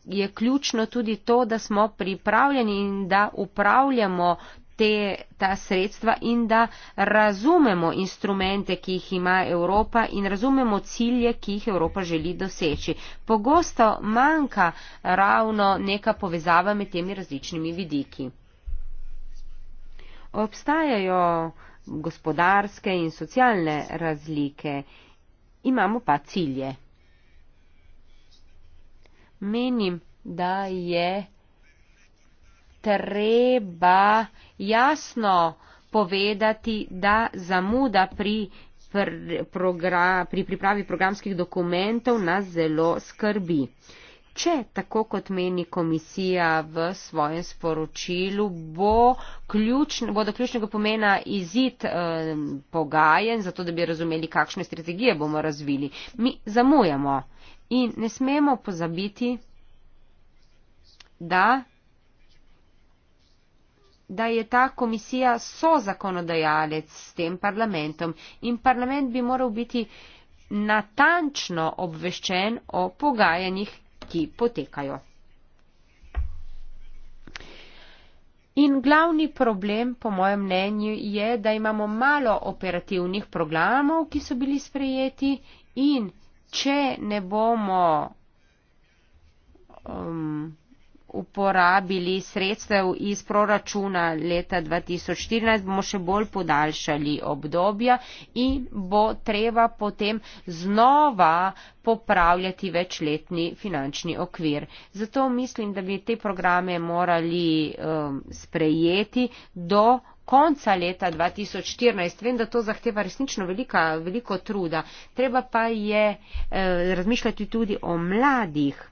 je ključno tudi to, da smo pripravljeni in da upravljamo te, ta sredstva in da razumemo instrumente, ki jih ima Evropa in razumemo cilje, ki jih Evropa želi doseči. Pogosto manjka ravno neka povezava med temi različnimi vidiki obstajajo gospodarske in socialne razlike, imamo pa cilje. Menim, da je treba jasno povedati, da zamuda pri, pr pri pripravi programskih dokumentov nas zelo skrbi. Če, tako kot meni komisija v svojem sporočilu, bo ključn, bodo ključnega pomena izid eh, pogajen, zato da bi razumeli, kakšne strategije bomo razvili. Mi zamujamo in ne smemo pozabiti, da, da je ta komisija sozakonodajalec s tem parlamentom in parlament bi moral biti natančno obveščen o pogajanjih ki potekajo. In glavni problem, po mojem mnenju, je, da imamo malo operativnih programov, ki so bili sprejeti in če ne bomo um, uporabili sredstev iz proračuna leta 2014, bomo še bolj podaljšali obdobja in bo treba potem znova popravljati večletni finančni okvir. Zato mislim, da bi te programe morali um, sprejeti do konca leta 2014. Vem, da to zahteva resnično velika, veliko truda. Treba pa je eh, razmišljati tudi o mladih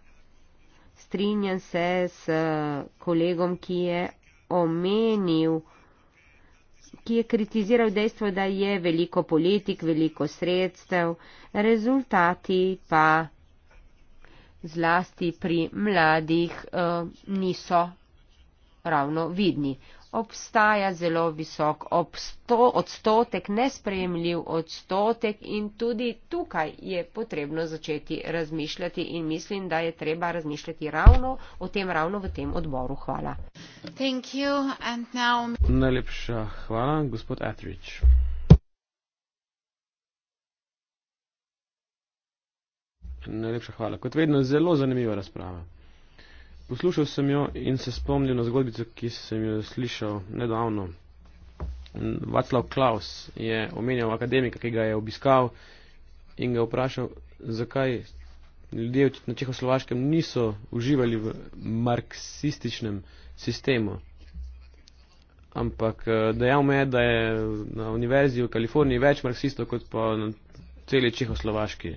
strinjam se s eh, kolegom, ki je omenil, ki je kritiziral dejstvo, da je veliko politik, veliko sredstev, rezultati pa zlasti pri mladih eh, niso ravno vidni obstaja zelo visok odstotek, nesprejemljiv odstotek in tudi tukaj je potrebno začeti razmišljati in mislim, da je treba razmišljati ravno o tem, ravno v tem odboru. Hvala. Now... Najlepša hvala, gospod Etrič. Najlepša hvala. Kot vedno, zelo zanimiva razprava. Poslušal sem jo in se spomnil na zgodbico, ki sem jo slišal nedavno. Vaclav Klaus je omenjal akademika, ki ga je obiskal in ga vprašal, zakaj ljudje na Čehoslovaškem niso uživali v marksističnem sistemu. Ampak eh, dejal me je, da je na univerzi v Kaliforniji več marksistov kot pa na celi Čehoslovaški.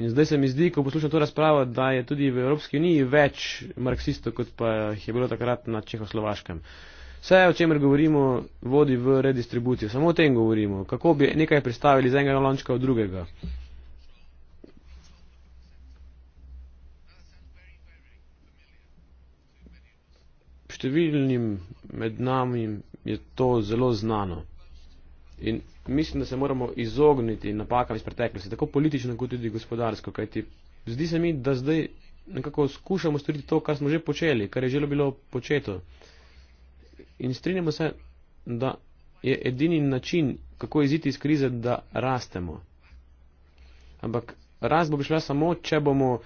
In zdaj se mi zdi, ko poslušam to razpravo, da je tudi v Evropski uniji več marksistov, kot pa jih je bilo takrat na Čehoslovaškem. Vse, o čemer govorimo, vodi v redistribucijo. Samo o tem govorimo. Kako bi nekaj predstavili iz enega lončka v drugega. Številnim med nami je to zelo znano. In mislim, da se moramo izogniti napakam iz preteklosti, tako politično kot tudi gospodarsko, kajti zdi se mi, da zdaj nekako skušamo storiti to, kar smo že počeli, kar je že bilo početo. In strinjamo se, da je edini način, kako iziti iz krize, da rastemo. Ampak rast bo prišla samo, če bomo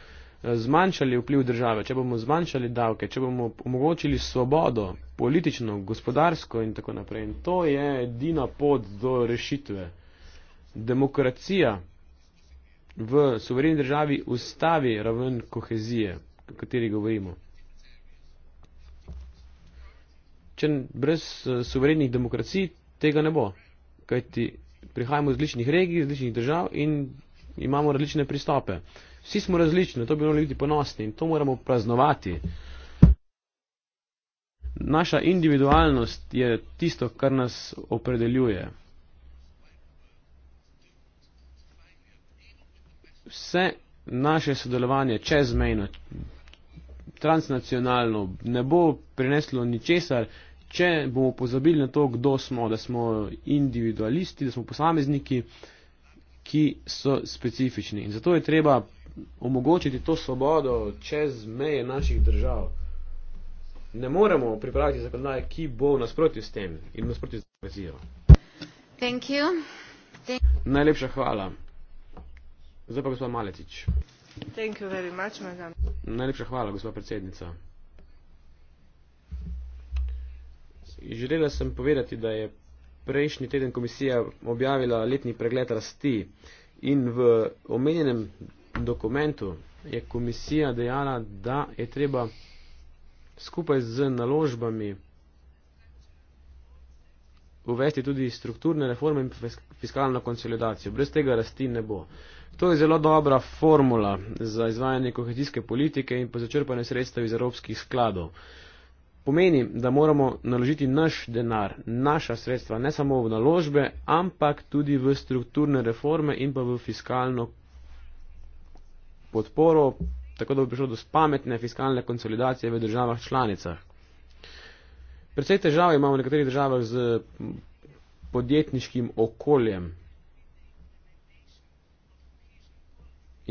zmanjšali vpliv države, če bomo zmanjšali davke, če bomo omogočili svobodo, politično, gospodarsko in tako naprej. In to je edina pot do rešitve. Demokracija v suvereni državi ustavi raven kohezije, o kateri govorimo. Če brez eh, suverenih demokracij tega ne bo, kajti prihajamo iz različnih regij, iz različnih držav in imamo različne pristope. Vsi smo različni, na to bi morali biti ponosni in to moramo praznovati. Naša individualnost je tisto, kar nas opredeljuje. Vse naše sodelovanje čezmejno, transnacionalno, ne bo prineslo ničesar, če bomo pozabili na to, kdo smo, da smo individualisti, da smo posamezniki, ki so specifični. In zato je treba omogočiti to svobodo čez meje naših držav. Ne moremo pripraviti zakonodaje, ki bo v nasprotju s tem in v nasprotju z demokracijo. Thank you. Thank you. Najlepša hvala. Zdaj pa gospod Malecič. Thank you very much, madam. Najlepša hvala, gospod predsednica. Želela sem povedati, da je prejšnji teden komisija objavila letni pregled rasti in v omenjenem dokumentu je komisija dejala, da je treba skupaj z naložbami uvesti tudi strukturne reforme in fiskalno konsolidacijo. Brez tega rasti ne bo. To je zelo dobra formula za izvajanje kohezijske politike in pa začrpanje sredstev iz evropskih skladov. Pomeni, da moramo naložiti naš denar, naša sredstva, ne samo v naložbe, ampak tudi v strukturne reforme in pa v fiskalno podporo, tako da bo prišlo do spametne fiskalne konsolidacije v državah članicah. Predvsej težav imamo v nekaterih državah z podjetniškim okoljem.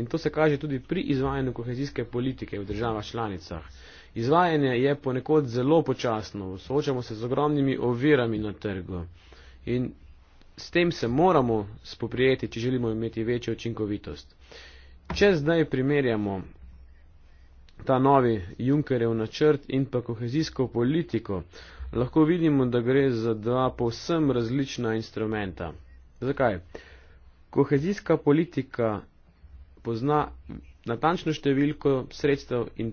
In to se kaže tudi pri izvajanju kohezijske politike v državah članicah. Izvajanje je ponekod zelo počasno, soočamo se z ogromnimi ovirami na trgu. In s tem se moramo spoprijeti, če želimo imeti večjo učinkovitost. Če zdaj primerjamo ta novi Junkerjev načrt in pa kohezijsko politiko, lahko vidimo, da gre za dva povsem različna instrumenta. Zakaj? Kohezijska politika pozna natančno številko sredstev in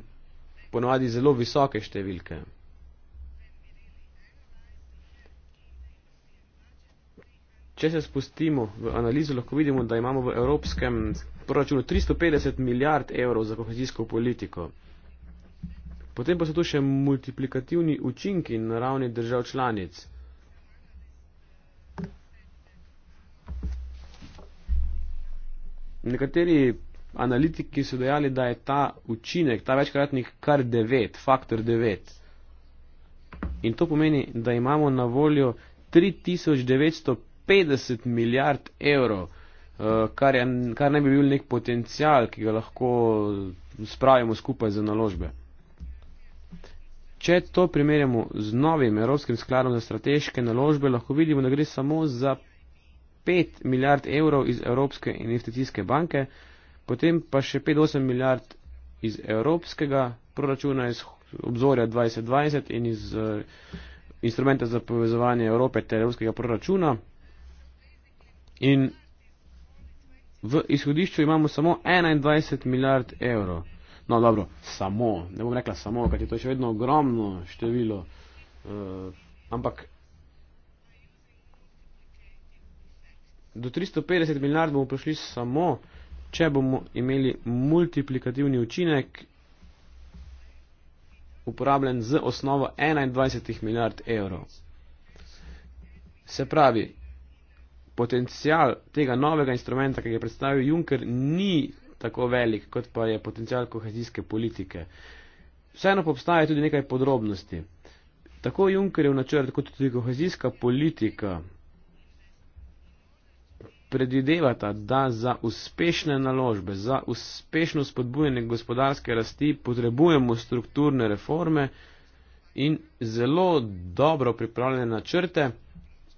ponovadi zelo visoke številke. Če se spustimo v analizo, lahko vidimo, da imamo v evropskem proračunu 350 milijard evrov za kohezijsko politiko. Potem pa so tu še multiplikativni učinki na ravni držav članic. Nekateri analitiki so dejali, da je ta učinek, ta večkratnik, kar 9, faktor 9. In to pomeni, da imamo na voljo 3950 milijard evrov kar, je, kar ne bi bil nek potencial, ki ga lahko spravimo skupaj za naložbe. Če to primerjamo z novim Evropskim skladom za strateške naložbe, lahko vidimo, da gre samo za 5 milijard evrov iz Evropske investicijske banke, potem pa še 5-8 milijard iz Evropskega proračuna iz obzorja 2020 in iz uh, instrumenta za povezovanje Evrope ter Evropskega proračuna. In V izhodišču imamo samo 21 milijard evrov. No, dobro, samo, ne bom rekla samo, kajti to je še vedno ogromno število. Uh, ampak do 350 milijard bomo prišli samo, če bomo imeli multiplikativni učinek uporabljen z osnovo 21 milijard evrov. Se pravi, potencial tega novega instrumenta, ki ga je predstavil Juncker, ni tako velik, kot pa je potencial kohezijske politike. Vseeno pa obstaja tudi nekaj podrobnosti. Tako Juncker je v načrt, kot tudi kohezijska politika predvidevata, da za uspešne naložbe, za uspešno spodbujanje gospodarske rasti potrebujemo strukturne reforme in zelo dobro pripravljene načrte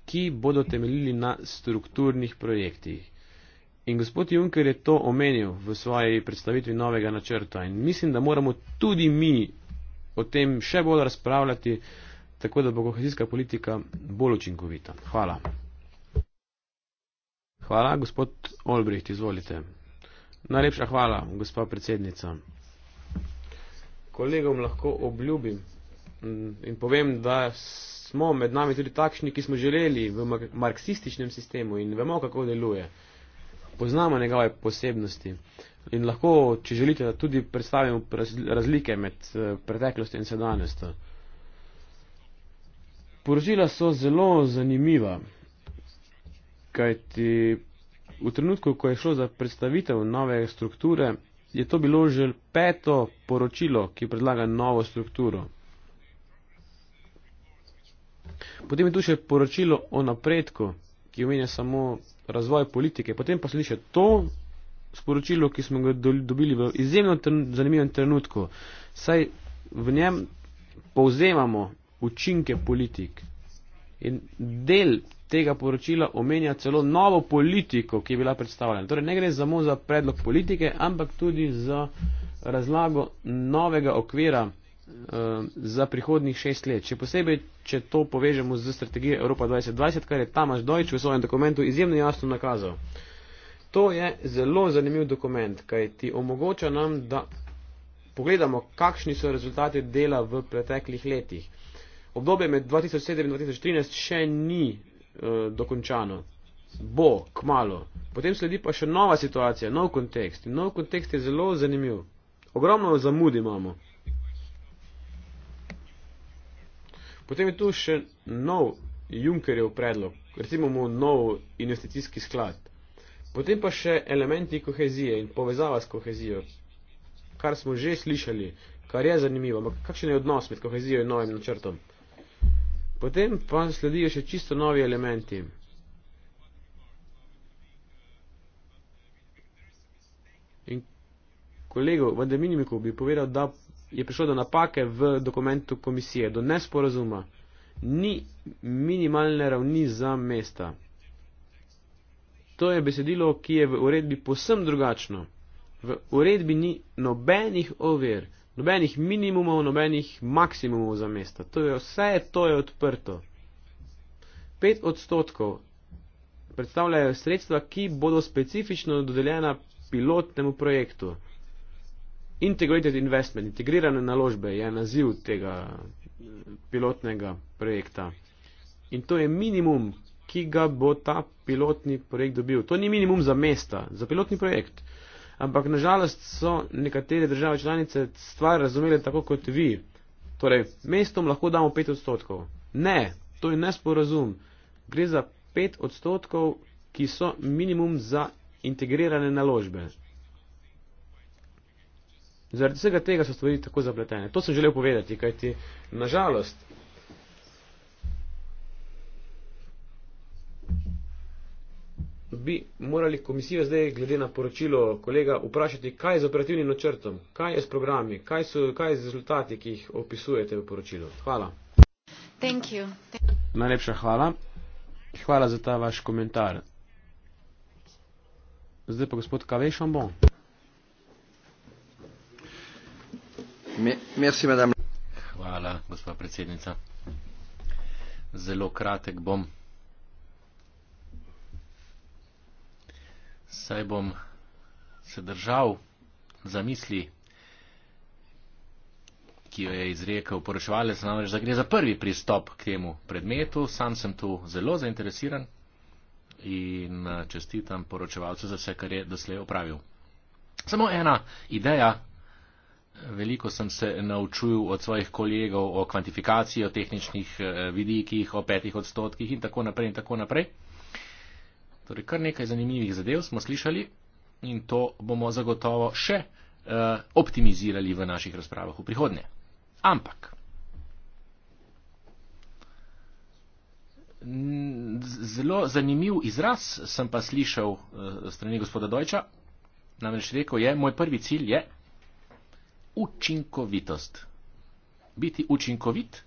ki bodo temeljili na strukturnih projektih. In gospod Juncker je to omenil v svoji predstavitvi novega načrta in mislim, da moramo tudi mi o tem še bolj razpravljati, tako da bo kohezijska politika bolj učinkovita. Hvala. Hvala, gospod Olbricht, izvolite. Najlepša hvala, gospa predsednica. Kolegom lahko obljubim in povem, da smo med nami tudi takšni, ki smo želeli v marksističnem sistemu in vemo, kako deluje. Poznamo njegove posebnosti in lahko, če želite, tudi predstavimo razlike med eh, preteklostjo in sedanjostjo. Poročila so zelo zanimiva, kajti v trenutku, ko je šlo za predstavitev nove strukture, je to bilo že peto poročilo, ki predlaga novo strukturo. Potem je tu še poročilo o napredku, ki omenja samo razvoj politike. Potem pa sliši to sporočilo, ki smo ga dobili v izjemno tren zanimivem trenutku. Saj v njem povzemamo učinke politik. In del tega poročila omenja celo novo politiko, ki je bila predstavljena. Torej ne gre samo za predlog politike, ampak tudi za razlago novega okvira Eh, za prihodnih šest let. Še posebej, če to povežemo z strategijo Evropa 2020, kar je Tamaš Dojč v svojem dokumentu izjemno jasno nakazal. To je zelo zanimiv dokument, kaj ti omogoča nam, da pogledamo, kakšni so rezultati dela v preteklih letih. Obdobje med 2007 in 2013 še ni uh, dokončano. Bo, kmalo. Potem sledi pa še nova situacija, nov kontekst. Nov kontekst je zelo zanimiv. Ogromno zamudi imamo. Potem je tu še nov Junckerjev predlog, recimo mu nov investicijski sklad. Potem pa še elementi kohezije in povezava s kohezijo, kar smo že slišali, kar je zanimivo, ampak kakšen je odnos med kohezijo in novim načrtom. Potem pa sledijo še čisto novi elementi. In kolegu Vandeminimiku bi povedal, da je prišlo do napake v dokumentu komisije, do nesporazuma. Ni minimalne ravni za mesta. To je besedilo, ki je v uredbi posem drugačno. V uredbi ni nobenih ovir, nobenih minimumov, nobenih maksimumov za mesta. To je vse, to je odprto. Pet odstotkov predstavljajo sredstva, ki bodo specifično dodeljena pilotnemu projektu. Integrated investment, integrirane naložbe je naziv tega eh, pilotnega projekta. In to je minimum, ki ga bo ta pilotni projekt dobil. To ni minimum za mesta, za pilotni projekt. Ampak nažalost so nekatere države članice stvar razumele tako kot vi. Torej, mestom lahko damo 5 odstotkov. Ne, to je nesporazum. Gre za 5 odstotkov, ki so minimum za integrirane naložbe. Zaradi vsega tega so stvari tako zapletene. To sem želel povedati, kajti nažalost. bi morali komisijo zdaj, glede na poročilo kolega, vprašati, kaj je z operativnim načrtom, kaj je s programi, kaj, so, kaj je z rezultati, ki jih opisujete v poročilu. Hvala. Thank you. Thank you. Najlepša hvala. Hvala za ta vaš komentar. Zdaj pa gospod Kavej Šambon. Merci, madame. Hvala, gospa predsednica. Zelo kratek bom. Saj bom se držal za misli, ki jo je izrekel poročevalec, namreč, da gre za prvi pristop k temu predmetu. Sam sem tu zelo zainteresiran in eh, čestitam poročevalcu za vse, kar je doslej opravil. Samo ena ideja, Veliko sem se naučil od svojih kolegov o kvantifikaciji, o tehničnih eh, vidikih, o petih odstotkih in tako naprej in tako naprej. Torej, kar nekaj zanimivih zadev smo slišali in to bomo zagotovo še eh, optimizirali v naših razpravah v prihodnje. Ampak, zelo zanimiv izraz sem pa slišal eh, strani gospoda Dojča, namreč rekel je, moj prvi cilj je, učinkovitost. Biti učinkovit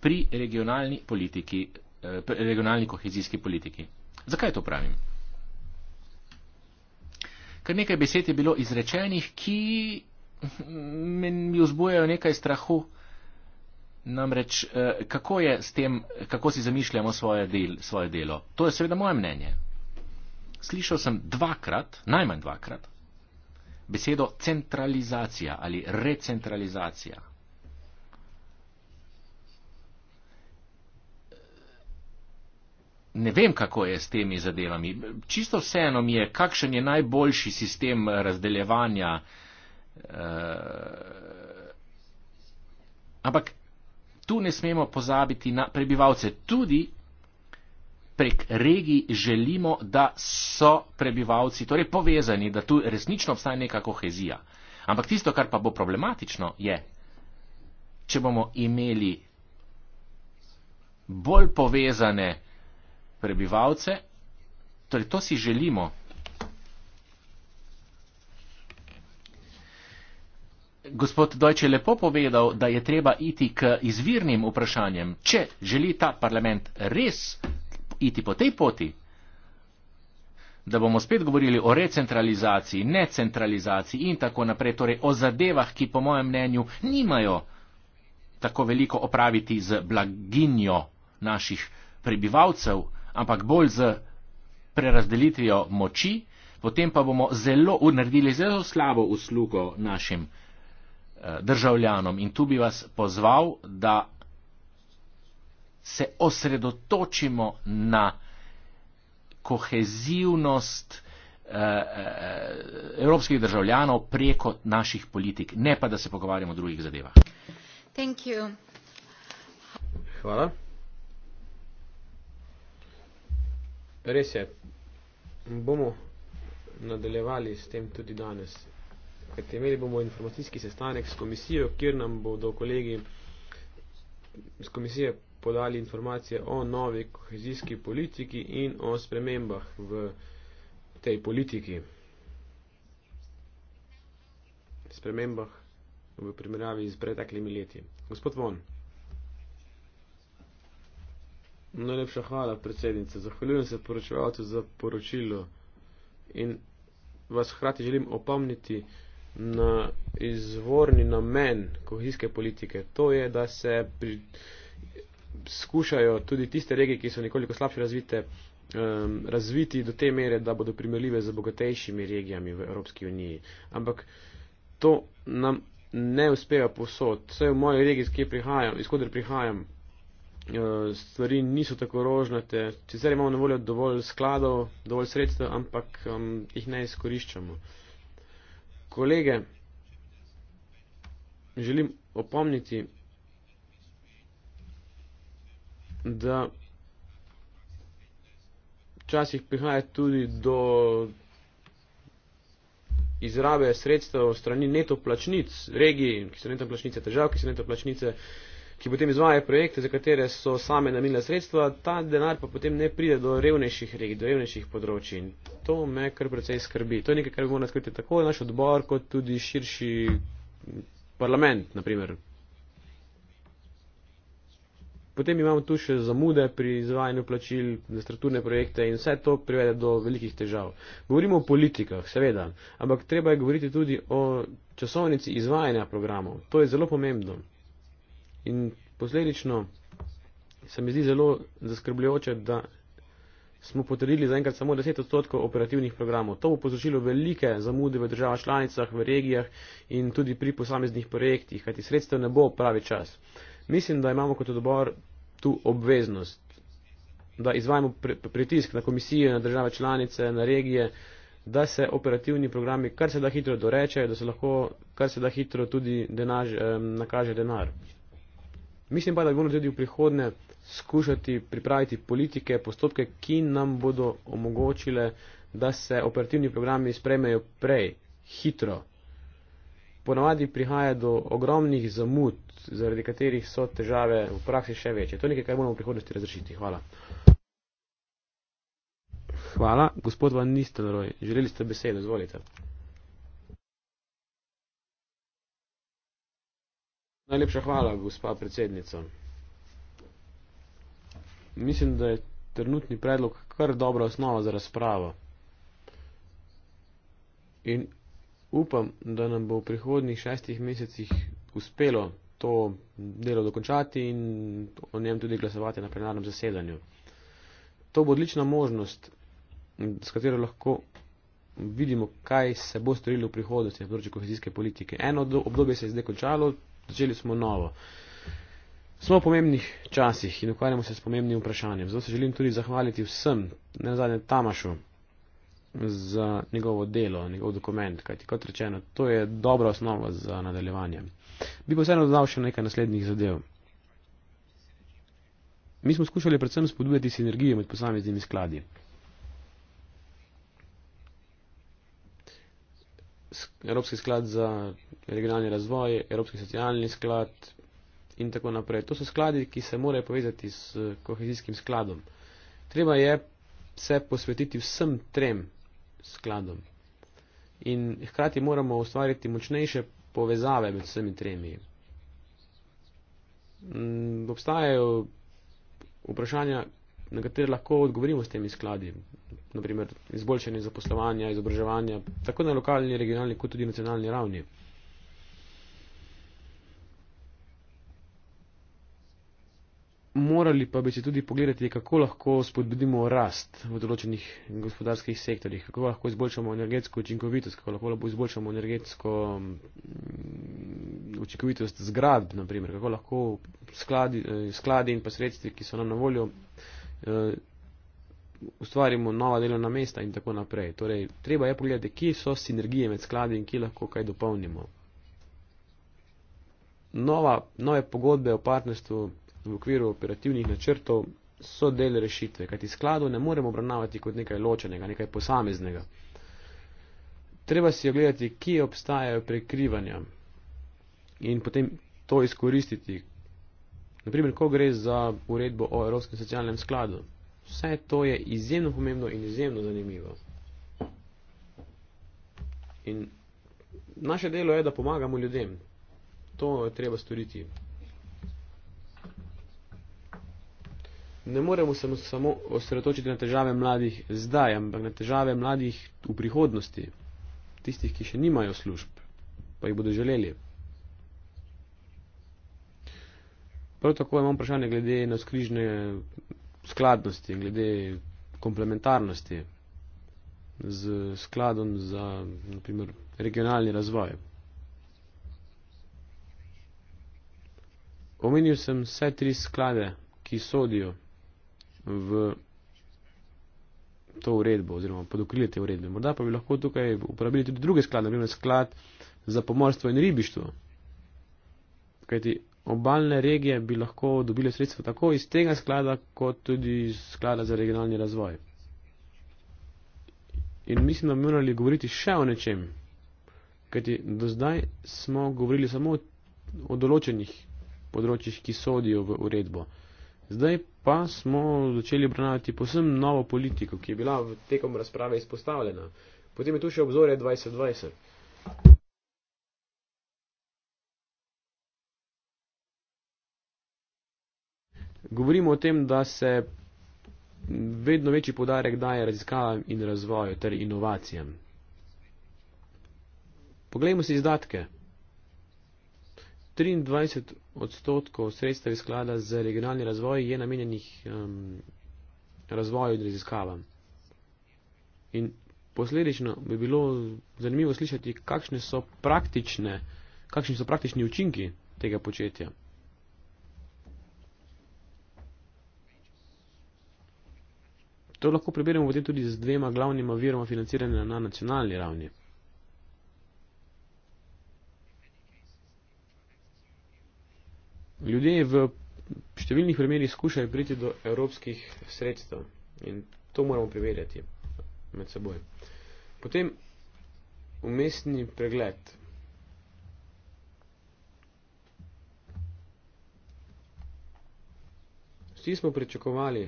pri regionalni, politiki, eh, pri regionalni kohezijski politiki. Zakaj to pravim? Ker nekaj besed je bilo izrečenih, ki mi vzbujajo nekaj strahu. Namreč, eh, kako je s tem, kako si zamišljamo svoje, del, svoje delo? To je seveda moje mnenje. Slišal sem dvakrat, najmanj dvakrat, besedo centralizacija ali recentralizacija. Ne vem, kako je s temi zadevami. Čisto vseeno mi je, kakšen je najboljši sistem razdeljevanja. Eh, ampak tu ne smemo pozabiti na prebivalce, tudi prek regij želimo, da so prebivalci torej povezani, da tu resnično obstaja neka kohezija. Ampak tisto, kar pa bo problematično, je, če bomo imeli bolj povezane prebivalce, torej to si želimo. Gospod Dojč je lepo povedal, da je treba iti k izvirnim vprašanjem, če želi ta parlament res iti po tej poti, da bomo spet govorili o recentralizaciji, necentralizaciji in tako naprej, torej o zadevah, ki po mojem mnenju nimajo tako veliko opraviti z blaginjo naših prebivalcev, ampak bolj z prerazdelitvijo moči, potem pa bomo zelo naredili zelo slabo uslugo našim eh, državljanom. In tu bi vas pozval, da se osredotočimo na kohezivnost eh, eh, evropskih državljanov preko naših politik, ne pa da se pogovarjamo o drugih zadevah. Hvala. Res je, bomo nadaljevali s tem tudi danes. Kajte imeli bomo informacijski sestanek s komisijo, kjer nam bodo kolegi z komisije podali informacije o novi kohezijski politiki in o spremembah v tej politiki. Spremembah v primerjavi z preteklimi leti. Gospod Von. Najlepša hvala, predsednica. Zahvaljujem se poročevalcu za poročilo in vas hkrati želim opomniti na izvorni namen kohezijske politike. To je, da se pri skušajo tudi tiste regije, ki so nekoliko slabše razvite, um, razviti do te mere, da bodo primerljive z bogatejšimi regijami v Evropski uniji. Ampak to nam ne uspeva posod. Vse v moji regiji, prihajam, iz kateri prihajam, uh, stvari niso tako rožnate. Sicer imamo na voljo dovolj skladov, dovolj sredstev, ampak um, jih ne izkoriščamo. Kolege, želim opomniti, da včasih prihaja tudi do izrabe sredstev strani netoplačnic, regij, ki so netoplačnice, držav, ki so netoplačnice, ki potem izvajajo projekte, za katere so same namenile sredstva, ta denar pa potem ne pride do revnejših regij, do revnejših področij. To me kar precej skrbi. To je nekaj, kar bi moral razkriti tako naš odbor, kot tudi širši parlament, naprimer, Potem imamo tu še zamude pri izvajanju plačil za strukturne projekte in vse to privede do velikih težav. Govorimo o politikah, seveda, ampak treba je govoriti tudi o časovnici izvajanja programov. To je zelo pomembno. In posledično se mi zdi zelo zaskrbljujoče, da smo potrdili zaenkrat samo 10 odstotkov operativnih programov. To bo povzročilo velike zamude v državah članicah, v regijah in tudi pri posameznih projektih, kajti sredstev ne bo pravi čas. Uh, Mislim, da imamo kot odbor tu obveznost, da izvajamo pritisk na komisijo, na države članice, na regije, da se operativni programi kar se da hitro dorečejo, da se lahko kar se da hitro tudi denaž, eh, nakaže denar. Mislim pa, da bomo tudi v prihodnje skušati pripraviti politike, postopke, ki nam bodo omogočile, da se operativni programi sprejmejo prej, hitro ponavadi prihaja do ogromnih zamud, zaradi katerih so težave v praksi še večje. To je nekaj, kar moramo v prihodnosti razrešiti. Hvala. Hvala. Gospod Van Nistelrooy, želeli ste besedo, izvolite. Najlepša hvala, gospa predsednica. Mislim, da je trenutni predlog kar dobra osnova za razpravo. In upam, da nam bo v prihodnih šestih mesecih uspelo to delo dokončati in o njem tudi glasovati na plenarnem zasedanju. To bo odlična možnost, s katero lahko vidimo, kaj se bo storilo v prihodnosti na področju kohezijske politike. Eno obdobje se je zdaj končalo, začeli smo novo. Smo v pomembnih časih in ukvarjamo se s pomembnim vprašanjem. Zato se želim tudi zahvaliti vsem, ne nazadnje Tamašu, za njegovo delo, njegov dokument, kajti kot rečeno, to je dobra osnova za nadaljevanje. Bi pa vseeno dodal še nekaj naslednjih zadev. Mi smo skušali predvsem spodbujati sinergijo med posameznimi skladi. Evropski sklad za regionalni razvoj, Evropski socialni sklad in tako naprej. To so skladi, ki se morajo povezati s kohezijskim skladom. Treba je se posvetiti vsem trem skladom. In hkrati moramo ustvariti močnejše povezave med vsemi tremi. Mm, obstajajo vprašanja, na katere lahko odgovorimo s temi skladi, naprimer izboljšanje zaposlovanja, izobraževanja, tako na lokalni, regionalni, kot tudi nacionalni ravni. morali pa bi se tudi pogledati, kako lahko spodbudimo rast v določenih gospodarskih sektorjih, kako lahko izboljšamo energetsko učinkovitost, kako lahko izboljšamo energetsko mm, učinkovitost zgradb, naprimer, kako lahko skladi, eh, skladi in pa sredstvi, ki so nam na voljo, eh, ustvarimo nova delovna mesta in tako naprej. Torej, treba je pogledati, kje so sinergije med skladi in kje lahko kaj dopolnimo. Nova, nove pogodbe o partnerstvu v okviru operativnih načrtov so del rešitve, kajti skladov ne moremo obravnavati kot nekaj ločenega, nekaj posameznega. Treba si ogledati, kje obstajajo prekrivanja in potem to izkoristiti. Naprimer, ko gre za uredbo o Evropskem socialnem skladu. Vse to je izjemno pomembno in izjemno zanimivo. In naše delo je, da pomagamo ljudem. To je treba storiti. ne moremo se samo osredotočiti na težave mladih zdaj, ampak na težave mladih v prihodnosti, tistih, ki še nimajo služb, pa jih bodo želeli. Prav tako imam vprašanje glede na skrižne skladnosti, glede komplementarnosti z skladom za naprimer, regionalni razvoj. Omenil sem vse tri sklade, ki sodijo v to uredbo oziroma podokrili te uredbe. Morda pa bi lahko tukaj uporabili tudi druge sklade, naprimer sklad za pomorstvo in ribištvo. Kajti obaljne regije bi lahko dobile sredstva tako iz tega sklada, kot tudi iz sklada za regionalni razvoj. In mislim, da bi morali govoriti še o nečem. Kajti do zdaj smo govorili samo o določenih področjih, ki sodijo v uredbo. Zdaj pa smo začeli obravnavati posebno novo politiko, ki je bila v tekom razprave izpostavljena. Potem je tu še obzorje 2020. Govorimo o tem, da se vedno večji podarek daje raziskavam in razvoju ter inovacijam. Poglejmo si izdatke. 23 odstotkov sredstev sklada za regionalni razvoj je namenjenih um, razvoju in raziskavam. In posledično bi bilo zanimivo slišati, kakšne so praktične, kakšni so praktični učinki tega početja. To lahko preberemo potem tudi z dvema glavnima viroma financiranja na nacionalni ravni. ljudje v številnih primerih skušajo priti do evropskih sredstev in to moramo preverjati med seboj. Potem umestni pregled. Vsi smo pričakovali,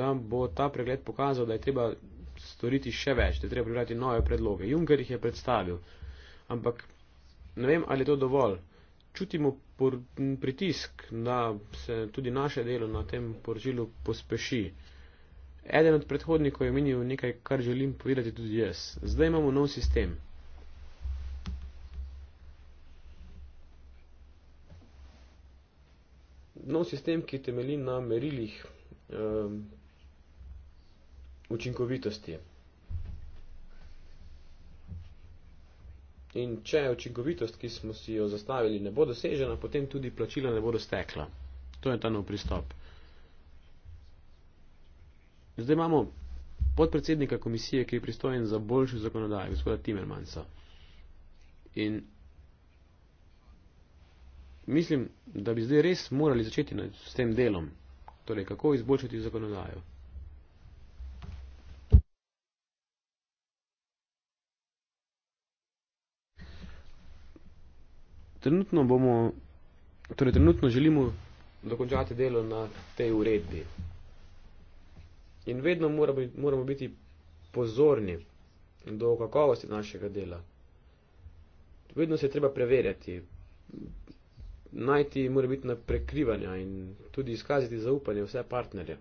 da bo ta pregled pokazal, da je treba storiti še več, da je treba pripraviti nove predloge. Juncker jih je predstavil, ampak Ne vem, ali je to dovolj. Čutimo por, pritisk, da se tudi naše delo na tem poročilu pospeši. Eden od predhodnikov je omenil nekaj, kar želim povedati tudi jaz. Zdaj imamo nov sistem. Nov sistem, ki temelji na merilih um, učinkovitosti. In če učinkovitost, ki smo si jo zastavili, ne bo dosežena, potem tudi plačila ne bodo stekla. To je ta nov pristop. Zdaj imamo podpredsednika komisije, ki je pristojen za boljšo zakonodajo, gospoda Timmermansa. In mislim, da bi zdaj res morali začeti s tem delom, torej kako izboljšati zakonodajo. Trenutno bomo, torej trenutno želimo dokončati delo na tej uredbi. In vedno moramo biti pozorni do kakovosti našega dela. Vedno se je treba preverjati, najti mora biti na prekrivanja in tudi izkaziti zaupanje vse partnerje.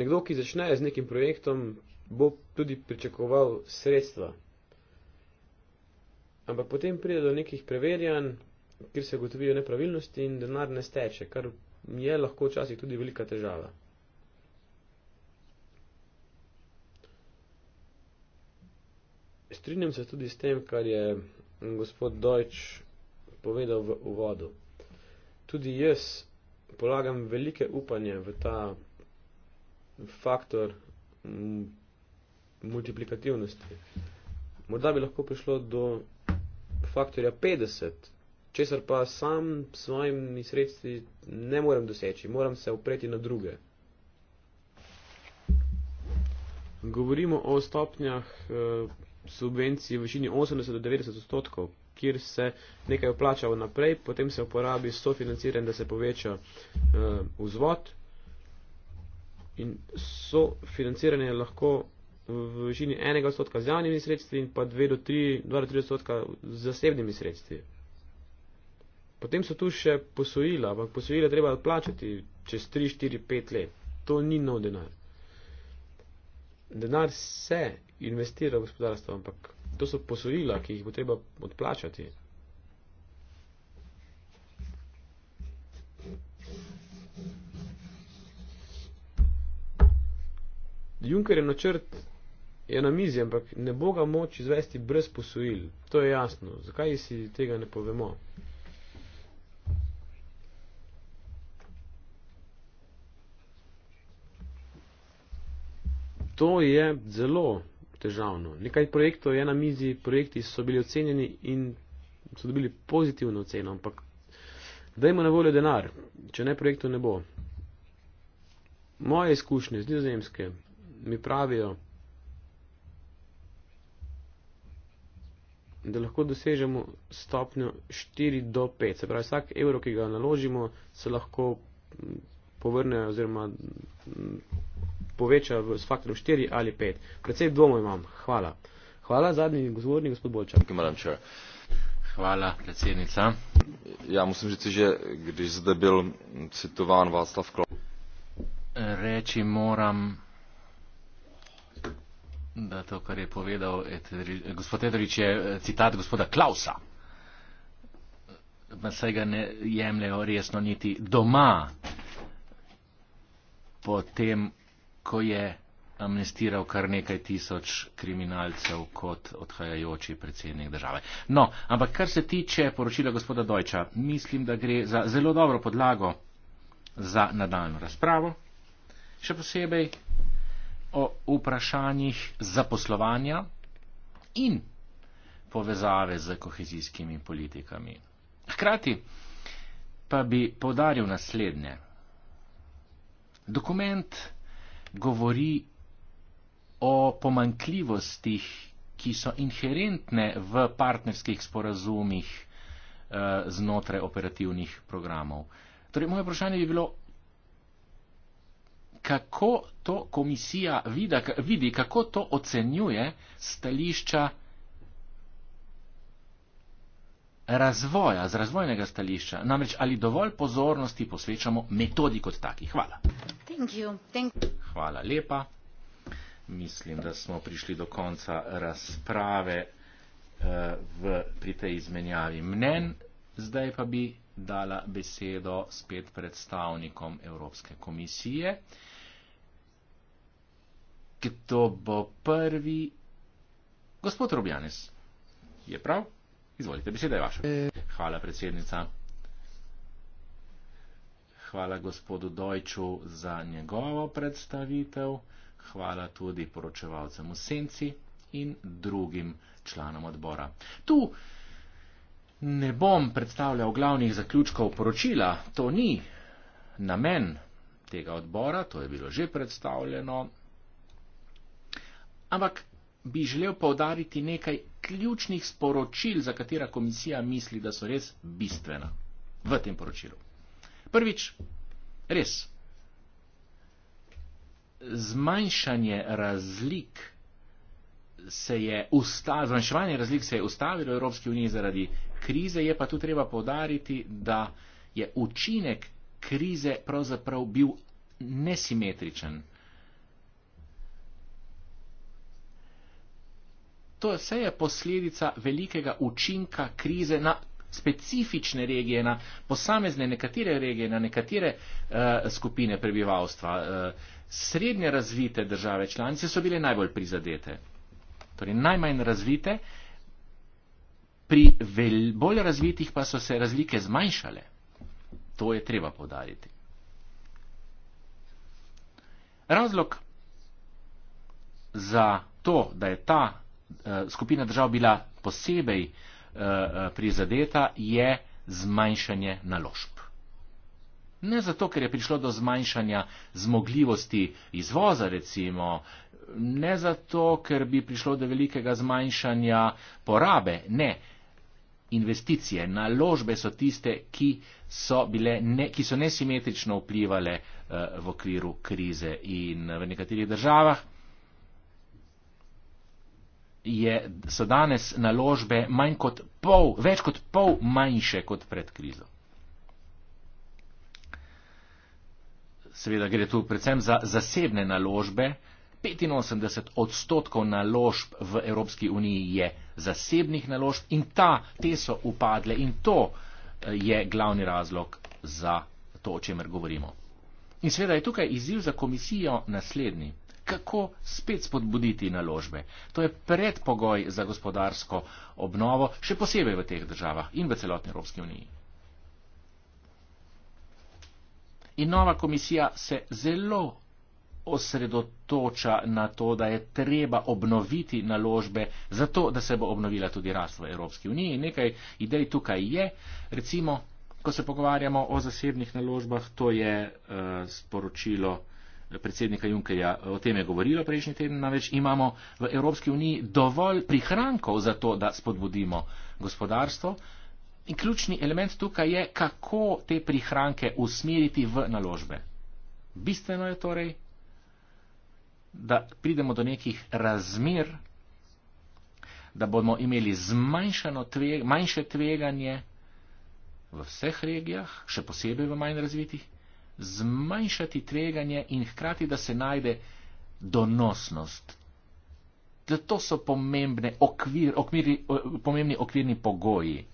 Nekdo, ki začne z nekim projektom, bo tudi pričakoval sredstva. Ampak potem pride do nekih preverjanj, kjer se gotovijo nepravilnosti in denar ne steče, kar je lahko včasih tudi velika težava. Strinjam se tudi s tem, kar je gospod Dojč povedal v uvodu. Tudi jaz polagam velike upanje v ta faktor multiplikativnosti. Morda bi lahko prišlo do faktorja 50, česar pa sam s svojimi sredstvi ne morem doseči, moram se opreti na druge. Govorimo o stopnjah eh, subvencij v višini 80 do 90 odstotkov, kjer se nekaj vplača vnaprej, potem se uporabi sofinanciranje, da se poveča eh, vzvod. In sofinanciranje lahko v višini enega odstotka z javnimi sredstvi in pa 2 do 3, 2 do 3 odstotka z zasebnimi sredstvi. Potem so tu še posojila, ampak posojila treba odplačati čez 3, 4, 5 let. To ni nov denar. Denar se investira v gospodarstvo, ampak to so posojila, ki jih bo treba odplačati. Junkerjev načrt je na mizi, ampak ne bo ga moč izvesti brez posojil. To je jasno. Zakaj si tega ne povemo? To je zelo težavno. Nekaj projektov je na mizi, projekti so bili ocenjeni in so dobili pozitivno oceno, ampak dajmo na voljo denar, če ne projektov ne bo. Moje izkušnje z nizozemske mi pravijo, da lahko dosežemo stopnjo 4 do 5. Se pravi, vsak evro, ki ga naložimo, se lahko mm, povrne oziroma mm, poveča s faktorjem 4 ali 5. Predvsej dvomo imam. Hvala. Hvala, zadnji govornik, gospod Bolčak. Hvala, predsednica. Ja, musim reči, že greš, da bi bil citovan Václav Klo. Reči moram da to, kar je povedal Edri, gospod Edrič, je eh, citat gospoda Klausa. Vsaj ga ne jemljajo resno niti doma, potem, ko je amnestiral kar nekaj tisoč kriminalcev kot odhajajoči predsednik države. No, ampak kar se tiče poročila gospoda Dojča, mislim, da gre za zelo dobro podlago za nadaljno razpravo. Še posebej o vprašanjih zaposlovanja in povezave z kohezijskimi politikami. Hkrati pa bi podaril naslednje. Dokument govori o pomankljivostih, ki so inherentne v partnerskih sporazumih eh, znotraj operativnih programov. Torej, moje vprašanje bi bilo, kako to komisija vidi, kako to ocenjuje stališča razvoja, z razvojnega stališča. Namreč ali dovolj pozornosti posvečamo metodi kot taki. Hvala. Thank you. Thank you. Hvala lepa. Mislim, da smo prišli do konca razprave eh, v, pri tej izmenjavi mnen. Zdaj pa bi dala besedo spet predstavnikom Evropske komisije kdo bo prvi. Gospod Robjanes, je prav? Izvolite, beseda je vaša. Hvala, predsednica. Hvala gospodu Dojču za njegovo predstavitev. Hvala tudi poročevalcem v senci in drugim članom odbora. Tu ne bom predstavljal glavnih zaključkov poročila, to ni namen tega odbora, to je bilo že predstavljeno, ampak bi želel povdariti nekaj ključnih sporočil, za katera komisija misli, da so res bistvena v tem poročilu. Prvič, res, zmanjšanje razlik se je ustavilo, zmanjševanje razlik se je ustavilo v Evropski uniji zaradi krize, je pa tu treba povdariti, da je učinek krize pravzaprav bil nesimetričen. To vse je posledica velikega učinka krize na specifične regije, na posamezne nekatere regije, na nekatere uh, skupine prebivalstva. Uh, srednje razvite države članice so bile najbolj prizadete. Torej najmanj razvite, pri vel, bolj razvitih pa so se razlike zmanjšale. To je treba podariti. Razlog za to, da je ta Eh, skupina držav bila posebej eh, eh, prizadeta, je zmanjšanje naložb. Ne zato, ker je prišlo do zmanjšanja zmogljivosti izvoza, recimo, ne zato, ker bi prišlo do velikega zmanjšanja porabe, ne. Investicije, naložbe so tiste, ki so, bile ne, ki so nesimetrično vplivale uh, v okviru krize in v nekaterih državah je, so danes naložbe kot pol, več kot pol manjše kot pred krizo. Seveda gre tu predvsem za zasebne naložbe. 85 odstotkov naložb v Evropski uniji je zasebnih naložb in ta, te so upadle in to eh, je glavni razlog za to, o čemer govorimo. In seveda je tukaj izziv za komisijo naslednji kako spet spodbuditi naložbe. To je predpogoj za gospodarsko obnovo, še posebej v teh državah in v celotni Evropski uniji. In nova komisija se zelo osredotoča na to, da je treba obnoviti naložbe, zato da se bo obnovila tudi rast v Evropski uniji. Nekaj idej tukaj je. Recimo, ko se pogovarjamo o zasebnih naložbah, to je uh, sporočilo uh, predsednika Junckerja eh, o tem je govorilo prejšnji teden, namreč imamo v Evropski uniji dovolj prihrankov za to, da spodbudimo gospodarstvo. In ključni element tukaj je, kako te prihranke usmeriti v naložbe. Bistveno je torej, da pridemo do nekih razmer, da bomo imeli tve, manjše tveganje v vseh regijah, še posebej v manj razvitih, zmanjšati tveganje in hkrati, da se najde donosnost. Zato so pomembne okvir, okmiri, pomembni okvirni pogoji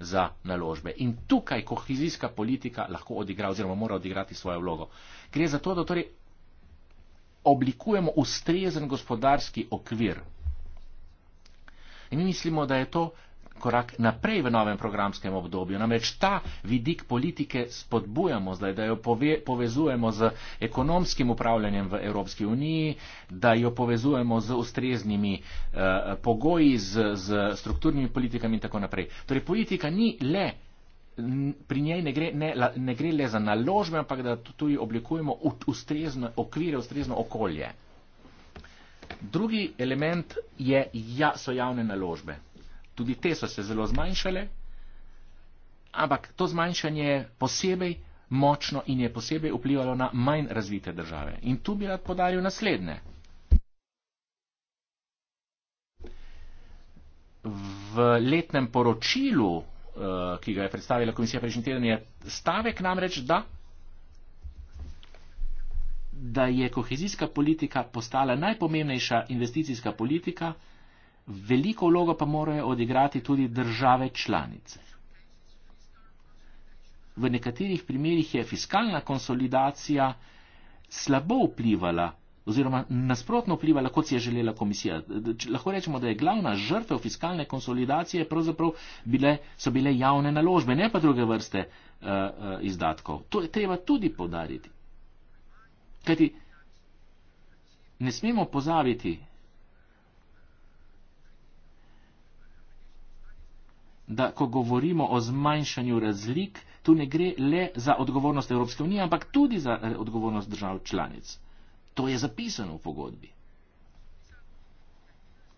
za naložbe. In tukaj kohezijska politika lahko odigra oziroma mora odigrati svojo vlogo. Gre za to, da torej oblikujemo ustrezen gospodarski okvir. In mi mislimo, da je to korak naprej v novem programskem obdobju. Namreč ta vidik politike spodbujamo zdaj, da jo pove, povezujemo z ekonomskim upravljanjem v Evropski uniji, da jo povezujemo z ustreznimi eh, pogoji, z, z strukturnimi politikami in tako naprej. Torej, politika ni le. Pri njej ne gre, ne, ne gre le za naložbe, ampak da tudi oblikujemo ustrezno okvire, ustrezno okolje. Drugi element je, ja, so javne naložbe tudi te so se zelo zmanjšale, ampak to zmanjšanje je posebej močno in je posebej vplivalo na manj razvite države. In tu bi rad podaril naslednje. V letnem poročilu, eh, ki ga je predstavila komisija prejšnji teden, je stavek namreč, da, da je kohezijska politika postala najpomembnejša investicijska politika, veliko vlogo pa morajo odigrati tudi države članice. V nekaterih primerjih je fiskalna konsolidacija slabo vplivala oziroma nasprotno vplivala, kot si je želela komisija. Lahko rečemo, da je glavna žrtev fiskalne konsolidacije pravzaprav bile, so bile javne naložbe, ne pa druge vrste uh, uh, izdatkov. To je treba tudi podariti. Kajti, ne smemo pozaviti, da ko govorimo o zmanjšanju razlik, tu ne gre le za odgovornost Evropske unije, ampak tudi za eh, odgovornost držav članic. To je zapisano v pogodbi.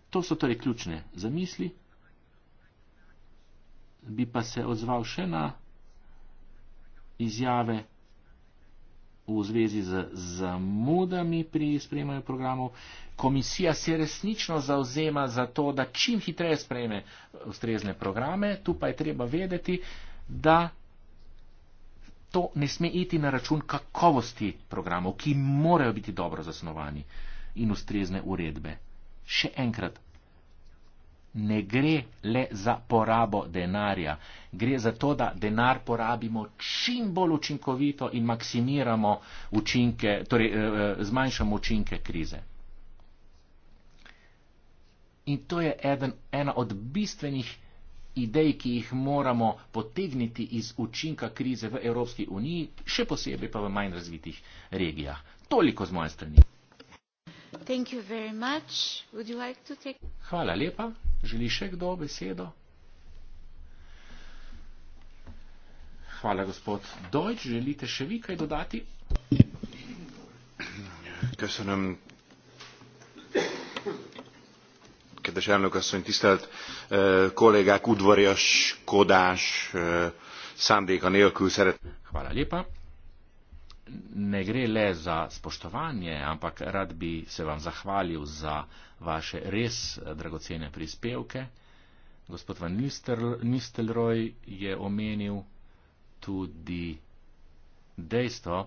To so torej ključne zamisli. Bi pa se odzval še na izjave v zvezi z zamudami pri sprejemanju programov. Komisija se resnično zauzema za to, da čim hitreje sprejme ustrezne programe. Tu pa je treba vedeti, da to ne sme iti na račun kakovosti programov, ki morajo biti dobro zasnovani in ustrezne uredbe. Še enkrat, ne gre le za porabo denarja, gre za to, da denar porabimo čim bolj učinkovito in maksimiramo učinke, torej eh, eh, zmanjšamo učinke krize. In to je eden, ena od bistvenih idej, ki jih moramo potegniti iz učinka krize v Evropski uniji, še posebej pa v manj razvitih regijah. Toliko z moje strani. Hvala lepa. Želi še kdo besedo? Hvala, gospod Dojč. Želite še vi kaj dodati? Ker so nam, ker državno, ker so in tiste eh, kolega Kudvorjaš, Kodaš, eh, Sandi, Kanel, ki vse red. Hvala lepa ne gre le za spoštovanje, ampak rad bi se vam zahvalil za vaše res dragocene prispevke. Gospod Van Nistelrooy je omenil tudi dejstvo,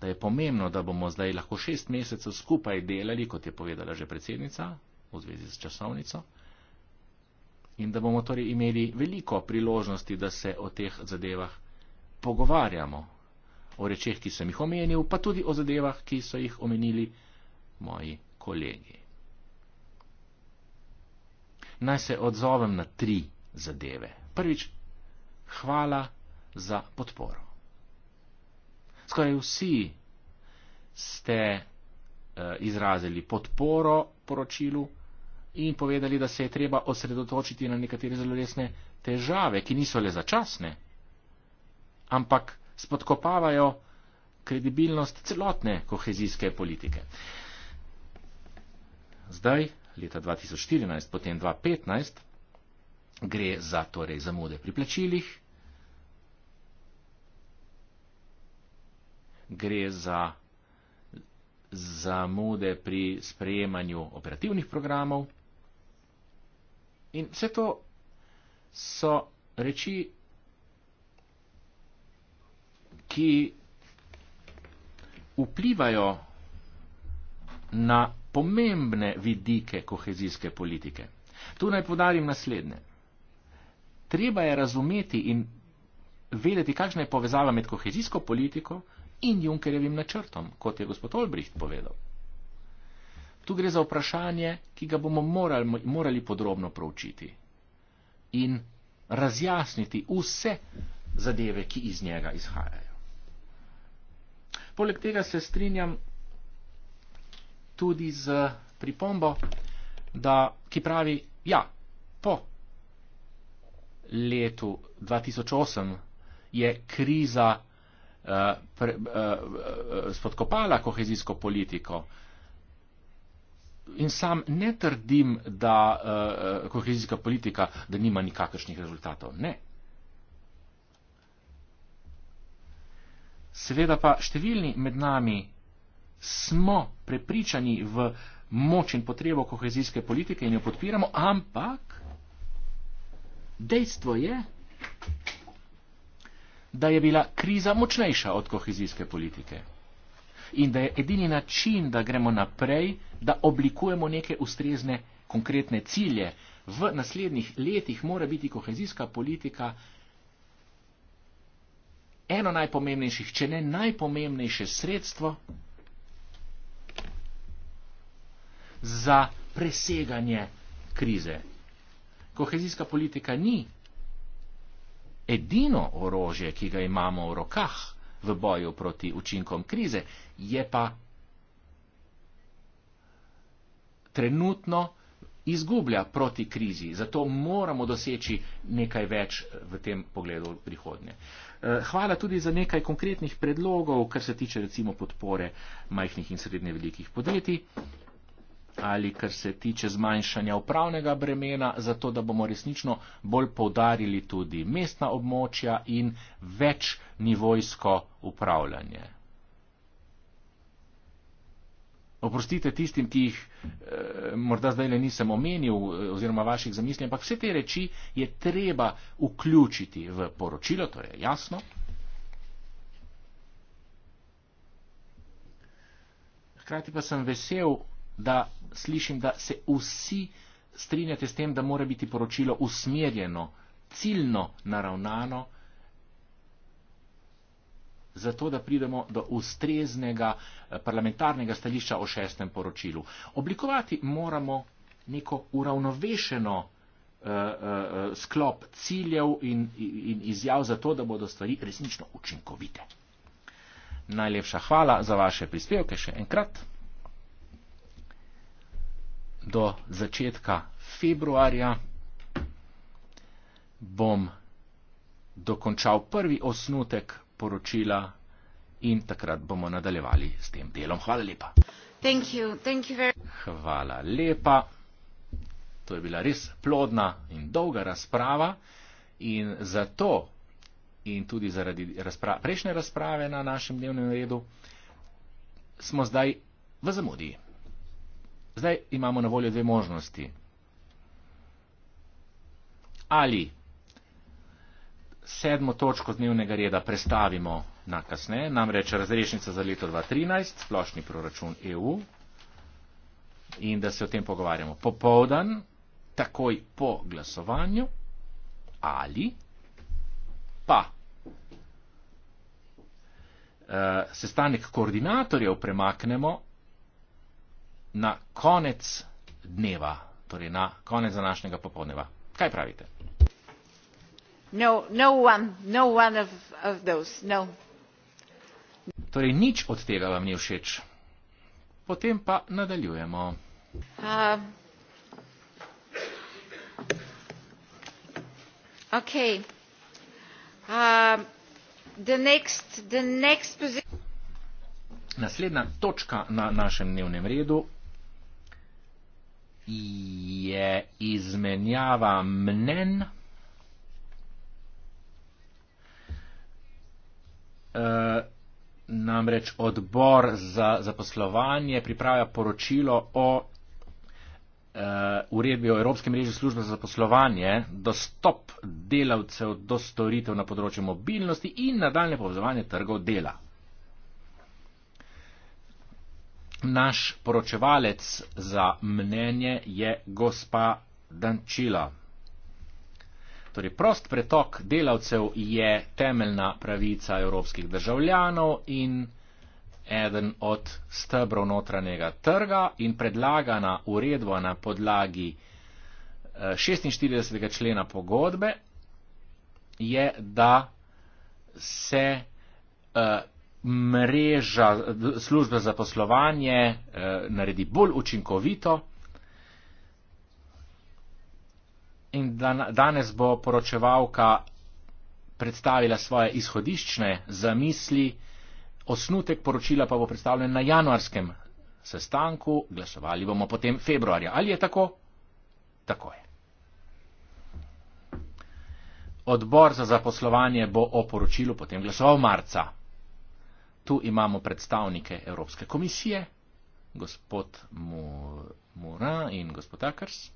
da je pomembno, da bomo zdaj lahko šest mesecev skupaj delali, kot je povedala že predsednica v zvezi z časovnico, in da bomo torej imeli veliko priložnosti, da se o teh zadevah pogovarjamo o rečeh, ki sem jih omenil, pa tudi o zadevah, ki so jih omenili moji kolegi. Naj se odzovem na tri zadeve. Prvič, hvala za podporo. Skoraj vsi ste eh, izrazili podporo poročilu in povedali, da se je treba osredotočiti na nekatere zelo resne težave, ki niso le začasne, ampak spodkopavajo kredibilnost celotne kohezijske politike. Zdaj, leta 2014, potem 2015, gre za torej zamude pri plačilih, gre za zamude pri sprejemanju operativnih programov in vse to so reči ki vplivajo na pomembne vidike kohezijske politike. Tu naj podarim naslednje. Treba je razumeti in vedeti, kakšna je povezava med kohezijsko politiko in Junkerjevim načrtom, kot je gospod Olbricht povedal. Tu gre za vprašanje, ki ga bomo morali, morali podrobno proučiti in razjasniti vse zadeve, ki iz njega izhajajo. Poleg tega se strinjam tudi z pripombo, da, ki pravi, ja, po letu 2008 je kriza uh, pre, uh, spodkopala kohezijsko politiko. In sam ne trdim, da uh, kohezijska politika, da nima nikakršnih rezultatov. Ne, Seveda pa številni med nami smo prepričani v moč in potrebo kohezijske politike in jo podpiramo, ampak dejstvo je, da je bila kriza močnejša od kohezijske politike in da je edini način, da gremo naprej, da oblikujemo neke ustrezne konkretne cilje. V naslednjih letih mora biti kohezijska politika eno najpomembnejših, če ne najpomembnejše sredstvo za preseganje krize. Kohezijska politika ni edino orožje, ki ga imamo v rokah v boju proti učinkom krize, je pa trenutno izgublja proti krizi. Zato moramo doseči nekaj več v tem pogledu prihodnje. Eh, hvala tudi za nekaj konkretnih predlogov, kar se tiče recimo podpore majhnih in srednje velikih podjetij ali kar se tiče zmanjšanja upravnega bremena, zato da bomo resnično bolj poudarili tudi mestna območja in večnivojsko upravljanje. Oprostite tistim, ki jih e, morda zdaj le nisem omenil eh, oziroma vaših zamisli, ampak vse te reči je treba vključiti v poročilo, to je jasno. Hkrati pa sem vesel, da slišim, da se vsi strinjate s tem, da mora biti poročilo usmerjeno, ciljno naravnano, zato da pridemo do ustreznega eh, parlamentarnega stališča o šestem poročilu. Oblikovati moramo neko uravnovešeno eh, eh, sklop ciljev in, in izjav za to, da bodo stvari resnično učinkovite. Najlepša hvala za vaše prispevke še enkrat. Do začetka februarja bom dokončal prvi osnutek poročila in takrat bomo nadaljevali s tem delom. Hvala lepa. Thank you. Thank you very... Hvala lepa. To je bila res plodna in dolga razprava in zato in tudi zaradi razpra prejšnje razprave na našem dnevnem redu smo zdaj v zamudi. Zdaj imamo na voljo dve možnosti. Ali sedmo točko dnevnega reda prestavimo na kasneje, namreč razrešnica za leto 2013, splošni proračun EU in da se o tem pogovarjamo popovdan, takoj po glasovanju ali pa uh, sestanek koordinatorjev premaknemo na konec dneva, torej na konec današnjega popovdneva. Kaj pravite? No, no one no one of of those no torej nič od tega vam ni všeč potem pa nadaljujemo uh, okay uh, the next the next naslednja točka na našem dnevnem redu je izmenjava mnen Eh, namreč odbor za zaposlovanje pripravlja poročilo o eh, uredbi o Evropski mreži službe za zaposlovanje, dostop delavcev do storitev na področju mobilnosti in nadaljne povezovanje trgov dela. Naš poročevalec za mnenje je gospa Dančila. Torej, prost pretok delavcev je temeljna pravica evropskih državljanov in eden od stebrov notranjega trga in predlagana uredba na podlagi 46. Eh, člena pogodbe je, da se eh, mreža službe za poslovanje eh, naredi bolj učinkovito, in dan, danes bo poročevalka predstavila svoje izhodiščne zamisli, osnutek poročila pa bo predstavljen na januarskem sestanku, glasovali bomo potem februarja. Ali je tako? Tako je. Odbor za zaposlovanje bo o poročilu potem glasoval marca. Tu imamo predstavnike Evropske komisije, gospod Murin in gospod Akers.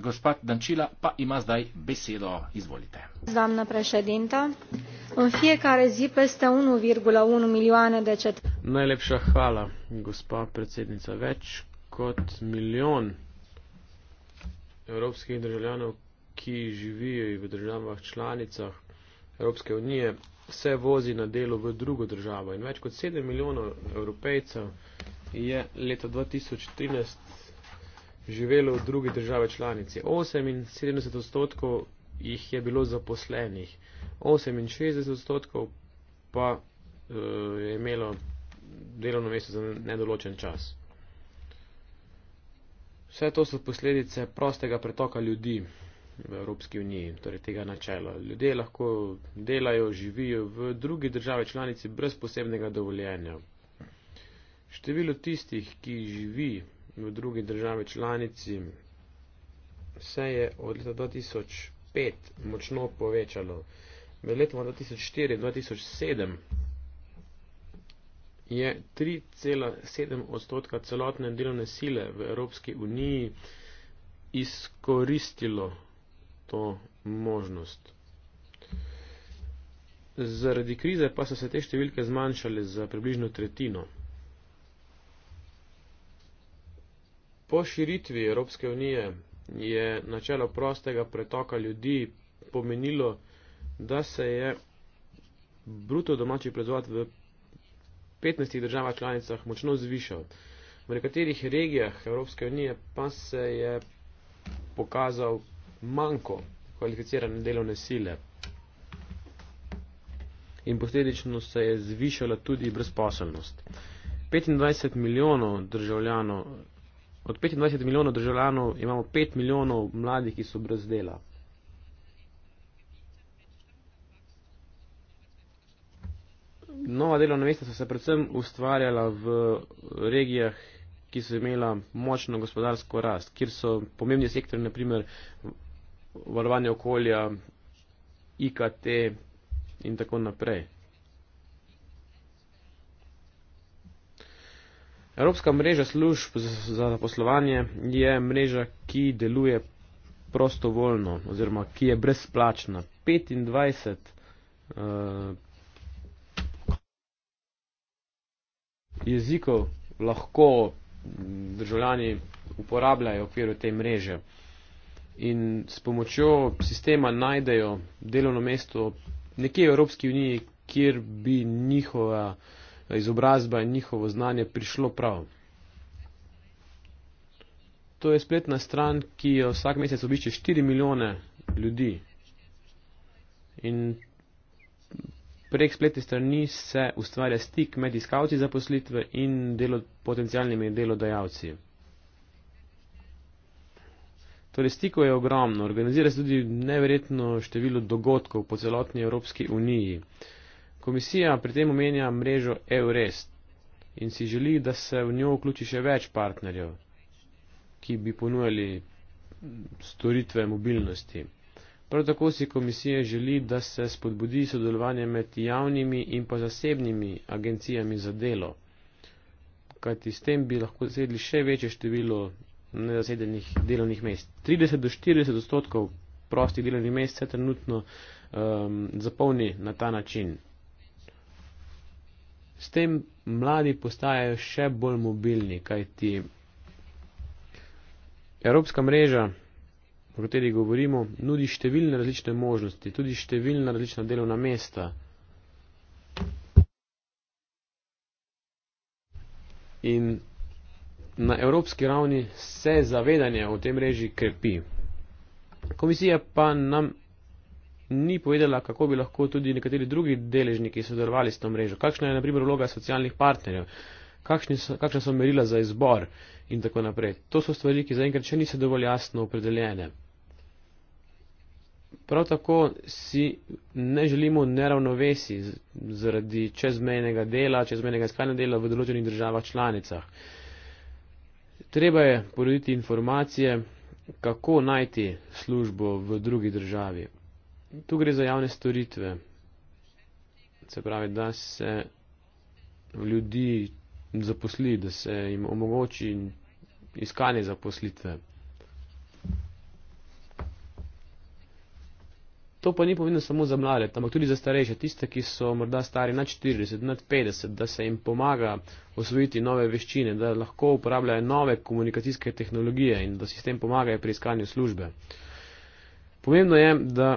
Gospod Dančila pa ima zdaj besedo. Izvolite. Zdravna prešedenta. V fiekare zipeste 1,1 milijona dečet. Najlepša hvala, gospa predsednica. Več kot milijon evropskih državljanov, ki živijo v državah članicah Evropske unije, se vozi na delo v drugo državo. In več kot 7 milijonov evropejcev je leta 2013 živelo v drugi države članici. 78 odstotkov jih je bilo zaposlenih, 68 odstotkov pa uh, je imelo delovno mesto za nedoločen čas. Vse to so posledice prostega pretoka ljudi v Evropski uniji, torej tega načela. Ljudje lahko delajo, živijo v drugi državi članici brez posebnega dovoljenja. Število tistih, ki živi v drugi državi članici se je od leta 2005 močno povečalo. Med letom 2004-2007 je 3,7 odstotka celotne delovne sile v Evropski uniji izkoristilo to možnost. Zaradi krize pa so se te številke zmanjšale za približno tretjino. Po širitvi Evropske unije je načelo prostega pretoka ljudi pomenilo, da se je bruto domači proizvod v 15 državah članicah močno zvišal. V nekaterih regijah Evropske unije pa se je pokazal manjko kvalificirane delovne sile in posledično se je zvišala tudi brezposelnost. 25 milijonov državljanov od 25 milijonov državljanov imamo 5 milijonov mladih, ki so brez dela. Nova delovna mesta so se predvsem ustvarjala v regijah, ki so imela močno gospodarsko rast, kjer so pomembni sektori, naprimer varovanje okolja, IKT in tako naprej. Evropska mreža služb za zaposlovanje je mreža, ki deluje prostovoljno oziroma ki je brezplačna. 25 uh, eh, jezikov lahko državljani uporabljajo v okviru te mreže in s pomočjo sistema najdejo delovno mesto nekje v Evropski uniji, kjer bi njihova uh, izobrazba in njihovo znanje prišlo prav. To je spletna stran, ki jo vsak mesec obišče 4 milijone ljudi. In prek spletne strani se ustvarja stik med iskalci zaposlitve in delo, potencijalnimi delodajalci. Torej, stikov je ogromno, organizira se tudi neverjetno število dogodkov po celotni Evropski uniji. Uh, Komisija pri tem omenja mrežo EURES in si želi, da se v njo vključi še več partnerjev, ki bi ponujali storitve mobilnosti. Prav tako si komisija želi, da se spodbudi sodelovanje med javnimi in pa zasebnimi agencijami za delo, kajti s tem bi lahko zasedli še večje število nezasedenih delovnih mest. 30 do 40 odstotkov prostih delovnih mest se trenutno um, zapolni na ta način. S tem mladi postajajo še bolj mobilni, kajti Evropska mreža, o kateri govorimo, nudi številne različne možnosti, tudi številna različna delovna mesta. In na evropski ravni se zavedanje o tem mreži krepi. Komisija pa nam ni povedala, kako bi lahko tudi nekateri drugi deležniki sodelovali s to mrežo, kakšna je naprimer vloga socialnih partnerjev, kakšna so merila za izbor in tako naprej. To so stvari, ki zaenkrat še niso dovolj jasno opredeljene. Prav tako si ne želimo neravnovesi zaradi čezmejnega dela, čezmejnega iskanja dela v določenih državah članicah. Treba je poroditi informacije, kako najti službo v drugi državi. Tu gre za javne storitve. Se pravi, da se ljudi zaposli, da se jim omogoči iskanje zaposlitve. To pa ni pomembno samo za mlade, ampak tudi za starejše, tiste, ki so morda stari nad 40, nad 50, da se jim pomaga osvojiti nove veščine, da lahko uporabljajo nove komunikacijske tehnologije in da si s tem pomagajo pri iskanju službe. Pomembno je, da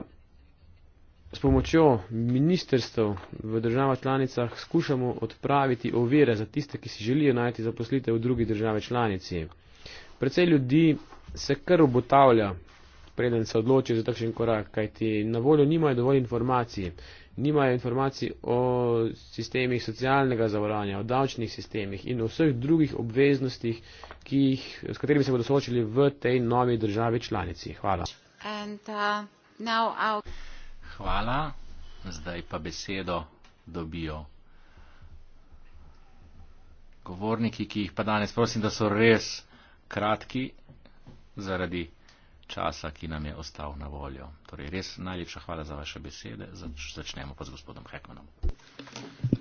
s pomočjo ministrstv v državah članicah skušamo odpraviti ovire za tiste, ki si želijo najti zaposlitev v drugi državi članici. Predvsej ljudi se kar obotavlja, preden se odloči za takšen korak, kajti na voljo nimajo dovolj informacij. Nimajo informacij o sistemih socialnega zavarovanja, o davčnih sistemih in o vseh drugih obveznostih, jih, s katerimi se bodo soočili v tej novi državi članici. Hvala. And, uh, Hvala. Zdaj pa besedo dobijo govorniki, ki jih pa danes prosim, da so res kratki zaradi časa, ki nam je ostal na voljo. Torej, res najlepša hvala za vaše besede. Začnemo pa z gospodom Hekmanom.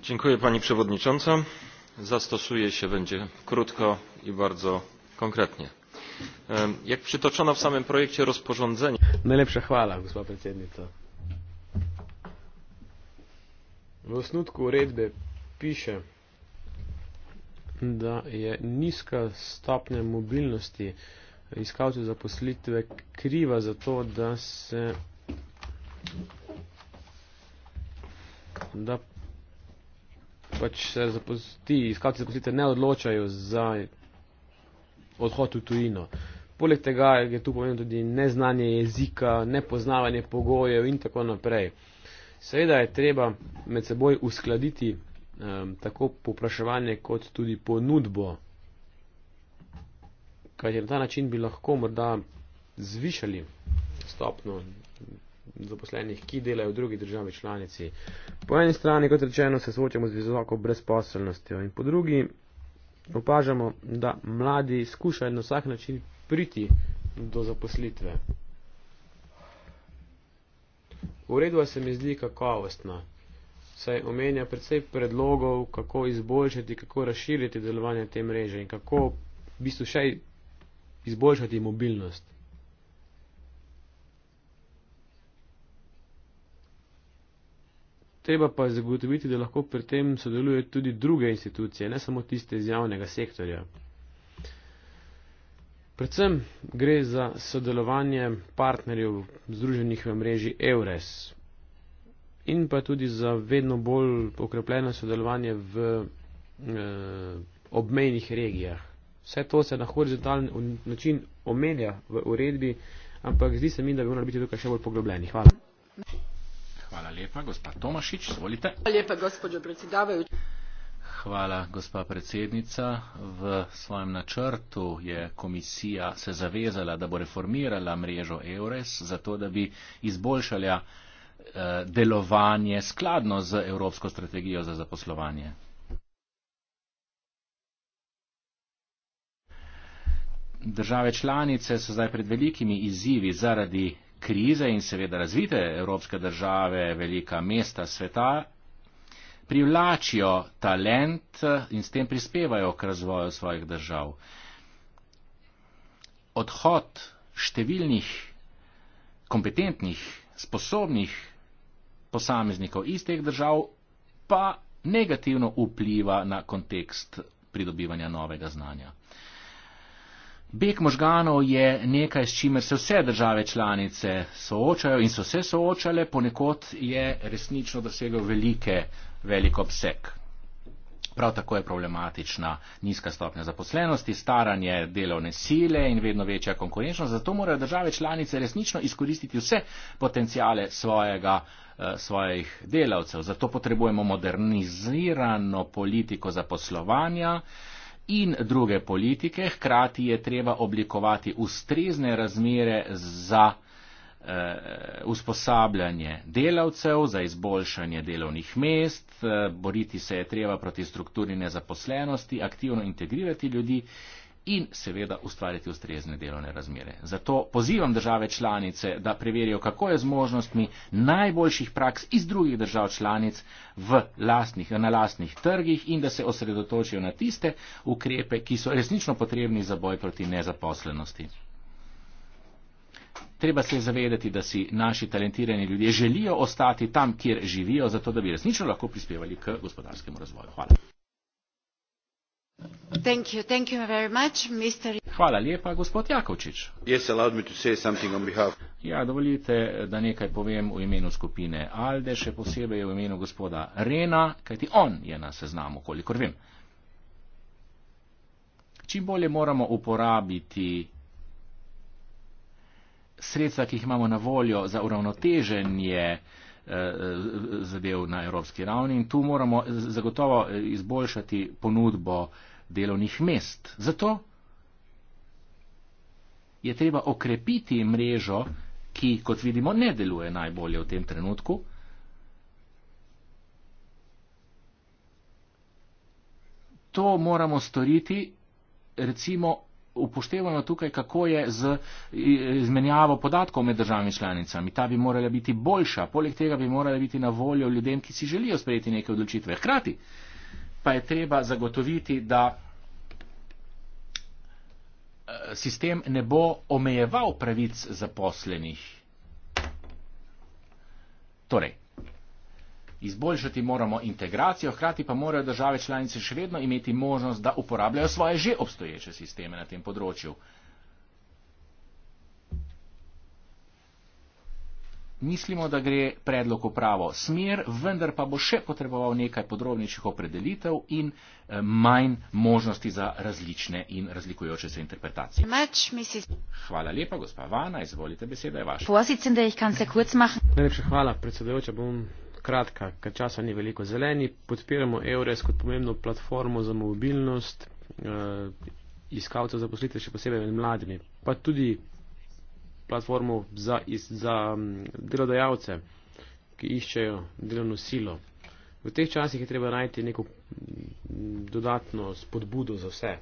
Dziękuję pani przewodnicząca. Zastosuję się będzie krótko i bardzo konkretnie. Jak przytoczono w samym projekcie rozporządzenia. Najlepsza chwała, gospodarze przewodniczący. V osnutku uredbe piše, da je nizka stopnja mobilnosti iskalcev zaposlitve kriva za to, da se da pač se zaposti, iskalci zaposlitve ne odločajo za odhod v tujino. Poleg tega je tu pomembno tudi neznanje jezika, nepoznavanje pogojev in tako naprej. Seveda je treba med seboj uskladiti um, tako popraševanje kot tudi ponudbo, kajti na ta način bi lahko morda zvišali stopno zaposlenih, ki delajo v drugi državi članici. Po eni strani, kot rečeno, se soočamo z visoko brezposelnostjo in po drugi opažamo, da mladi skušajo na vsak način priti do zaposlitve. Uredba se mi zdi kakovostna, saj omenja predvsej predlogov, kako izboljšati, kako razširiti delovanje te mreže in kako v bistvu še izboljšati mobilnost. Treba pa zagotoviti, da lahko pri tem sodelujejo tudi druge institucije, ne samo tiste iz javnega sektorja. Predvsem gre za sodelovanje partnerjev združenih v mreži EURES in pa tudi za vedno bolj okrepljeno sodelovanje v eh, obmejnih regijah. Vse to se na horizontalni način omenja v uredbi, ampak zdi se mi, da bi morali biti tukaj še bolj poglobljeni. Hvala. Hvala lepa, gospod Tomašič, izvolite. Hvala lepa, gospod predsedavajoč. Hvala, gospa predsednica. V svojem načrtu je komisija se zavezala, da bo reformirala mrežo EURES, zato da bi izboljšala eh, delovanje skladno z Evropsko strategijo za zaposlovanje. Države članice so zdaj pred velikimi izzivi zaradi krize in seveda razvite evropske države, velika mesta sveta privlačijo talent eh, in s tem prispevajo k razvoju svojih držav. Odhod številnih kompetentnih, sposobnih posameznikov iz teh držav pa negativno vpliva na kontekst pridobivanja novega znanja. Beg možganov je nekaj, s čimer se vse države članice soočajo in so se soočale, ponekod je resnično dosegel velike, velik obseg. Prav tako je problematična nizka stopnja zaposlenosti, staranje delovne sile in vedno večja konkurenčnost, zato morajo države članice resnično izkoristiti vse potencijale svojega, eh, svojih delavcev. Zato potrebujemo modernizirano politiko zaposlovanja in druge politike, hkrati je treba oblikovati ustrezne razmere za eh, usposabljanje delavcev za izboljšanje delovnih mest, eh, boriti se je treba proti strukturi nezaposlenosti, aktivno integrirati ljudi in seveda ustvariti ustrezne delovne razmere. Zato pozivam države članice, da preverijo, kako je z možnostmi najboljših praks iz drugih držav članic lastnih, na lastnih trgih in da se osredotočijo na tiste ukrepe, ki so resnično potrebni za boj proti nezaposlenosti. Treba se zavedati, da si naši talentirani ljudje želijo ostati tam, kjer živijo, zato da bi resnično lahko prispevali k gospodarskemu razvoju. Hvala. Hvala lepa, gospod Jakovčič. Yes, ja, dovolite, da nekaj povem v imenu skupine Alde, še posebej v imenu gospoda Rena, kajti on je na seznamu, kolikor vem. Čim bolje moramo uporabiti sredstva, ki jih imamo na voljo za uravnoteženje eh, zadev na evropski ravni in tu moramo zagotovo eh, izboljšati ponudbo delovnih mest. Zato je treba okrepiti mrežo, ki, kot vidimo, ne deluje najbolje v tem trenutku. To moramo storiti, recimo, upoštevano tukaj, kako je z izmenjavo podatkov med državami članicami. Ta bi morala biti boljša, poleg tega bi morala biti na voljo ljudem, ki si želijo sprejeti neke odločitve. Hkrati pa je treba zagotoviti, da eh, sistem ne bo omejeval pravic zaposlenih. Torej, izboljšati moramo integracijo, hkrati pa morajo države članice še vedno imeti možnost, da uporabljajo svoje že obstoječe sisteme na tem področju. mislimo, da gre predlog v pravo smer, vendar pa bo še potreboval nekaj podrobnejših opredelitev in eh, manj možnosti za različne in razlikujoče se interpretacije. Hvala lepa, gospa Vana, izvolite, beseda je vaša. Najlepša hvala, predsedujoča, bom kratka, ker časa ni veliko zeleni. Podpiramo EURES kot pomembno platformo za mobilnost. Eh, iskalcev zaposlitev, še posebej med mladimi, pa tudi platformo za, iz, za mm, delodajalce, ki iščejo delovno silo. V teh časih je treba najti neko mm, dodatno spodbudo za vse.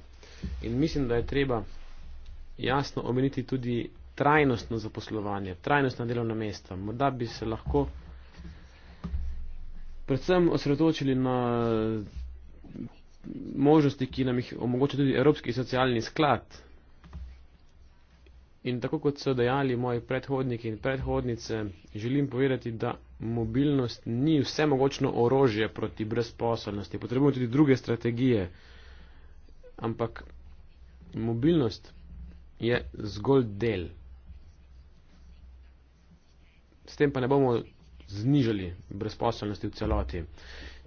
In mislim, da je treba jasno omeniti tudi trajnostno zaposlovanje, trajnostna delovna mesta. Morda bi se lahko predvsem osredotočili na mm, možnosti, ki nam jih omogoča tudi Evropski socialni sklad, In tako kot so dejali moji predhodniki in predhodnice, želim povedati, da mobilnost ni vse mogočno orožje proti brezposobnosti. Potrebujemo tudi druge strategije. Ampak mobilnost je zgolj del. S tem pa ne bomo znižali brezposobnosti v celoti.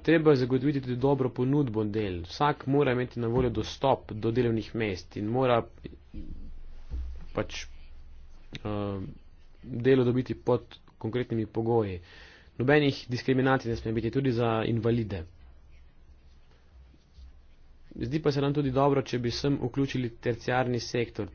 Treba zagotoviti tudi dobro ponudbo del. Vsak mora imeti na voljo dostop do delovnih mest in mora pač um, delo dobiti pod konkretnimi pogoji. Nobenih diskriminacij ne sme biti tudi za invalide. Zdi pa se nam tudi dobro, če bi sem vključili terciarni sektor.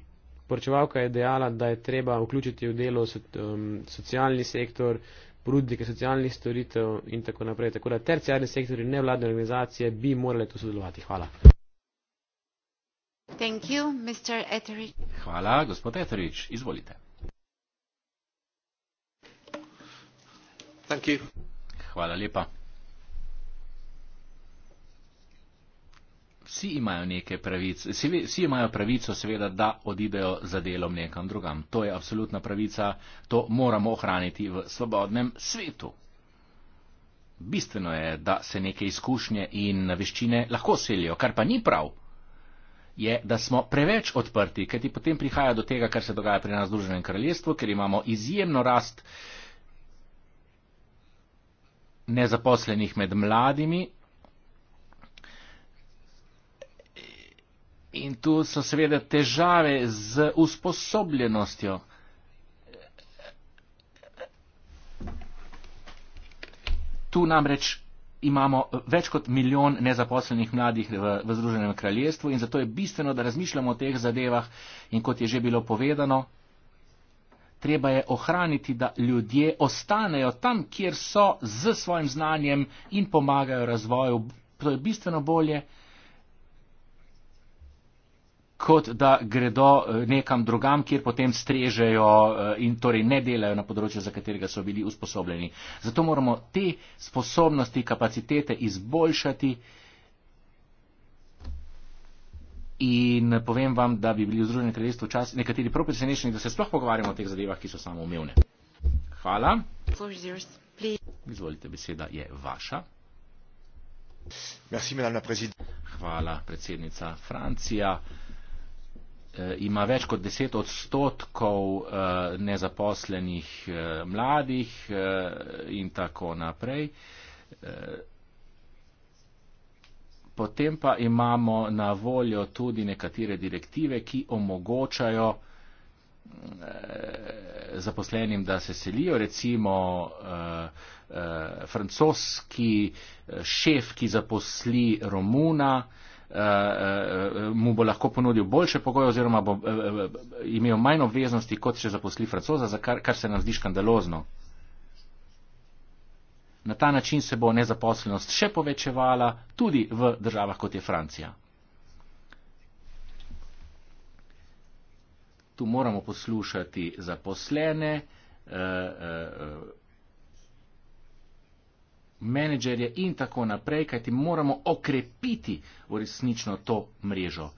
Poročevalka je dejala, da je treba vključiti v delo socialni sektor, prudnike socialnih storitev in tako naprej. Tako da terciarni sektor in nevladne organizacije bi morali to sodelovati. Hvala. Thank you, Mr. Etheridge. Hvala, gospod Etheridge. Izvolite. Thank you. Hvala lepa. Vsi imajo, pravic, vsi imajo pravico, seveda, da odidejo za delom nekam drugam. To je absolutna pravica, to moramo ohraniti v svobodnem svetu. Bistveno je, da se neke izkušnje in veščine lahko selijo, kar pa ni prav, je, da smo preveč odprti, kajti potem prihaja do tega, kar se dogaja pri nas v Združenem kraljestvu, ker imamo izjemno rast nezaposlenih med mladimi. In tu so seveda težave z usposobljenostjo. Tu namreč imamo več kot milijon nezaposlenih mladih v, v Združenem kraljestvu in zato je bistveno, da razmišljamo o teh zadevah in kot je že bilo povedano, treba je ohraniti, da ljudje ostanejo tam, kjer so z svojim znanjem in pomagajo razvoju. To je bistveno bolje, kot da gredo eh, nekam drugam, kjer potem strežejo eh, in torej ne delajo na področju, za katerega so bili usposobljeni. Zato moramo te sposobnosti, kapacitete izboljšati. In povem vam, da bi bili v Združenem kraljestvu včasih nekateri prav presenečeni, da se sploh pogovarjamo o teh zadevah, ki so samo umevne. Hvala. Izvolite, beseda je vaša. Hvala, predsednica Francija. Eh, ima več kot deset odstotkov eh, nezaposlenih eh, mladih in tako naprej. Potem pa imamo na voljo tudi nekatere direktive, ki omogočajo zaposlenim, da se selijo. Recimo francoski šef, ki zaposli Romuna, Eh, eh, mu bo lahko ponudil boljše pogoje oziroma bo eh, imel manj obveznosti, kot če zaposli francoza, kar, kar se nam zdi škandalozno. Na ta način se bo nezaposlenost še povečevala tudi v državah, kot je Francija. Tu moramo poslušati zaposlene, eh, eh, menedžerje in tako naprej, kajti moramo okrepiti v resnično to mrežo.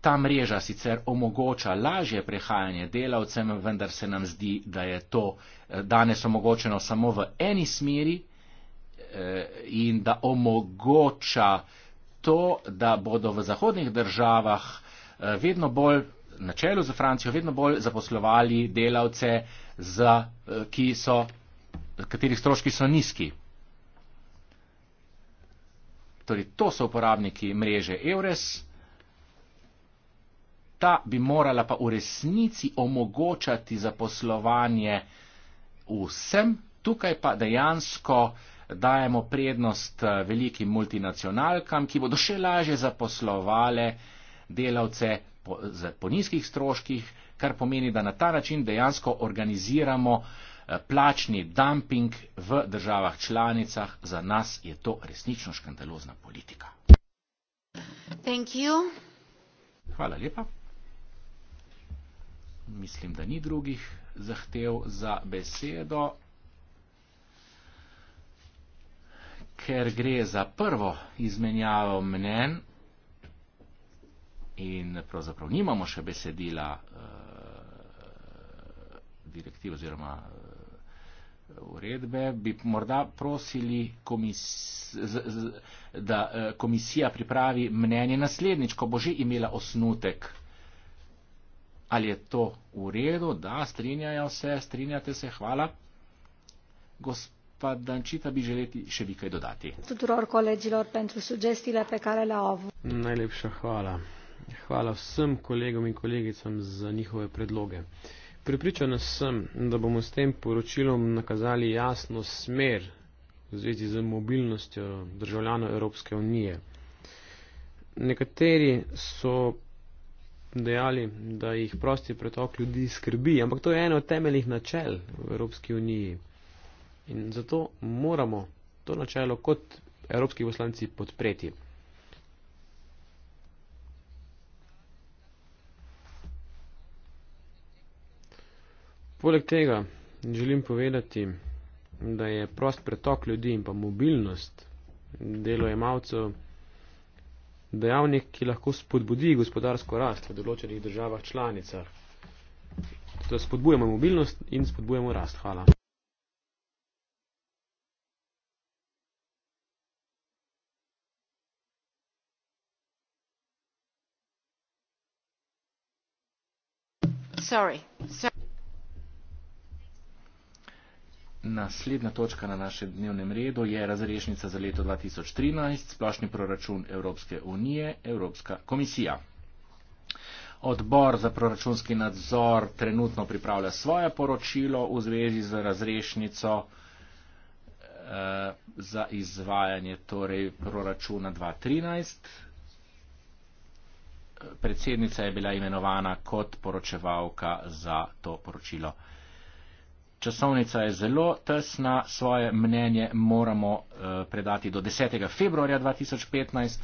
Ta mreža sicer omogoča lažje prehajanje delavcem, vendar se nam zdi, da je to eh, danes omogočeno samo v eni smeri eh, in da omogoča to, da bodo v zahodnih državah eh, vedno bolj na čelu z Francijo vedno bolj zaposlovali delavce, za, eh, so, katerih stroški so nizki. Torej, to so uporabniki mreže Eures. Ta bi morala pa v resnici omogočati zaposlovanje vsem, tukaj pa dejansko dajemo prednost eh, velikim multinacionalkam, ki bodo še lažje zaposlovale delavce po, z, po nizkih stroških, kar pomeni, da na ta način dejansko organiziramo eh, plačni dumping v državah članicah. Za nas je to resnično škandalozna politika. Hvala lepa. Mislim, da ni drugih zahtev za besedo. Ker gre za prvo izmenjavo mnen, in pravzaprav nimamo še besedila uh, direktiv oziroma uh, uredbe, bi morda prosili, komis, z, z, da uh, komisija pripravi mnenje naslednjič, ko bo že imela osnutek. Ali je to v redu? Da, strinjajo se, strinjate se, hvala. Gospod Dančita, bi želeli še bi kaj dodati? Najlepša hvala. Hvala vsem kolegom in kolegicam za njihove predloge. Pripričan sem, da bomo s tem poročilom nakazali jasno smer v zvezi z mobilnostjo državljanov Evropske unije. Nekateri so dejali, da jih prosti pretok ljudi skrbi, ampak to je eno od temeljnih načel v Evropski uniji. In zato moramo to načelo kot evropski poslanci podpreti. Poleg tega želim povedati, da je prost pretok ljudi in pa mobilnost delojemalcev dejavnik, ki lahko spodbudi gospodarsko rast v določenih državah članicah. Zato torej spodbujamo mobilnost in spodbujamo rast. Hvala. Sorry. Sorry. Naslednja točka na našem dnevnem redu je razrešnica za leto 2013, splošni proračun Evropske unije, Evropska komisija. Odbor za proračunski nadzor trenutno pripravlja svoje poročilo v zvezi z razrešnico eh, za izvajanje torej, proračuna 2013. Predsednica je bila imenovana kot poročevalka za to poročilo časovnica je zelo tesna, svoje mnenje moramo eh, predati do 10. februarja 2015.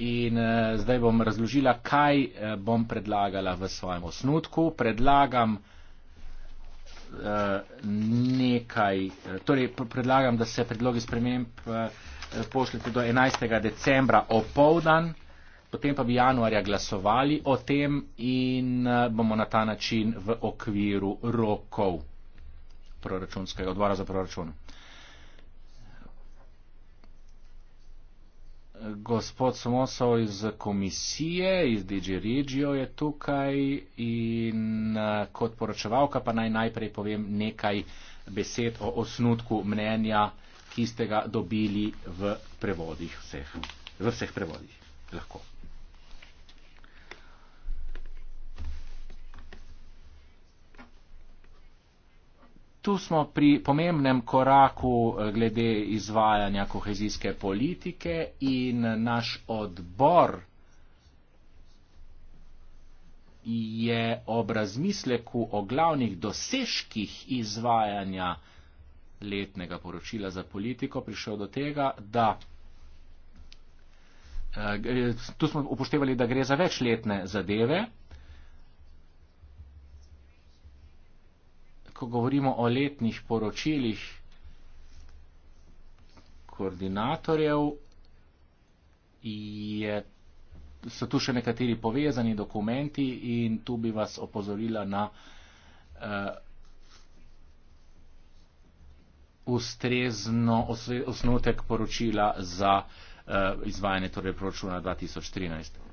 In eh, zdaj bom razložila, kaj eh, bom predlagala v svojem osnutku. Predlagam, nekaj, torej predlagam da se predlogi sprememb pošljete do 11. decembra opoldan potem pa bi januarja glasovali o tem in eh, bomo na ta način v okviru rokov proračunskega odbora za proračun. Gospod Somosov iz komisije, iz DJ Regio je tukaj in eh, kot poročevalka pa naj najprej povem nekaj besed o osnutku mnenja, ki ste ga dobili v prevodih vseh, v vseh prevodih. Lahko. Tu smo pri pomembnem koraku eh, glede izvajanja kohezijske politike in naš odbor je ob razmisleku o glavnih dosežkih izvajanja letnega poročila za politiko prišel do tega, da eh, tu smo upoštevali, da gre za večletne zadeve. ko govorimo o letnih poročilih koordinatorjev, je, so tu še nekateri povezani dokumenti in tu bi vas opozorila na uh, ustrezno osnutek poročila za uh, izvajanje torej proračuna 2013.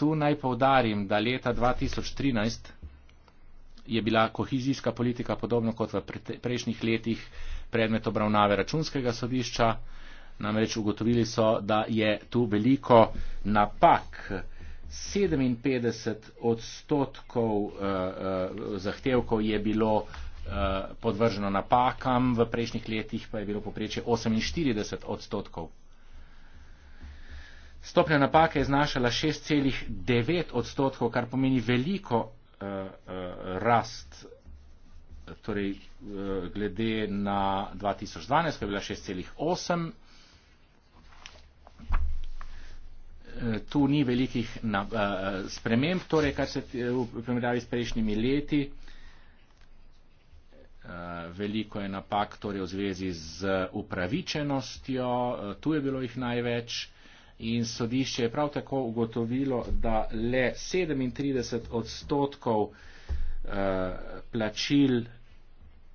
Tu naj povdarim, da leta 2013 je bila kohezijska politika podobno kot v prejšnjih letih predmet obravnave računskega sodišča. Namreč ugotovili so, da je tu veliko napak. 57 odstotkov uh, uh, zahtevkov je bilo uh, podvrženo napakam, v prejšnjih letih pa je bilo poprečje 48 odstotkov. Stopnja napake je znašala 6,9 odstotkov, kar pomeni veliko uh, uh, rast, torej uh, glede na 2012, ko je bila 6,8. Tu ni velikih na, uh, sprememb, torej kar se v primerjavi s prejšnjimi leti. Veliko je napak torej v zvezi z upravičenostjo, tu je bilo jih največ, in sodišče je prav tako ugotovilo, da le 37 odstotkov eh, plačil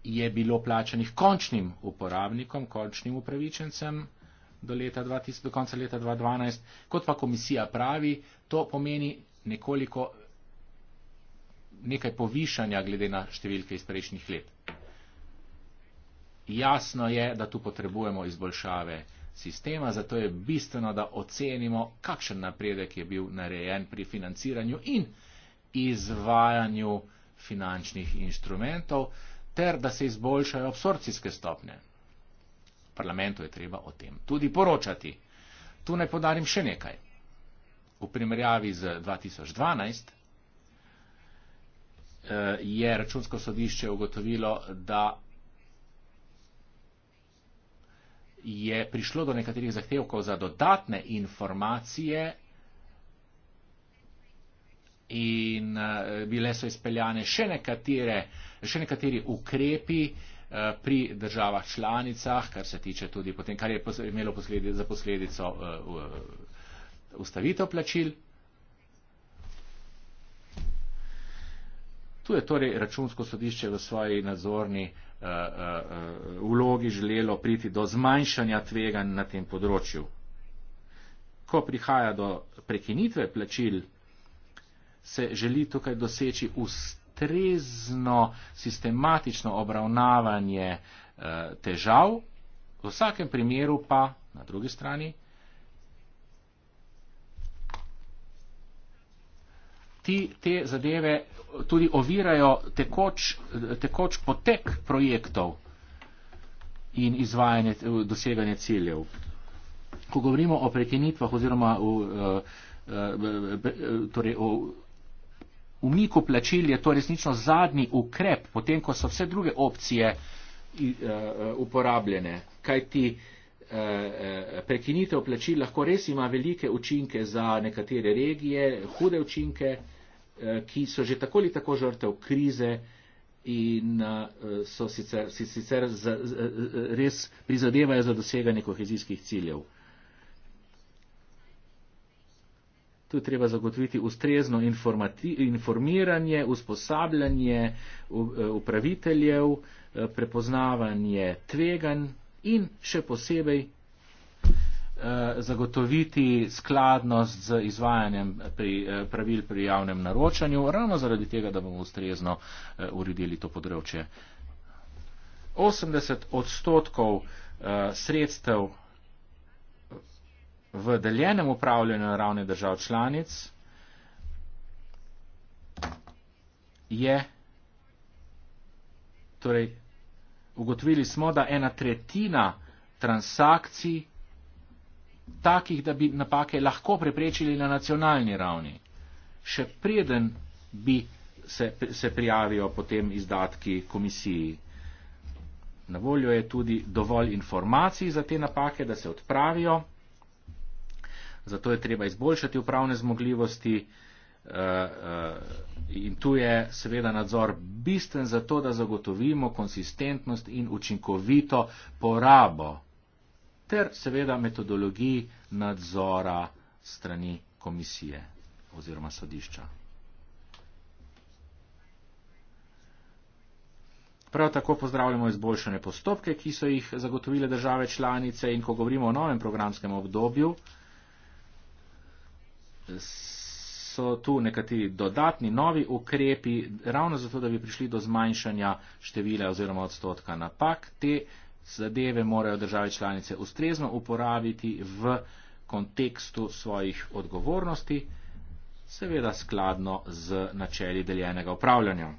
je bilo plačanih končnim uporabnikom, končnim upravičencem do, leta 2000, do konca leta 2012. Kot pa komisija pravi, to pomeni nekoliko nekaj povišanja glede na številke iz prejšnjih let. Jasno je, da tu potrebujemo izboljšave sistema, zato je bistveno, da ocenimo, kakšen napredek je bil narejen pri financiranju in izvajanju finančnih inštrumentov, ter da se izboljšajo absorpcijske stopne. Parlamentu je treba o tem tudi poročati. Tu naj podarim še nekaj. V primerjavi z 2012 eh, je računsko sodišče ugotovilo, da je prišlo do nekaterih zahtevkov za dodatne informacije in eh, bile so izpeljane še, nekatere, še nekateri ukrepi eh, pri državah članicah, kar se tiče tudi potem, kar je imelo za posledico eh, ustavitev plačil. Tu je torej računsko sodišče v svoji nadzorni Eh, eh, vlogi želelo priti do zmanjšanja tveganj na tem področju. Ko prihaja do prekinitve plačil, se želi tukaj doseči ustrezno sistematično obravnavanje eh, težav, v vsakem primeru pa, na drugi strani, ti, te zadeve tudi ovirajo tekoč, tekoč potek projektov in izvajanje, doseganje ciljev. Ko govorimo o prekinitvah oziroma v, eh, eh, eh, torej o umiku plačil, je to resnično zadnji ukrep, potem ko so vse druge opcije uporabljene. Kaj ti prekinitev plačil lahko res ima velike učinke za nekatere regije, hude učinke, Eh, ki so že tako ali tako žrtev krize in eh, so sicer, si sicer z, z, eh, res prizadevajo za doseganje kohezijskih ciljev. Tu treba zagotoviti ustrezno informiranje, usposabljanje upraviteljev, prepoznavanje tveganj in še posebej Eh, zagotoviti skladnost z izvajanjem pri, eh, pravil pri javnem naročanju, ravno zaradi tega, da bomo ustrezno eh, uredili to področje. 80 odstotkov sredstev v deljenem upravljanju ravne držav članic je, torej ugotovili smo, da ena tretjina transakcij takih, da bi napake lahko preprečili na nacionalni ravni. Še preden bi se, se prijavijo potem izdatki komisiji. Na voljo je tudi dovolj informacij za te napake, da se odpravijo. Zato je treba izboljšati upravne zmogljivosti eh, eh, in tu je seveda nadzor bistven za to, da zagotovimo konsistentnost in učinkovito porabo ter seveda metodologiji nadzora strani komisije oziroma sodišča. Prav tako pozdravljamo izboljšane postopke, ki so jih zagotovile države članice in ko govorimo o novem programskem obdobju, so tu nekateri dodatni novi ukrepi, ravno zato, da bi prišli do zmanjšanja števila oziroma odstotka napak. Te zadeve morajo države članice ustrezno uporabiti v kontekstu svojih odgovornosti, seveda skladno z načeli deljenega upravljanja.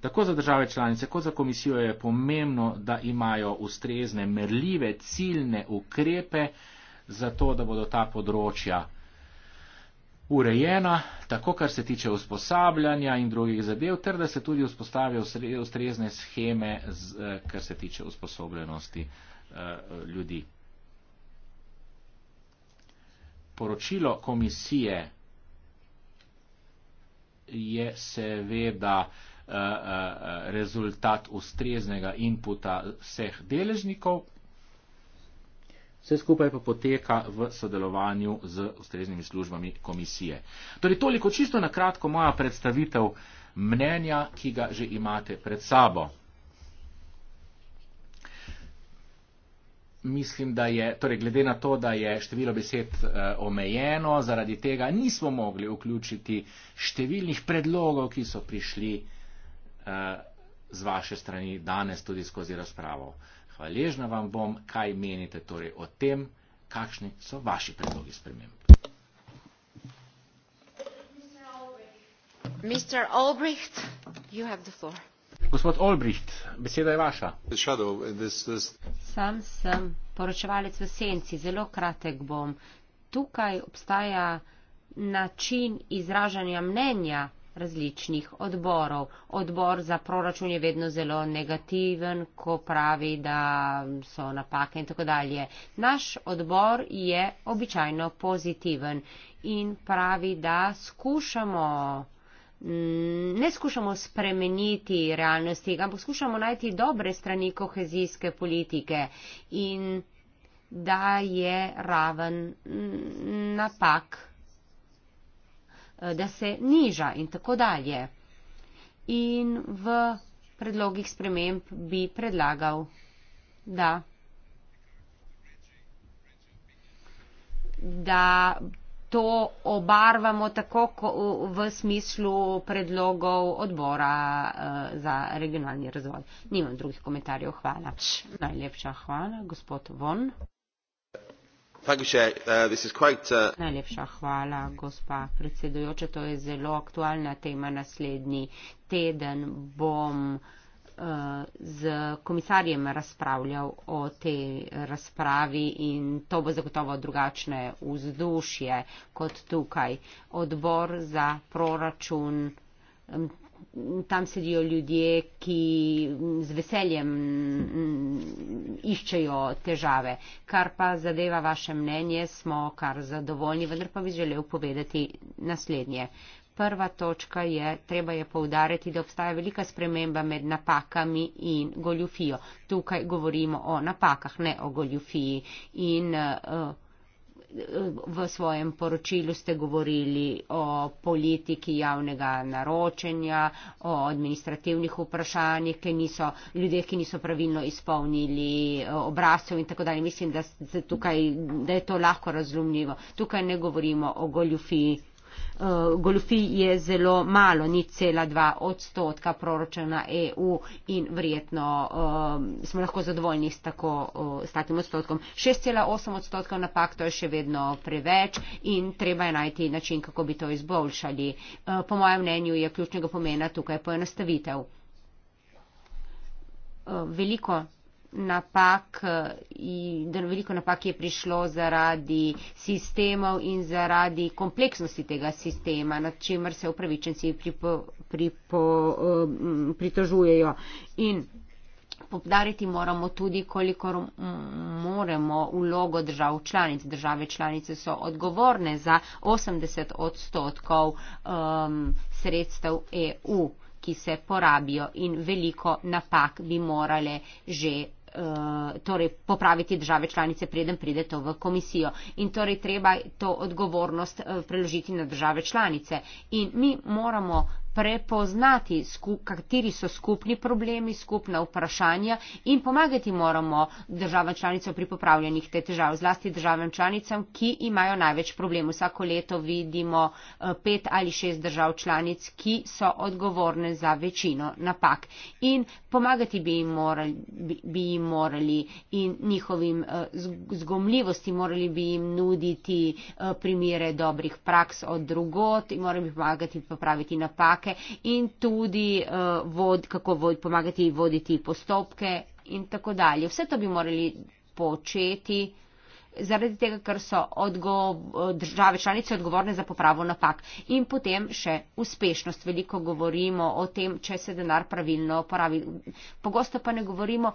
Tako za države članice kot za komisijo je pomembno, da imajo ustrezne merljive ciljne ukrepe za to, da bodo ta področja urejena, tako kar se tiče usposabljanja in drugih zadev, ter da se tudi vzpostavijo ustrezne scheme, z, eh, kar se tiče usposobljenosti eh, ljudi. Poročilo komisije je seveda eh, rezultat ustreznega inputa vseh deležnikov, Vse skupaj pa poteka v sodelovanju z ustreznimi službami komisije. Torej, toliko čisto na kratko moja predstavitev mnenja, ki ga že imate pred sabo. Mislim, da je, torej, glede na to, da je število besed eh, omejeno, zaradi tega nismo mogli vključiti številnih predlogov, ki so prišli eh, z vaše strani danes tudi skozi razpravo. Hvaležna vam bom, kaj menite torej o tem, kakšni so vaši predlogi sprememb. Mr. Albrecht, you have the floor. Gospod Albrecht, beseda je vaša. Shadow, this, this. Sam sem poročevalec v senci, zelo kratek bom. Tukaj obstaja način izražanja mnenja različnih odborov. Odbor za proračun je vedno zelo negativen, ko pravi, da so napake in tako dalje. Naš odbor je običajno pozitiven in pravi, da skušamo, mm, ne skušamo spremeniti realnosti, ampak skušamo najti dobre strani kohezijske politike in da je raven mm, napak. Eh, da se niža in tako dalje. In v predlogih sprememb bi predlagal, da, da to obarvamo tako v smislu predlogov odbora eh, za regionalni razvoj. Nimam drugih komentarjev. Hvala. Najlepša hvala, gospod Von. Uh, uh, Najlepša hvala, gospa predsedujoča. To je zelo aktualna tema. Naslednji teden bom uh, z komisarjem razpravljal o tej razpravi in to bo zagotovo drugačne vzdušje kot tukaj. Odbor za proračun um, tam sedijo ljudje, ki mm, z veseljem mm, iščejo težave. Kar pa zadeva vaše mnenje, smo kar zadovoljni, vendar pa bi želel povedati naslednje. Prva točka je, treba je povdariti, da obstaja velika sprememba med napakami in goljufijo. Tukaj govorimo o napakah, ne o goljufiji. In, uh, v svojem poročilu ste govorili o politiki javnega naročanja, o administrativnih vprašanjih, ki niso ljudje, ki niso pravilno izpolnili eh, obrazcev in tako dalje. Mislim, da, tukaj, da je to lahko razumljivo. Tukaj ne govorimo o goljufiji. Eh, goljufij je zelo malo, ni cela dva odstotka proračuna EU in verjetno eh, smo lahko zadovoljni s, tako, eh, s takim odstotkom. 6,8 odstotkov napak to je še vedno preveč in treba je najti način, kako bi to izboljšali. Po mojem mnenju je ključnega pomena tukaj poenostavitev. Veliko napak eh, in da veliko napak je prišlo zaradi sistemov in zaradi kompleksnosti tega sistema, nad čemer se upravičenci pripo, pripo, eh, pritožujejo. In Popdariti moramo tudi, kolikor moremo vlogo držav članic. Države članice so odgovorne za 80 odstotkov um, sredstev EU, ki se porabijo in veliko napak bi morale že Eh, torej popraviti države članice, preden pride to v komisijo. In torej treba to odgovornost eh, preložiti na države članice. In mi moramo prepoznati, kateri so skupni problemi, skupna vprašanja in pomagati moramo državam članicam pri popravljanjih te težav, zlasti državam članicam, ki imajo največ problemov. Vsako leto vidimo eh, pet ali šest držav članic, ki so odgovorne za večino napak. In pomagati bi jim morali, bi jim morali in njihovim eh, zgomljivosti morali bi jim nuditi eh, primere dobrih praks od drugot in morali bi pomagati popraviti napak korake in tudi uh, vod, kako vod, pomagati voditi postopke in tako dalje. Vse to bi morali početi zaradi tega, ker so države članice odgovorne za popravo napak. In potem še uspešnost. Veliko govorimo o tem, če se denar pravilno porabi. Pogosto pa ne govorimo,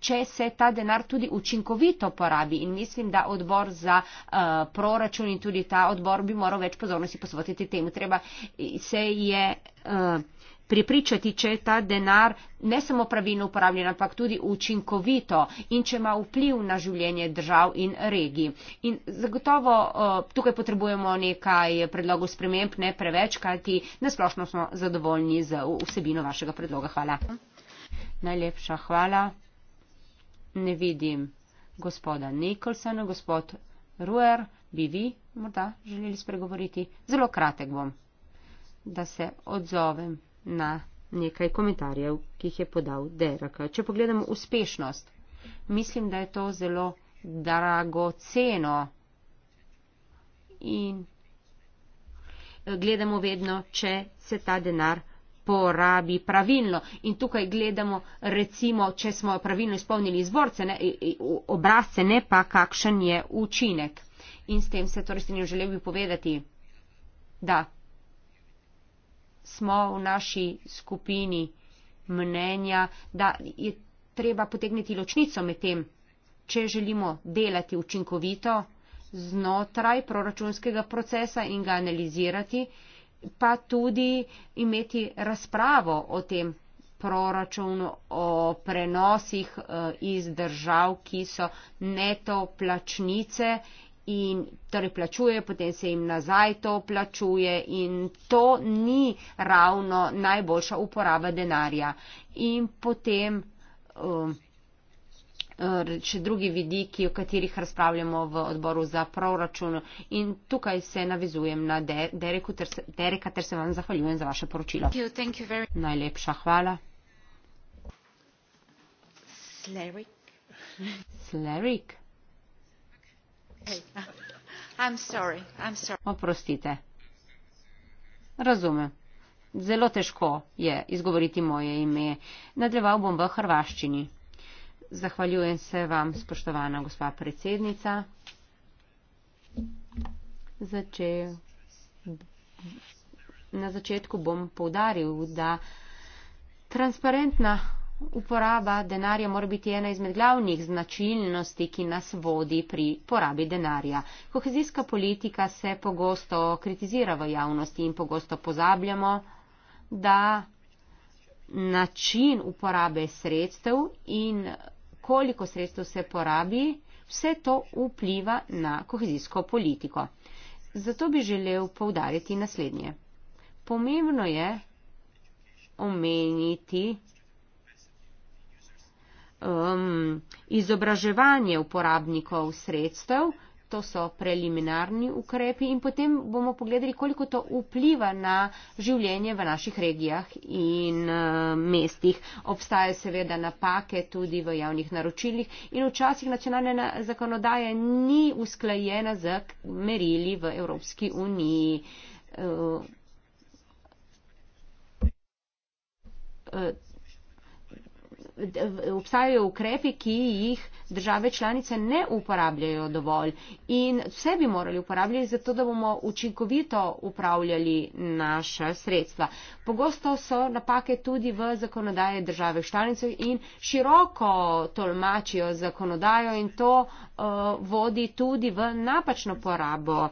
če se ta denar tudi učinkovito porabi. In mislim, da odbor za uh, proračun in tudi ta odbor bi moral več pozornosti posvetiti temu. Treba se je uh, eh, pripričati, če je ta denar ne samo pravilno uporabljen, ampak tudi učinkovito in če ima vpliv na življenje držav in regij. In zagotovo uh, tukaj potrebujemo nekaj predlogov sprememb, ne preveč, kajti nasplošno smo zadovoljni z vsebino vašega predloga. Hvala. Najlepša hvala. Ne vidim gospoda Nikolsona, gospod Ruer, bi vi morda želeli spregovoriti? Zelo kratek bom, da se odzovem na nekaj komentarjev, ki jih je podal Derek. Če pogledamo uspešnost, mislim, da je to zelo dragoceno in gledamo vedno, če se ta denar porabi pravilno. In tukaj gledamo, recimo, če smo pravilno izpolnili izvorce, ne, e, e, obrazce, ne pa kakšen je učinek. In s tem se torej strinjam, želel bi povedati, da smo v naši skupini mnenja, da je treba potegniti ločnico med tem, če želimo delati učinkovito znotraj proračunskega procesa in ga analizirati, pa tudi imeti razpravo o tem proračunu, o prenosih eh, iz držav, ki so neto plačnice in torej plačujejo, potem se jim nazaj to plačuje in to ni ravno najboljša uporaba denarja. In potem. Um, Eh, še drugi vidiki, o katerih razpravljamo v odboru za proračun. In tukaj se navizujem na Dereka, ter se vam zahvaljujem za vaše poročilo. Thank you, thank you very... Najlepša hvala. Slerik. Slerik. Hey. Ah, I'm sorry. I'm sorry. Oprostite. Razumem. Zelo težko je izgovoriti moje ime. Nadaljeval bom v hrvaščini. Zahvaljujem se vam, spoštovana gospa predsednica. Na začetku bom povdaril, da transparentna uporaba denarja mora biti ena izmed glavnih značilnosti, ki nas vodi pri porabi denarja. Kohezijska politika se pogosto kritizira v javnosti in pogosto pozabljamo, da način uporabe sredstev in koliko sredstev se porabi, vse to vpliva na kohezijsko politiko. Zato bi želel povdariti naslednje. Pomembno je omeniti um, izobraževanje uporabnikov sredstev, to so preliminarni ukrepi in potem bomo pogledali, koliko to vpliva na življenje v naših regijah in eh, mestih. Obstajajo seveda napake tudi v javnih naročilih in včasih nacionalna zakonodaja ni usklajena z merili v Evropski uniji. Uh, uh, obstajajo ukrepi, ki jih države članice ne uporabljajo dovolj in vse bi morali uporabljati za to, da bomo učinkovito upravljali naša sredstva. Pogosto so napake tudi v zakonodaje države članice in široko tolmačijo zakonodajo in to uh, vodi tudi v napačno porabo uh,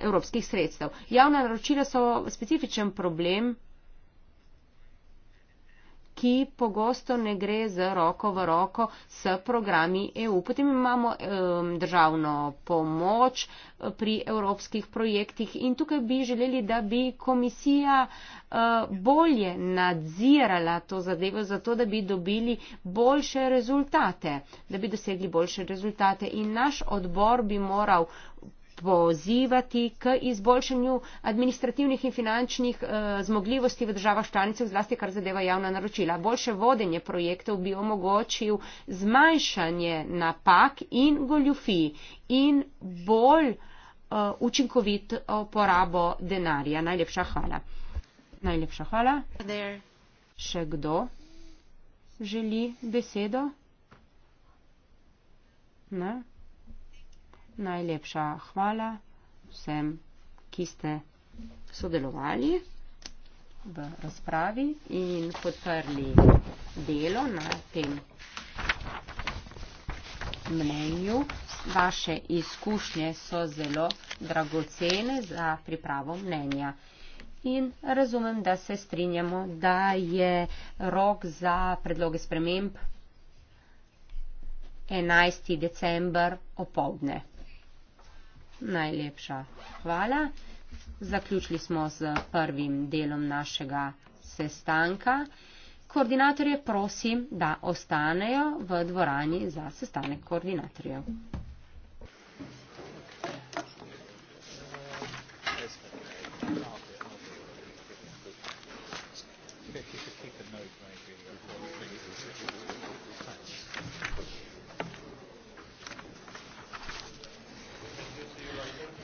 evropskih sredstev. Javna naročila so specifičen problem ki pogosto ne gre z roko v roko s programi EU. Potem imamo um, državno pomoč eh, pri evropskih projektih in tukaj bi želeli, da bi komisija uh, bolje nadzirala to zadevo, zato da bi dobili boljše rezultate, da bi dosegli boljše rezultate in naš odbor bi moral pozivati k izboljšanju administrativnih in finančnih eh, zmogljivosti v državah članicah, zlasti kar zadeva javna naročila. Boljše vodenje projektov bi omogočil zmanjšanje napak in goljufij in bolj eh, učinkovit porabo denarja. Najlepša hvala. Najlepša hvala. There. Še kdo želi besedo? Ne? najlepša hvala vsem, ki ste sodelovali v razpravi in podprli delo na tem mnenju. Vaše izkušnje so zelo dragocene za pripravo mnenja. In razumem, da se strinjamo, da je rok za predloge sprememb 11. december opovdne. Najlepša hvala. Zaključili smo z prvim delom našega sestanka. Koordinatorje prosim, da ostanejo v dvorani za sestanek koordinatorjev.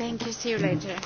thank you see you later